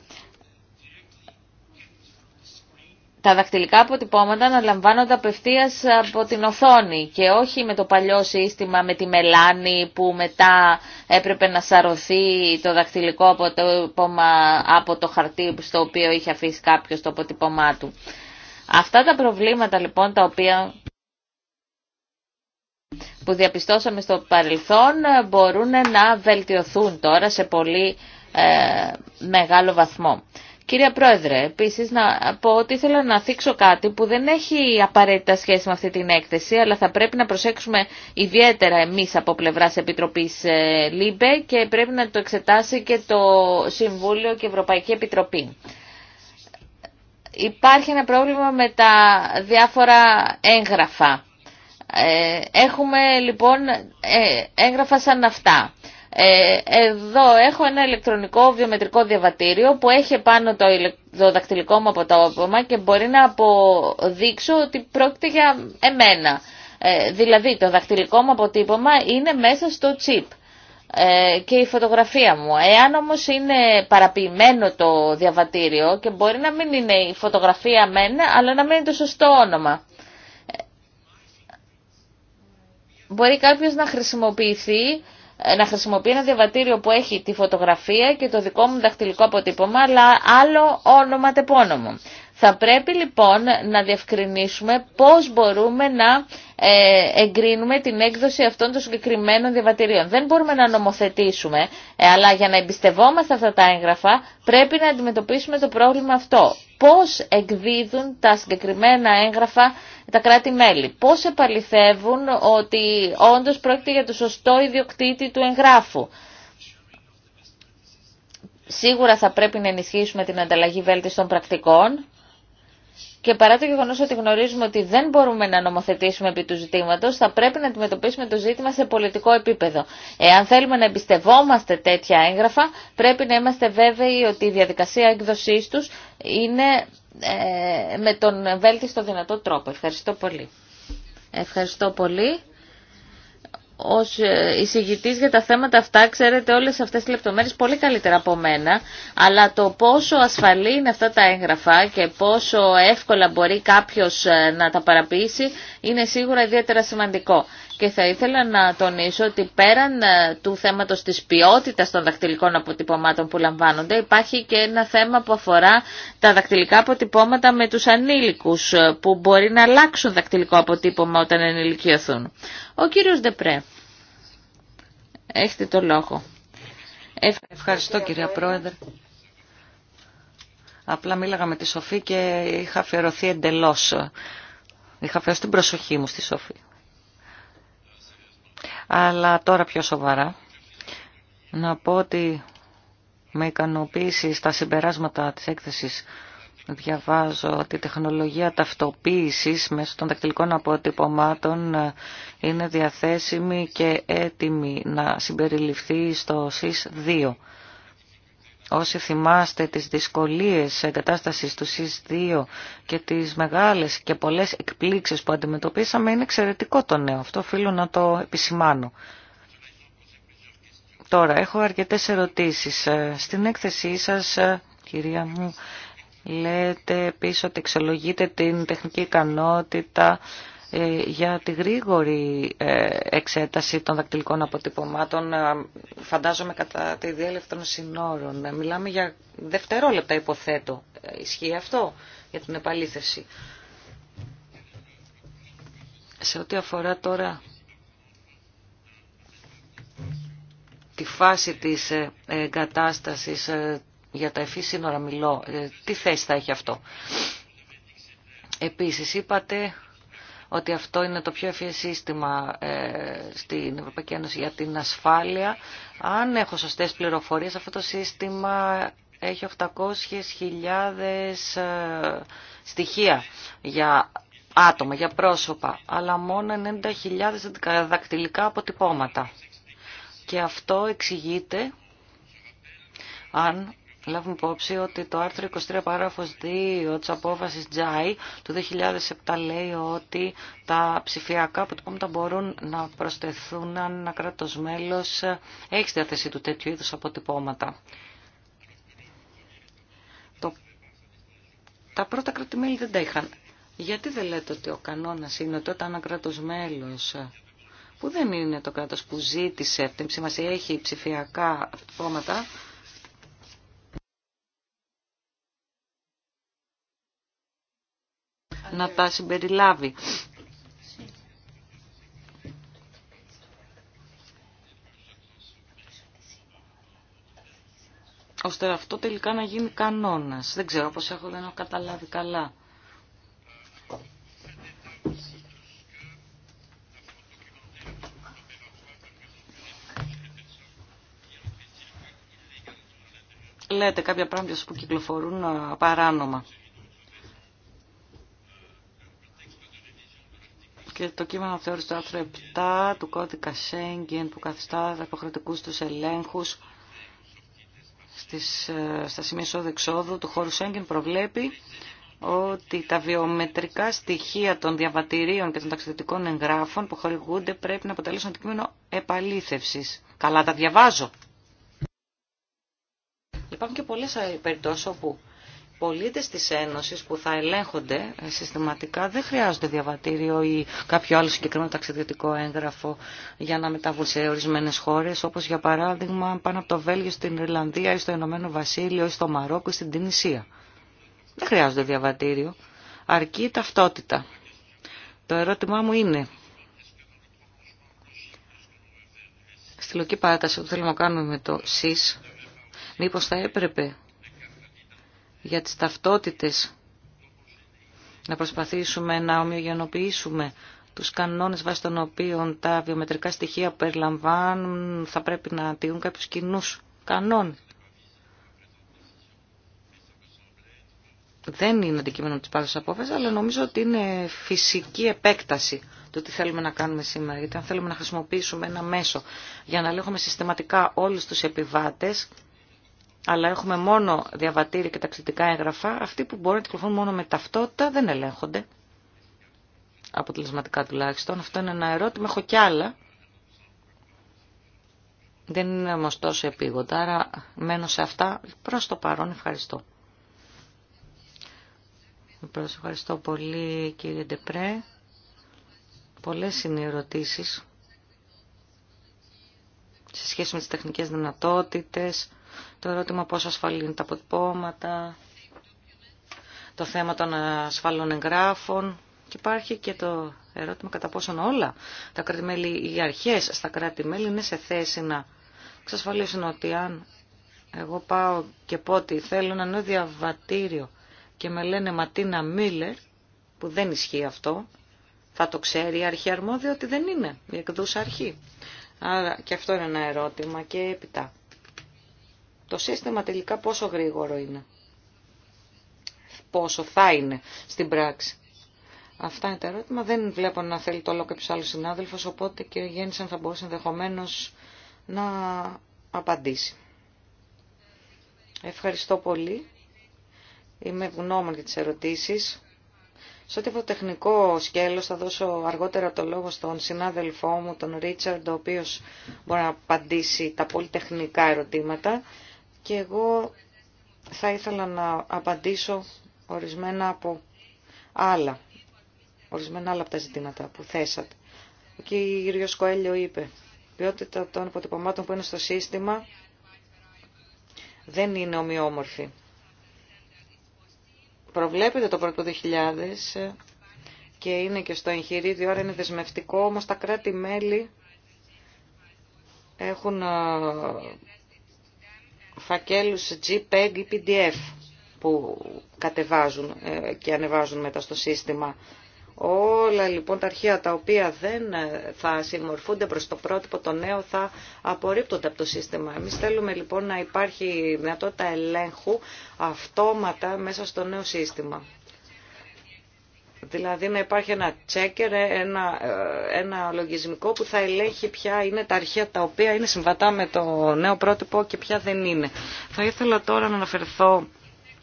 τα δακτυλικά αποτυπώματα να λαμβάνονται απευθεία από την οθόνη και όχι με το παλιό σύστημα με τη μελάνη που μετά έπρεπε να σαρωθεί το δακτυλικό αποτύπωμα από το χαρτί στο οποίο είχε αφήσει κάποιο το αποτυπωμά του. Αυτά τα προβλήματα λοιπόν τα οποία που διαπιστώσαμε στο παρελθόν μπορούν να βελτιωθούν τώρα σε πολύ ε, μεγάλο βαθμό. Κύριε Πρόεδρε, επίσης να πω ότι ήθελα να θίξω κάτι που δεν έχει απαραίτητα σχέση με αυτή την έκθεση, αλλά θα πρέπει να προσέξουμε ιδιαίτερα εμείς από πλευρά Επιτροπής ε, ΛΥΜΠΕ και πρέπει να το εξετάσει και το Συμβούλιο και η Ευρωπαϊκή Επιτροπή. Υπάρχει ένα πρόβλημα με τα διάφορα έγγραφα. Ε, έχουμε λοιπόν ε, έγγραφα σαν αυτά ε, εδώ έχω ένα ηλεκτρονικό βιομετρικό διαβατήριο που έχει πάνω το, δακτυλικό μου αποτόπωμα και μπορεί να αποδείξω ότι πρόκειται για εμένα. Ε, δηλαδή το δακτυλικό μου αποτύπωμα είναι μέσα στο τσίπ ε, και η φωτογραφία μου. Εάν όμως είναι παραποιημένο το διαβατήριο και μπορεί να μην είναι η φωτογραφία μένα αλλά να μην είναι το σωστό όνομα. Μπορεί κάποιος να χρησιμοποιηθεί ε, να χρησιμοποιεί ένα διαβατήριο που έχει τη φωτογραφία και το δικό μου δαχτυλικό αποτύπωμα, αλλά άλλο όνομα τεπώνομο. Θα πρέπει λοιπόν να διευκρινίσουμε πώς μπορούμε να ε, εγκρίνουμε την έκδοση αυτών των συγκεκριμένων διαβατηρίων. Δεν μπορούμε να νομοθετήσουμε, ε, αλλά για να εμπιστευόμαστε αυτά τα έγγραφα πρέπει να αντιμετωπίσουμε το πρόβλημα αυτό πώς εκδίδουν τα συγκεκριμένα έγγραφα τα κράτη-μέλη, πώς επαληθεύουν ότι όντως πρόκειται για το σωστό ιδιοκτήτη του εγγράφου. Σίγουρα θα πρέπει να ενισχύσουμε την ανταλλαγή βέλτιστων πρακτικών και παρά το γεγονό ότι γνωρίζουμε ότι δεν μπορούμε να νομοθετήσουμε επί του ζητήματο, θα πρέπει να αντιμετωπίσουμε το ζήτημα σε πολιτικό επίπεδο. Εάν θέλουμε να εμπιστευόμαστε τέτοια έγγραφα, πρέπει να είμαστε βέβαιοι ότι η διαδικασία έκδοσή του είναι ε, με τον βέλτιστο δυνατό τρόπο. Ευχαριστώ πολύ. Ευχαριστώ πολύ ως ε, εισηγητής για τα θέματα αυτά ξέρετε όλες αυτές τις λεπτομέρειες πολύ καλύτερα από μένα, αλλά το πόσο ασφαλή είναι αυτά τα έγγραφα και πόσο εύκολα μπορεί κάποιος ε, να τα παραποιήσει είναι σίγουρα ιδιαίτερα σημαντικό και θα ήθελα να τονίσω ότι πέραν ε, του θέματος της ποιότητας των δακτυλικών αποτυπωμάτων που λαμβάνονται υπάρχει και ένα θέμα που αφορά τα δακτυλικά αποτυπώματα με τους ανήλικους ε, που μπορεί να αλλάξουν δακτυλικό αποτύπωμα όταν ενηλικιωθούν. Ο κύριος Ντεπρέ, έχετε το λόγο. Ευχαριστώ κυρία Πρόεδρε. Απλά μίλαγα με τη Σοφή και είχα αφιερωθεί εντελώς. Είχα αφιερωθεί την προσοχή μου στη Σοφή. Αλλά τώρα πιο σοβαρά. Να πω ότι με ικανοποίηση στα συμπεράσματα της έκθεσης διαβάζω ότι η τεχνολογία ταυτοποίησης μέσω των δακτυλικών αποτυπωμάτων ε, είναι διαθέσιμη και έτοιμη να συμπεριληφθεί στο ΣΥΣ 2 Όσοι θυμάστε τις δυσκολίες εγκατάστασης του ΣΥΣ2 και τις μεγάλες και πολλές εκπλήξεις που αντιμετωπίσαμε, είναι εξαιρετικό το νέο. Αυτό οφείλω να το επισημάνω. Τώρα, έχω αρκετές ερωτήσεις. Ε, στην έκθεσή σας, ε, κυρία μου, λέτε πίσω ότι εξολογείτε την τεχνική ικανότητα ε, για τη γρήγορη ε, εξέταση των δακτυλικών αποτυπωμάτων, ε, φαντάζομαι κατά τη διέλευση των συνόρων. Μιλάμε για δευτερόλεπτα υποθέτω. Ισχύει αυτό για την επαλήθευση. Σε ό,τι αφορά τώρα τη φάση της εγκατάστασης για τα εφή σύνορα μιλώ, τι θέση θα έχει αυτό. Επίσης είπατε ότι αυτό είναι το πιο ευφυές σύστημα ε, στην Ευρωπαϊκή Ένωση για την ασφάλεια. Αν έχω σωστές πληροφορίες, αυτό το σύστημα έχει 800.000 ε, στοιχεία για άτομα, για πρόσωπα, αλλά μόνο 90.000 δακτυλικά αποτυπώματα. Και αυτό εξηγείται αν λάβουμε υπόψη ότι το άρθρο 23 παράγραφος 2 της απόφασης Τζάι του 2007 λέει ότι τα ψηφιακά αποτυπώματα μπορούν να προσθεθούν αν ένα κράτος μέλος έχει στη διάθεσή του τέτοιου είδους αποτυπώματα. Το... Τα πρώτα κράτη-μέλη δεν τα είχαν. Γιατί δεν λέτε ότι ο κανόνας είναι ότι όταν ένα κράτος μέλος που δεν είναι το κράτος που ζήτησε την έχει ψηφιακά αποτυπώματα... να τα συμπεριλάβει. ώστε αυτό τελικά να γίνει κανόνας. Δεν ξέρω πώς έχω, δεν έχω καταλάβει καλά. Λέτε κάποια πράγματα που κυκλοφορούν παράνομα και το κείμενο θεώρησε το άρθρο 7 του κώδικα Σέγγεν που καθιστά τους του ελέγχου ε, στα σημεία εισόδου-εξόδου του χώρου Σέγγεν προβλέπει ότι τα βιομετρικά στοιχεία των διαβατηρίων και των ταξιδιωτικών εγγράφων που χορηγούνται πρέπει να αποτελέσουν αντικείμενο επαλήθευσης. Καλά τα διαβάζω. Υπάρχουν και πολλές ε, περιπτώσεις όπου πολίτες της Ένωσης που θα ελέγχονται ε, συστηματικά δεν χρειάζονται διαβατήριο ή κάποιο άλλο συγκεκριμένο ταξιδιωτικό έγγραφο για να μεταβούν σε ορισμένες χώρες, όπως για παράδειγμα πάνω από το Βέλγιο στην Ιρλανδία ή στο Ηνωμένο Βασίλειο ή στο Μαρόκο ή στην Τινησία. Δεν χρειάζονται διαβατήριο. Αρκεί η ταυτότητα. Το ερώτημά μου είναι, στη λογική παράταση που θέλουμε να κάνουμε με το ΣΥΣ, μήπως θα έπρεπε για τις ταυτότητες, να προσπαθήσουμε να ομοιογενοποιήσουμε τους κανόνες βάσει των οποίων τα βιομετρικά στοιχεία που περιλαμβάνουν θα πρέπει να τηρούν κάποιους κοινού κανόνες. Δεν είναι αντικείμενο της πάθος απόφασης, αλλά νομίζω ότι είναι φυσική επέκταση το τι θέλουμε να κάνουμε σήμερα. Γιατί αν θέλουμε να χρησιμοποιήσουμε ένα μέσο για να λέγουμε συστηματικά όλους τους επιβάτες, αλλά έχουμε μόνο διαβατήρια και ταξιδιτικά έγγραφα, αυτοί που μπορούν να κυκλοφορούν μόνο με ταυτότητα δεν ελέγχονται. Αποτελεσματικά τουλάχιστον. Αυτό είναι ένα ερώτημα. Έχω κι άλλα. Δεν είναι όμω τόσο επίγοντα, άρα μένω σε αυτά. Προς το παρόν ευχαριστώ. Προς ευχαριστώ πολύ κύριε Ντεπρέ. Πολλές είναι οι ερωτήσεις σε σχέση με τις τεχνικές δυνατότητες, το ερώτημα πόσο ασφαλή είναι τα αποτυπώματα, το θέμα των ασφαλών εγγράφων και υπάρχει και το ερώτημα κατά πόσον όλα τα κρατη οι αρχές στα κράτη-μέλη είναι σε θέση να εξασφαλίσουν ότι αν εγώ πάω και πω ότι θέλω ένα νέο διαβατήριο και με λένε Ματίνα Μίλλερ, που δεν ισχύει αυτό, θα το ξέρει η αρχή αρμόδια ότι δεν είναι η εκδούσα αρχή. Άρα και αυτό είναι ένα ερώτημα και έπειτα. Το σύστημα τελικά πόσο γρήγορο είναι. Πόσο θα είναι στην πράξη. Αυτά είναι τα ερώτημα. Δεν βλέπω να θέλει το λόγο κάποιο άλλο συνάδελφο, οπότε και ο Γέννησαν θα μπορούσε ενδεχομένω να απαντήσει. Ευχαριστώ πολύ. Είμαι ευγνώμων για τις ερωτήσεις. Σε ό,τι τεχνικό σκέλος θα δώσω αργότερα το λόγο στον συνάδελφό μου, τον Ρίτσαρντ, ο οποίος μπορεί να απαντήσει τα πολυτεχνικά ερωτήματα και εγώ θα ήθελα να απαντήσω ορισμένα από άλλα, ορισμένα άλλα από τα ζητήματα που θέσατε. Ο κύριος Κοέλιο είπε, ποιότητα των αποτυπωμάτων που είναι στο σύστημα δεν είναι ομοιόμορφη. προβλέπεται το πρώτο 2000 και είναι και στο εγχειρίδιο, άρα είναι δεσμευτικό, όμως τα κράτη-μέλη έχουν φακέλους JPEG ή e PDF που κατεβάζουν ε, και ανεβάζουν μετά στο σύστημα. Όλα λοιπόν τα αρχεία τα οποία δεν ε, θα συμμορφούνται προς το πρότυπο το νέο θα απορρίπτονται από το σύστημα. Εμείς θέλουμε λοιπόν να υπάρχει δυνατότητα ελέγχου αυτόματα μέσα στο νέο σύστημα. Δηλαδή να υπάρχει ένα τσέκερ, ένα, ε, ένα λογισμικό που θα ελέγχει ποια είναι τα αρχεία τα οποία είναι συμβατά με το νέο πρότυπο και ποια δεν είναι. Θα ήθελα τώρα να αναφερθώ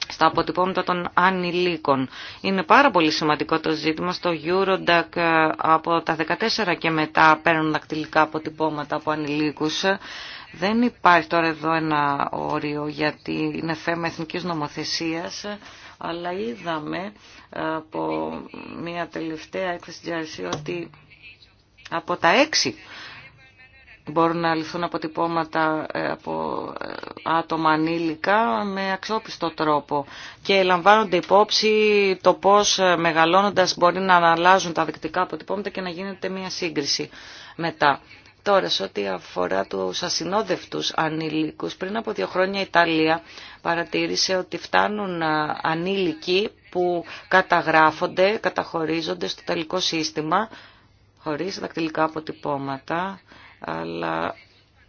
στα αποτυπώματα των ανηλίκων. Είναι πάρα πολύ σημαντικό το ζήτημα. Στο Eurodac ε, από τα 14 και μετά παίρνουν δακτυλικά αποτυπώματα από ανηλίκους. Δεν υπάρχει τώρα εδώ ένα όριο γιατί είναι θέμα εθνικής νομοθεσίας αλλά είδαμε ε, από μια τελευταία έκθεση GRC ότι από τα έξι μπορούν να ληφθούν αποτυπώματα ε, από ε, άτομα ανήλικα με αξιόπιστο τρόπο και λαμβάνονται υπόψη το πώς μεγαλώνοντας μπορεί να αλλάζουν τα δεκτικά αποτυπώματα και να γίνεται μια σύγκριση μετά. Τώρα, σε ό,τι αφορά τους ασυνόδευτους ανήλικους, πριν από δύο χρόνια η Ιταλία παρατήρησε ότι φτάνουν ανήλικοι που καταγράφονται, καταχωρίζονται στο τελικό σύστημα, χωρίς δακτυλικά αποτυπώματα, αλλά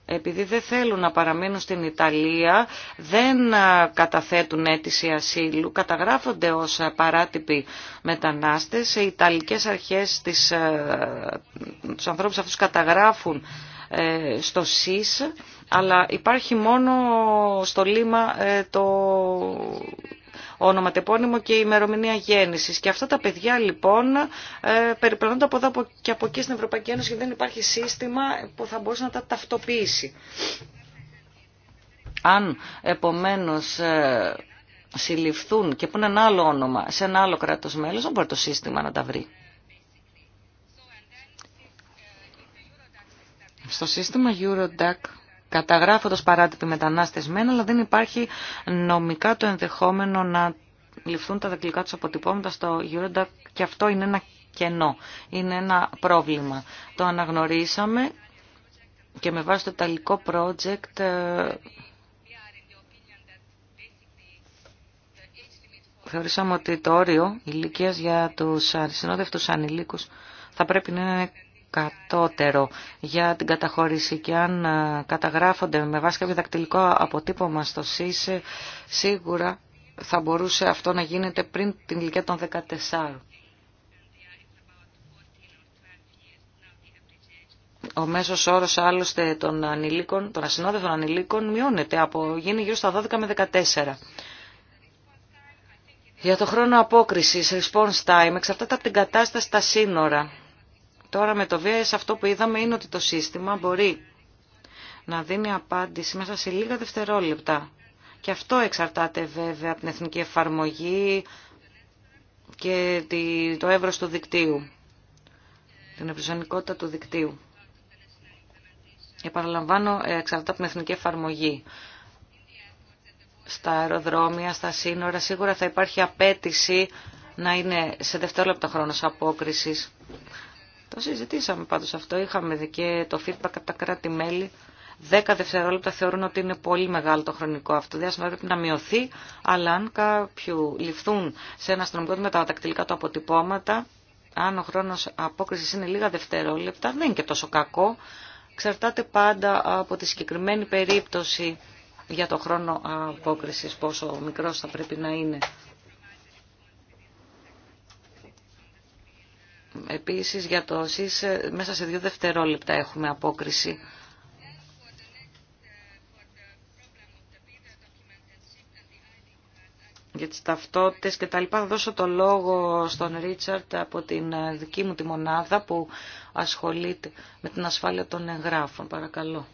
επειδή δεν θέλουν να παραμείνουν στην Ιταλία, δεν καταθέτουν αίτηση ασύλου, καταγράφονται ως παράτυποι μετανάστες. Οι Ιταλικές αρχές τις, τους ανθρώπους αυτούς καταγράφουν ε, στο ΣΥΣ, αλλά υπάρχει μόνο στο Λίμα ε, το Όνομα, τεπώνυμο και ημερομηνία γέννηση. Και αυτά τα παιδιά λοιπόν ε, περιπλανούνται από εδώ και από εκεί στην Ευρωπαϊκή Ένωση και δεν υπάρχει σύστημα που θα μπορούσε να τα ταυτοποιήσει. Αν επομένως ε, συλληφθούν και πούν ένα άλλο όνομα σε ένα άλλο κράτος μέλος, δεν μπορεί το σύστημα να τα βρει. Στο σύστημα Eurodac καταγράφοντας παράτυποι μετανάστες μένα, αλλά δεν υπάρχει νομικά το ενδεχόμενο να ληφθούν τα δακτυλικά τους αποτυπώματα στο Eurodac και αυτό είναι ένα κενό, είναι ένα πρόβλημα. Το αναγνωρίσαμε και με βάση το Ιταλικό project ε, θεωρήσαμε ότι το όριο ηλικίας για τους αρισινόδευτους ανηλίκους θα πρέπει να είναι κατώτερο για την καταχώρηση και αν ε, καταγράφονται με βάση κάποιο δακτυλικό αποτύπωμα στο ΣΥΣ, ε, σίγουρα θα μπορούσε αυτό να γίνεται πριν την ηλικία των 14. Ο μέσος όρος άλλωστε των ανηλίκων, των ασυνόδευτων ανηλίκων μειώνεται από γίνει γύρω στα 12 με 14. Για το χρόνο απόκρισης, response time, εξαρτάται από την κατάσταση στα σύνορα. Τώρα με το ΒΕΕΣ αυτό που είδαμε είναι ότι το σύστημα μπορεί να δίνει απάντηση μέσα σε λίγα δευτερόλεπτα. Και αυτό εξαρτάται βέβαια από την εθνική εφαρμογή και το εύρος του δικτύου, την ευρυζωνικότητα του δικτύου. Επαναλαμβάνω, εξαρτάται από την εθνική εφαρμογή. Στα αεροδρόμια, στα σύνορα, σίγουρα θα υπάρχει απέτηση να είναι σε δευτερόλεπτο χρόνος απόκρισης. Το συζητήσαμε πάντως αυτό, είχαμε και το feedback από τα κράτη-μέλη. Δέκα δευτερόλεπτα θεωρούν ότι είναι πολύ μεγάλο το χρονικό αυτό. Διάστημα πρέπει να μειωθεί, αλλά αν κάποιου ληφθούν σε ένα αστυνομικό με τα τακτυλικά του αποτυπώματα, αν ο χρόνο απόκριση είναι λίγα δευτερόλεπτα, δεν είναι και τόσο κακό. Ξερτάται πάντα από τη συγκεκριμένη περίπτωση για το χρόνο απόκριση πόσο μικρό θα πρέπει να είναι. Επίσης για το ΣΥΣ μέσα σε δύο δευτερόλεπτα έχουμε απόκριση. για τις ταυτότητες και τα λοιπά. Θα δώσω το λόγο στον Ρίτσαρτ από την δική μου τη μονάδα που ασχολείται με την ασφάλεια των εγγράφων. Παρακαλώ.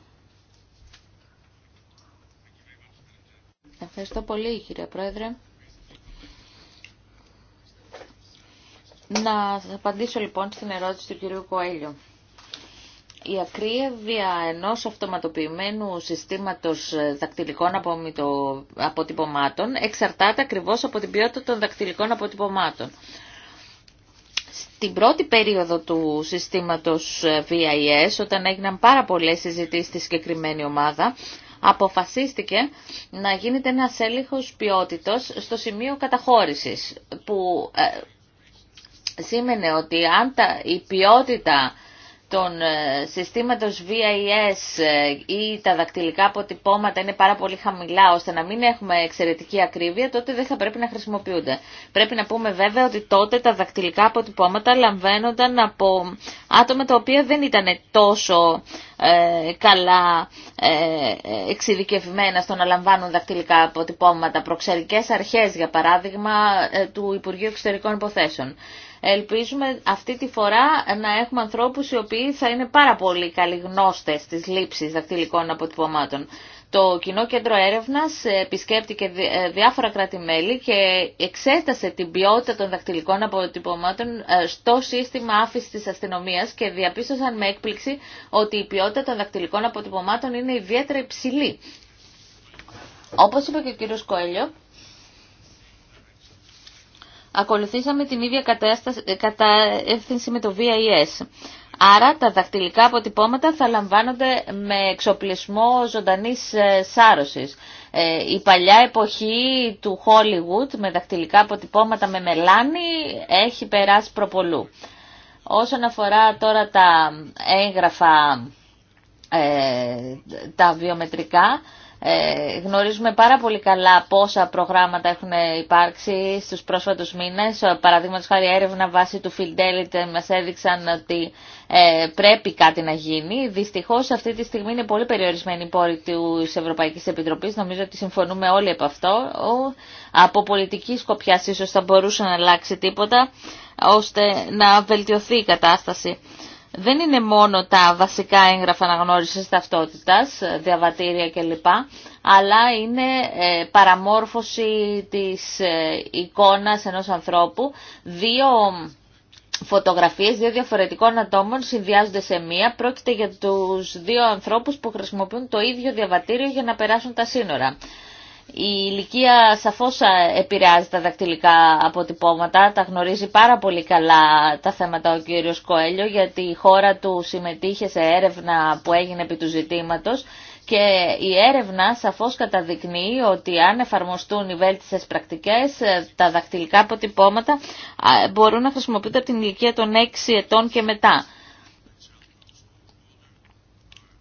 Ευχαριστώ πολύ κύριε Πρόεδρε. Να απαντήσω λοιπόν στην ερώτηση του κυρίου Κοέλιο. Η ακρίβεια ενός αυτοματοποιημένου συστήματος δακτυλικών αποτυπωμάτων εξαρτάται ακριβώς από την ποιότητα των δακτυλικών αποτυπωμάτων. Στην πρώτη περίοδο του συστήματος VIS, όταν έγιναν πάρα πολλές συζητήσεις στη συγκεκριμένη ομάδα, αποφασίστηκε να γίνεται ένας έλεγχος ποιότητος στο σημείο καταχώρησης, που ε, σήμαινε ότι αν τα, η ποιότητα των ε, συστήματος VIS ε, ή τα δακτυλικά αποτυπώματα είναι πάρα πολύ χαμηλά ώστε να μην έχουμε εξαιρετική ακρίβεια, τότε δεν θα πρέπει να χρησιμοποιούνται. Πρέπει να πούμε βέβαια ότι τότε τα δακτυλικά αποτυπώματα λαμβάνονταν από άτομα τα οποία δεν ήταν τόσο ε, καλά ε, εξειδικευμένα στο να λαμβάνουν δακτυλικά αποτυπώματα. Προξερικές αρχές, για παράδειγμα, του Υπουργείου Εξωτερικών Υποθέσεων. Ελπίζουμε αυτή τη φορά να έχουμε ανθρώπους οι οποίοι θα είναι πάρα πολύ καλοί γνώστες της λήψης δακτυλικών αποτυπωμάτων. Το Κοινό Κέντρο Έρευνας επισκέπτηκε ε, διάφορα κράτη-μέλη και εξέτασε την ποιότητα των δακτυλικών αποτυπωμάτων ε, στο σύστημα άφηση της αστυνομίας και διαπίστωσαν με έκπληξη ότι η ποιότητα των δακτυλικών αποτυπωμάτων είναι ιδιαίτερα υψηλή. Όπως είπε και ο κύριος Κοέλιο, ακολουθήσαμε την ίδια ε, κατεύθυνση με το VIS. Άρα τα δακτυλικά αποτυπώματα θα λαμβάνονται με εξοπλισμό ζωντανής ε, σάρωσης. Ε, η παλιά εποχή του Hollywood με δακτυλικά αποτυπώματα με μελάνι έχει περάσει προπολού. Όσον αφορά τώρα τα έγγραφα, τα βιομετρικά, ε, γνωρίζουμε πάρα πολύ καλά πόσα προγράμματα έχουν υπάρξει στους πρόσφατους μήνες. Παραδείγματος χάρη έρευνα βάσει του Fidelity μας έδειξαν ότι ε, πρέπει κάτι να γίνει. Δυστυχώς αυτή τη στιγμή είναι πολύ περιορισμένη η πόρη της Ευρωπαϊκής Επιτροπής. Νομίζω ότι συμφωνούμε όλοι από αυτό. Από πολιτική σκοπιά ίσως θα μπορούσε να αλλάξει τίποτα ώστε να βελτιωθεί η κατάσταση δεν είναι μόνο τα βασικά έγγραφα αναγνώρισης ταυτότητας, διαβατήρια κλπ, αλλά είναι ε, παραμόρφωση της ε, εικόνας ενός ανθρώπου. Δύο φωτογραφίες δύο διαφορετικών ατόμων συνδυάζονται σε μία. Πρόκειται για τους δύο ανθρώπους που χρησιμοποιούν το ίδιο διαβατήριο για να περάσουν τα σύνορα. Η ηλικία σαφώς επηρεάζει τα δακτυλικά αποτυπώματα, τα γνωρίζει πάρα πολύ καλά τα θέματα ο κύριος Κοέλιο γιατί η χώρα του συμμετείχε σε έρευνα που έγινε επί του ζητήματος και η έρευνα σαφώς καταδεικνύει ότι αν εφαρμοστούν οι βέλτιστες πρακτικές, ε, τα δακτυλικά αποτυπώματα μπορούν να χρησιμοποιούνται από την ηλικία των 6 ετών και μετά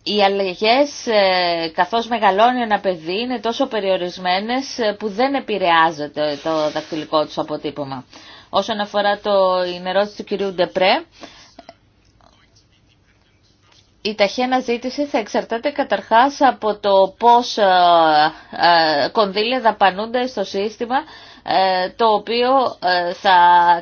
οι αλλαγές ε, καθώς μεγαλώνει ένα παιδί είναι τόσο περιορισμένες ε, που δεν επηρεάζεται το δακτυλικό τους αποτύπωμα. Όσον αφορά το, την ερώτηση του κυρίου Ντεπρέ, η ταχύα αναζήτηση θα εξαρτάται καταρχάς από το πώς ε, κονδύλια δαπανούνται στο σύστημα ε, το οποίο ε, θα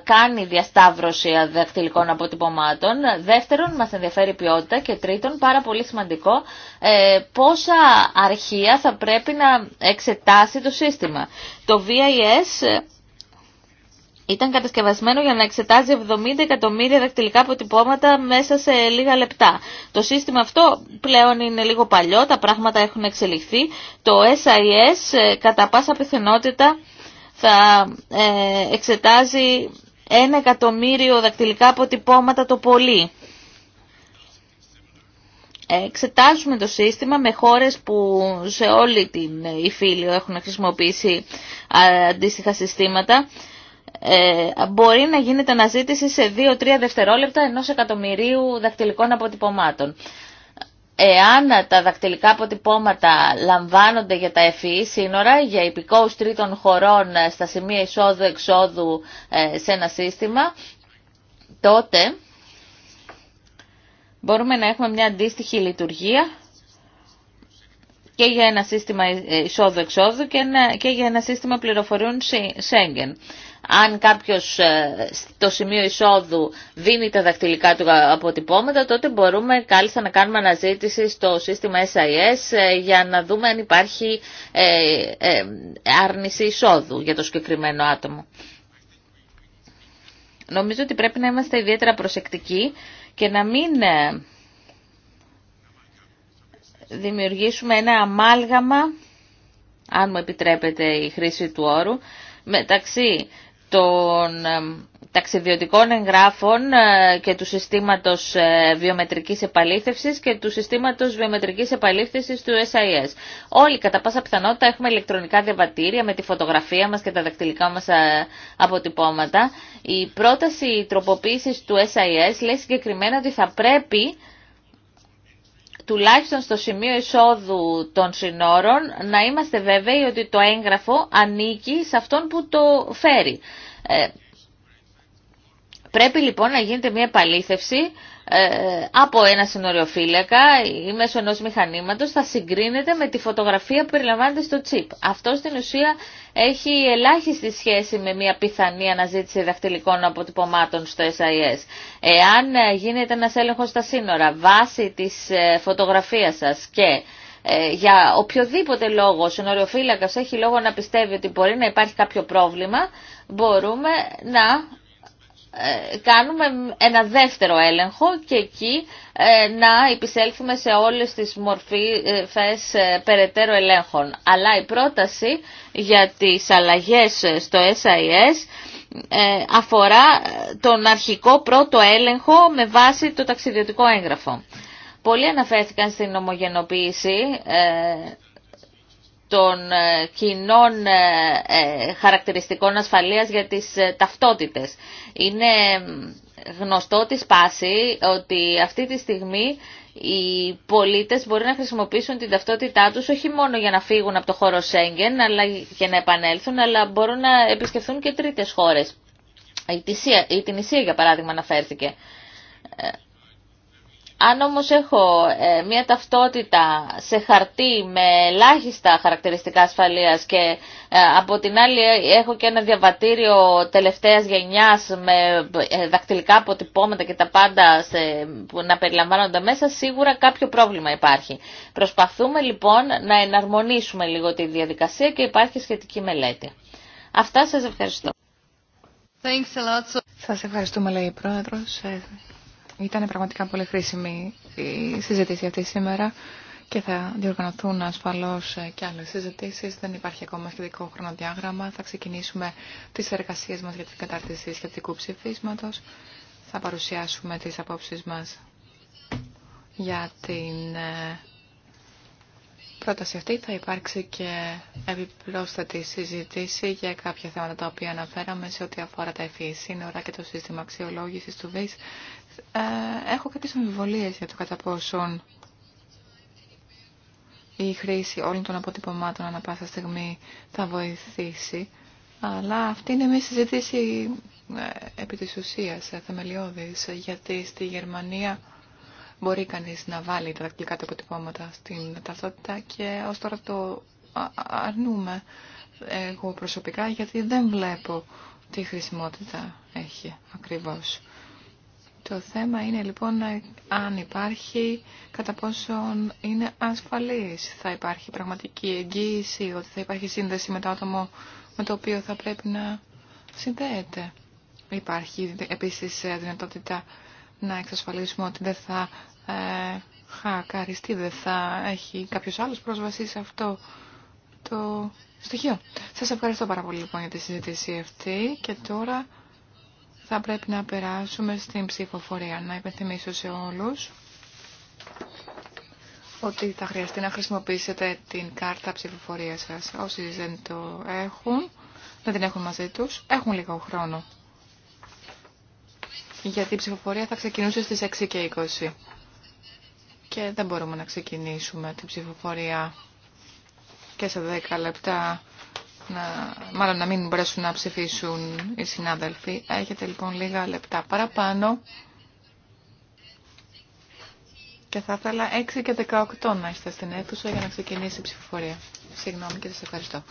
κάνει διασταύρωση δακτυλικών αποτυπωμάτων. Δεύτερον, μας ενδιαφέρει η ποιότητα και τρίτον, πάρα πολύ σημαντικό, ε, πόσα αρχεία θα πρέπει να εξετάσει το σύστημα. Το VIS ήταν κατασκευασμένο για να εξετάζει 70 εκατομμύρια δακτυλικά αποτυπώματα μέσα σε λίγα λεπτά. Το σύστημα αυτό πλέον είναι λίγο παλιό, τα πράγματα έχουν εξελιχθεί. Το SIS κατά πάσα πιθανότητα θα ε, εξετάζει ένα εκατομμύριο δακτυλικά αποτυπώματα το πολύ. Ε, εξετάζουμε το σύστημα με χώρες που σε όλη την Ιφίλιο έχουν χρησιμοποιήσει αντίστοιχα συστήματα. Ε, μπορεί να γίνεται αναζήτηση σε 2-3 δευτερόλεπτα ενός εκατομμυρίου δακτυλικών αποτυπωμάτων εάν τα δακτυλικά αποτυπώματα λαμβάνονται για τα FEE e σύνορα, για υπηκόους τρίτων χωρών ε, στα σημεία εισόδου-εξόδου ε, σε ένα σύστημα, τότε μπορούμε να έχουμε μια αντίστοιχη λειτουργία και για ένα σύστημα εισόδου-εξόδου και, και για ένα σύστημα πληροφοριών Schengen αν κάποιος ε, στο σημείο εισόδου δίνει τα δακτυλικά του αποτυπώματα, τότε μπορούμε κάλλιστα να κάνουμε αναζήτηση στο σύστημα SIS ε, για να δούμε αν υπάρχει ε, άρνηση εισόδου για το συγκεκριμένο άτομο. Νομίζω ότι πρέπει να είμαστε ιδιαίτερα προσεκτικοί και να μην δημιουργήσουμε ένα αμάλγαμα, αν μου επιτρέπετε η χρήση του όρου, μεταξύ των ε, ταξιδιωτικών εγγράφων ε, και του συστήματος ε, βιομετρικής επαλήθευσης και του συστήματος βιομετρικής επαλήθευσης του SIS. Όλοι κατά πάσα πιθανότητα έχουμε ηλεκτρονικά διαβατήρια με τη φωτογραφία μας και τα δακτυλικά μας αποτυπώματα. Η πρόταση τροποποίησης του SIS λέει συγκεκριμένα ότι θα πρέπει τουλάχιστον στο σημείο εισόδου των συνόρων να είμαστε βέβαιοι ότι το έγγραφο ανήκει σε αυτόν που το φέρει. Ε, πρέπει λοιπόν να γίνεται μια επαλήθευση ε, από ένα συνοριοφύλακα ή μέσω ενό μηχανήματο θα συγκρίνεται με τη φωτογραφία που περιλαμβάνεται στο τσίπ. Αυτό στην ουσία έχει ελάχιστη σχέση με μια πιθανή αναζήτηση δαχτυλικών αποτυπωμάτων στο SIS. Εάν ε, γίνεται ένα έλεγχο στα σύνορα βάσει της ε, φωτογραφία σα. και για οποιοδήποτε λόγο ο συνοριοφύλακα έχει λόγο να πιστεύει ότι μπορεί να υπάρχει κάποιο πρόβλημα, μπορούμε να ε, κάνουμε ένα δεύτερο έλεγχο και εκεί ε, να επισέλθουμε σε όλες τις μορφές ε, περαιτέρω ελέγχων. Αλλά η πρόταση για τις αλλαγές στο SIS αφορά τον αρχικό πρώτο έλεγχο με βάση το ταξιδιωτικό έγγραφο. Πολλοί αναφέρθηκαν στην ομογενοποίηση των ε, κοινών ε, ε, χαρακτηριστικών ασφαλείας για τις ταυτότητες. Είναι γνωστό τη πάση ότι αυτή τη στιγμή οι πολίτες μπορεί να χρησιμοποιήσουν την ταυτότητά τους όχι μόνο για να φύγουν από το χώρο Σέγγεν αλλά και να επανέλθουν, αλλά μπορούν να επισκεφθούν και τρίτες χώρες. Η Τινησία, για παράδειγμα, αναφέρθηκε. Αν όμως έχω ε, μια ταυτότητα σε χαρτί με ελάχιστα χαρακτηριστικά ασφαλείας και ε, από την άλλη έχω και ένα διαβατήριο τελευταίας γενιάς με ε, δακτυλικά αποτυπώματα και τα πάντα σε, που να περιλαμβάνονται μέσα, σίγουρα κάποιο πρόβλημα υπάρχει. Προσπαθούμε λοιπόν να εναρμονίσουμε λίγο τη διαδικασία και υπάρχει σχετική μελέτη. Αυτά σας ευχαριστώ. Σας ευχαριστούμε λέει η Πρόεδρος. Ε, ήταν πραγματικά πολύ χρήσιμη η συζήτηση αυτή σήμερα και θα διοργανωθούν ασφαλώς ε, και άλλες συζητήσεις. Δεν υπάρχει ακόμα σχετικό χρονοδιάγραμμα. Θα ξεκινήσουμε τις εργασίες μας για την κατάρτιση σχετικού ψηφίσματος. Θα παρουσιάσουμε τις απόψεις μας για την ε, πρόταση αυτή. Θα υπάρξει και επιπρόσθετη συζήτηση για κάποια θέματα τα οποία αναφέραμε σε ό,τι αφορά τα ευφυή σύνορα και το σύστημα αξιολόγησης του ΒΙΣ ε, έχω κάποιες αμφιβολίες για το κατά πόσον η χρήση όλων των αποτυπωμάτων ανα πάσα στιγμή θα βοηθήσει. Αλλά αυτή είναι μια συζήτηση ε, επί της ουσίας ε, θεμελιώδης, γιατί στη Γερμανία μπορεί κανείς να βάλει τα δακτυλικά του αποτυπώματα στην ταυτότητα και ως τώρα το αρνούμε εγώ προσωπικά γιατί δεν βλέπω τι χρησιμότητα έχει ακριβώς. Το θέμα είναι λοιπόν αν υπάρχει, κατά πόσον είναι ασφαλής. Θα υπάρχει πραγματική εγγύηση ότι θα υπάρχει σύνδεση με το άτομο με το οποίο θα πρέπει να συνδέεται. Υπάρχει επίσης ε, δυνατότητα να εξασφαλίσουμε ότι δεν θα ε, χακαριστεί, δεν θα έχει κάποιος άλλος πρόσβαση σε αυτό το στοιχείο. Σας ευχαριστώ πάρα πολύ λοιπόν για τη συζήτηση αυτή και τώρα θα πρέπει να περάσουμε στην ψηφοφορία. Να υπενθυμίσω σε όλους ότι θα χρειαστεί να χρησιμοποιήσετε την κάρτα ψηφοφορία σας. Όσοι δεν το έχουν, δεν την έχουν μαζί τους, έχουν λίγο χρόνο. Γιατί η ψηφοφορία θα ξεκινούσε στις 6 και 20. Και δεν μπορούμε να ξεκινήσουμε την ψηφοφορία και σε 10 λεπτά να, μάλλον να μην μπορέσουν να ψηφίσουν οι συνάδελφοι. Έχετε λοιπόν λίγα λεπτά παραπάνω και θα ήθελα 6 και 18 να είστε στην αίθουσα για να ξεκινήσει η ψηφοφορία. Συγγνώμη και σας ευχαριστώ.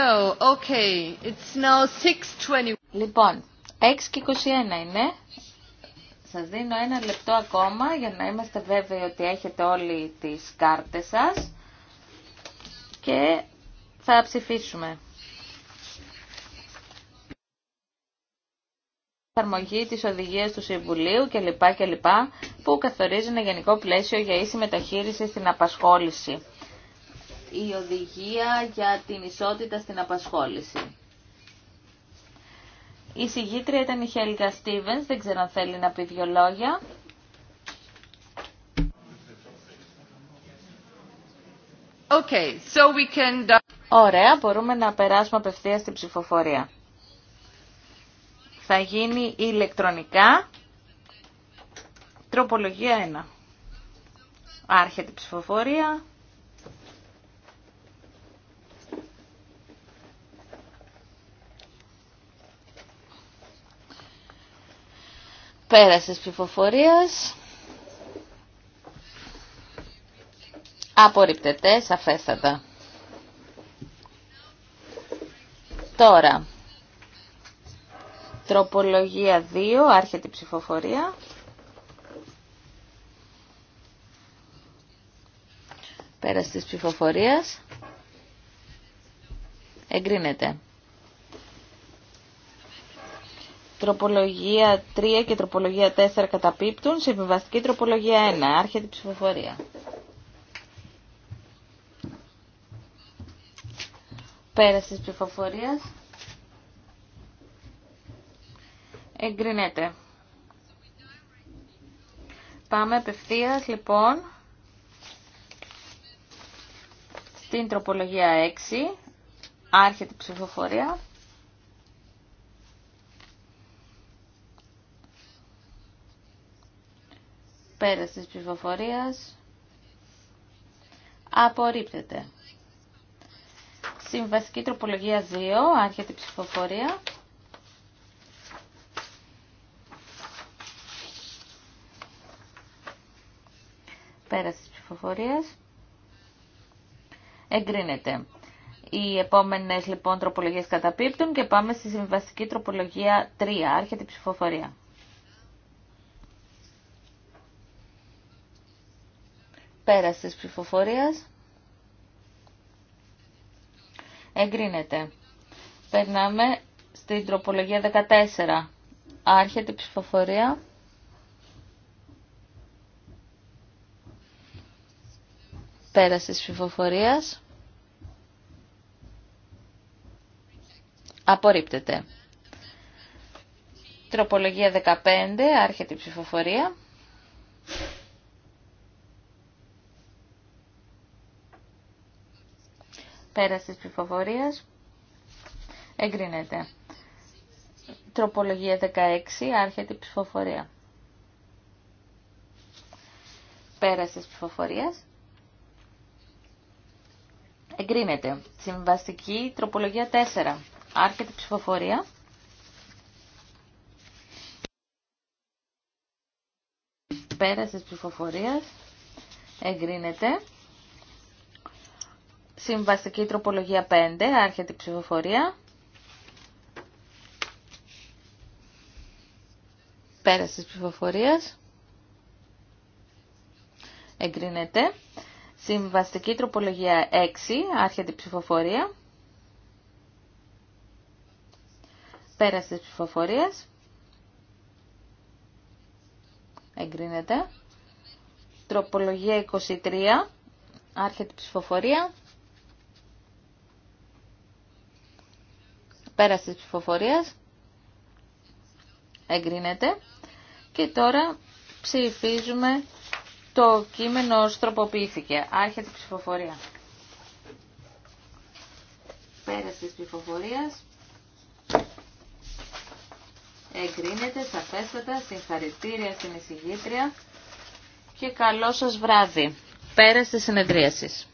So, okay, it's now 6.20. Λοιπόν, 6 και 21 είναι. Σας δίνω ένα λεπτό ακόμα για να είμαστε βέβαιοι ότι έχετε όλοι τις κάρτες σας και θα ψηφίσουμε. εφαρμογή της οδηγίας του Συμβουλίου κλπ. κλπ. που καθορίζει ένα γενικό πλαίσιο για ίση μεταχείριση στην απασχόληση η οδηγία για την ισότητα στην απασχόληση. Η συγγήτρια ήταν η Χέλγα Στίβενς, δεν ξέρω αν θέλει να πει δυο λόγια. Okay, so we can... Ωραία, μπορούμε να περάσουμε απευθεία στην ψηφοφορία. Θα γίνει ηλεκτρονικά. Τροπολογία 1. Άρχεται η ψηφοφορία. Πέραση της ψηφοφορίας. Απορριπτεται, σαφέστατα. Τώρα, τροπολογία 2, άρχεται η ψηφοφορία. Πέραση της ψηφοφορίας. Εγκρίνεται. Τροπολογία 3 και τροπολογία 4 καταπίπτουν. επιβαστική τροπολογία 1. Άρχεται η ψηφοφορία. Πέραση της ψηφοφορίας. Εγκρινέται. Πάμε απευθείας λοιπόν στην τροπολογία 6. Άρχεται η ψηφοφορία. Πέρας της ψηφοφορίας. Απορρίπτεται. Συμβαστική τροπολογία 2. Άρχεται η ψηφοφορία. Πέρας της ψηφοφορίας. Εγκρίνεται. Οι επόμενες λοιπόν τροπολογίες καταπίπτουν και πάμε στη συμβαστική τροπολογία 3. Άρχεται η ψηφοφορία. Πέρας της ψηφοφορίας. Εγκρίνεται. Περνάμε στην τροπολογία 14. Άρχεται η ψηφοφορία. Πέρας της ψηφοφορίας. Απορρίπτεται. Τροπολογία 15. Άρχεται η ψηφοφορία. πέραση της ψηφοφορίας. Εγκρίνεται. Τροπολογία 16. Άρχεται η ψηφοφορία. Πέραση της ψηφοφορίας. Εγκρίνεται. Συμβαστική τροπολογία 4. Άρχεται η ψηφοφορία. Πέραση της ψηφοφορίας. Εγκρίνεται. Συμβαστική τροπολογία 5, άρχεται η ψηφοφορία. Πέραση της ψηφοφορίας. Εγκρίνεται. Συμβαστική τροπολογία 6, άρχεται η ψηφοφορία. Πέραση της ψηφοφορίας. Εγκρίνεται. Τροπολογία 23, άρχεται η ψηφοφορία. Πέρας της ψηφοφορίας εγκρίνεται. Και τώρα ψηφίζουμε το κείμενο ως τροποποιήθηκε. Άρχεται η ψηφοφορία. Πέρας της ψηφοφορίας εγκρίνεται σαφέστατα συγχαρητήρια στην εισηγήτρια και καλό σας βράδυ. Πέρασε της συνεδρίασης.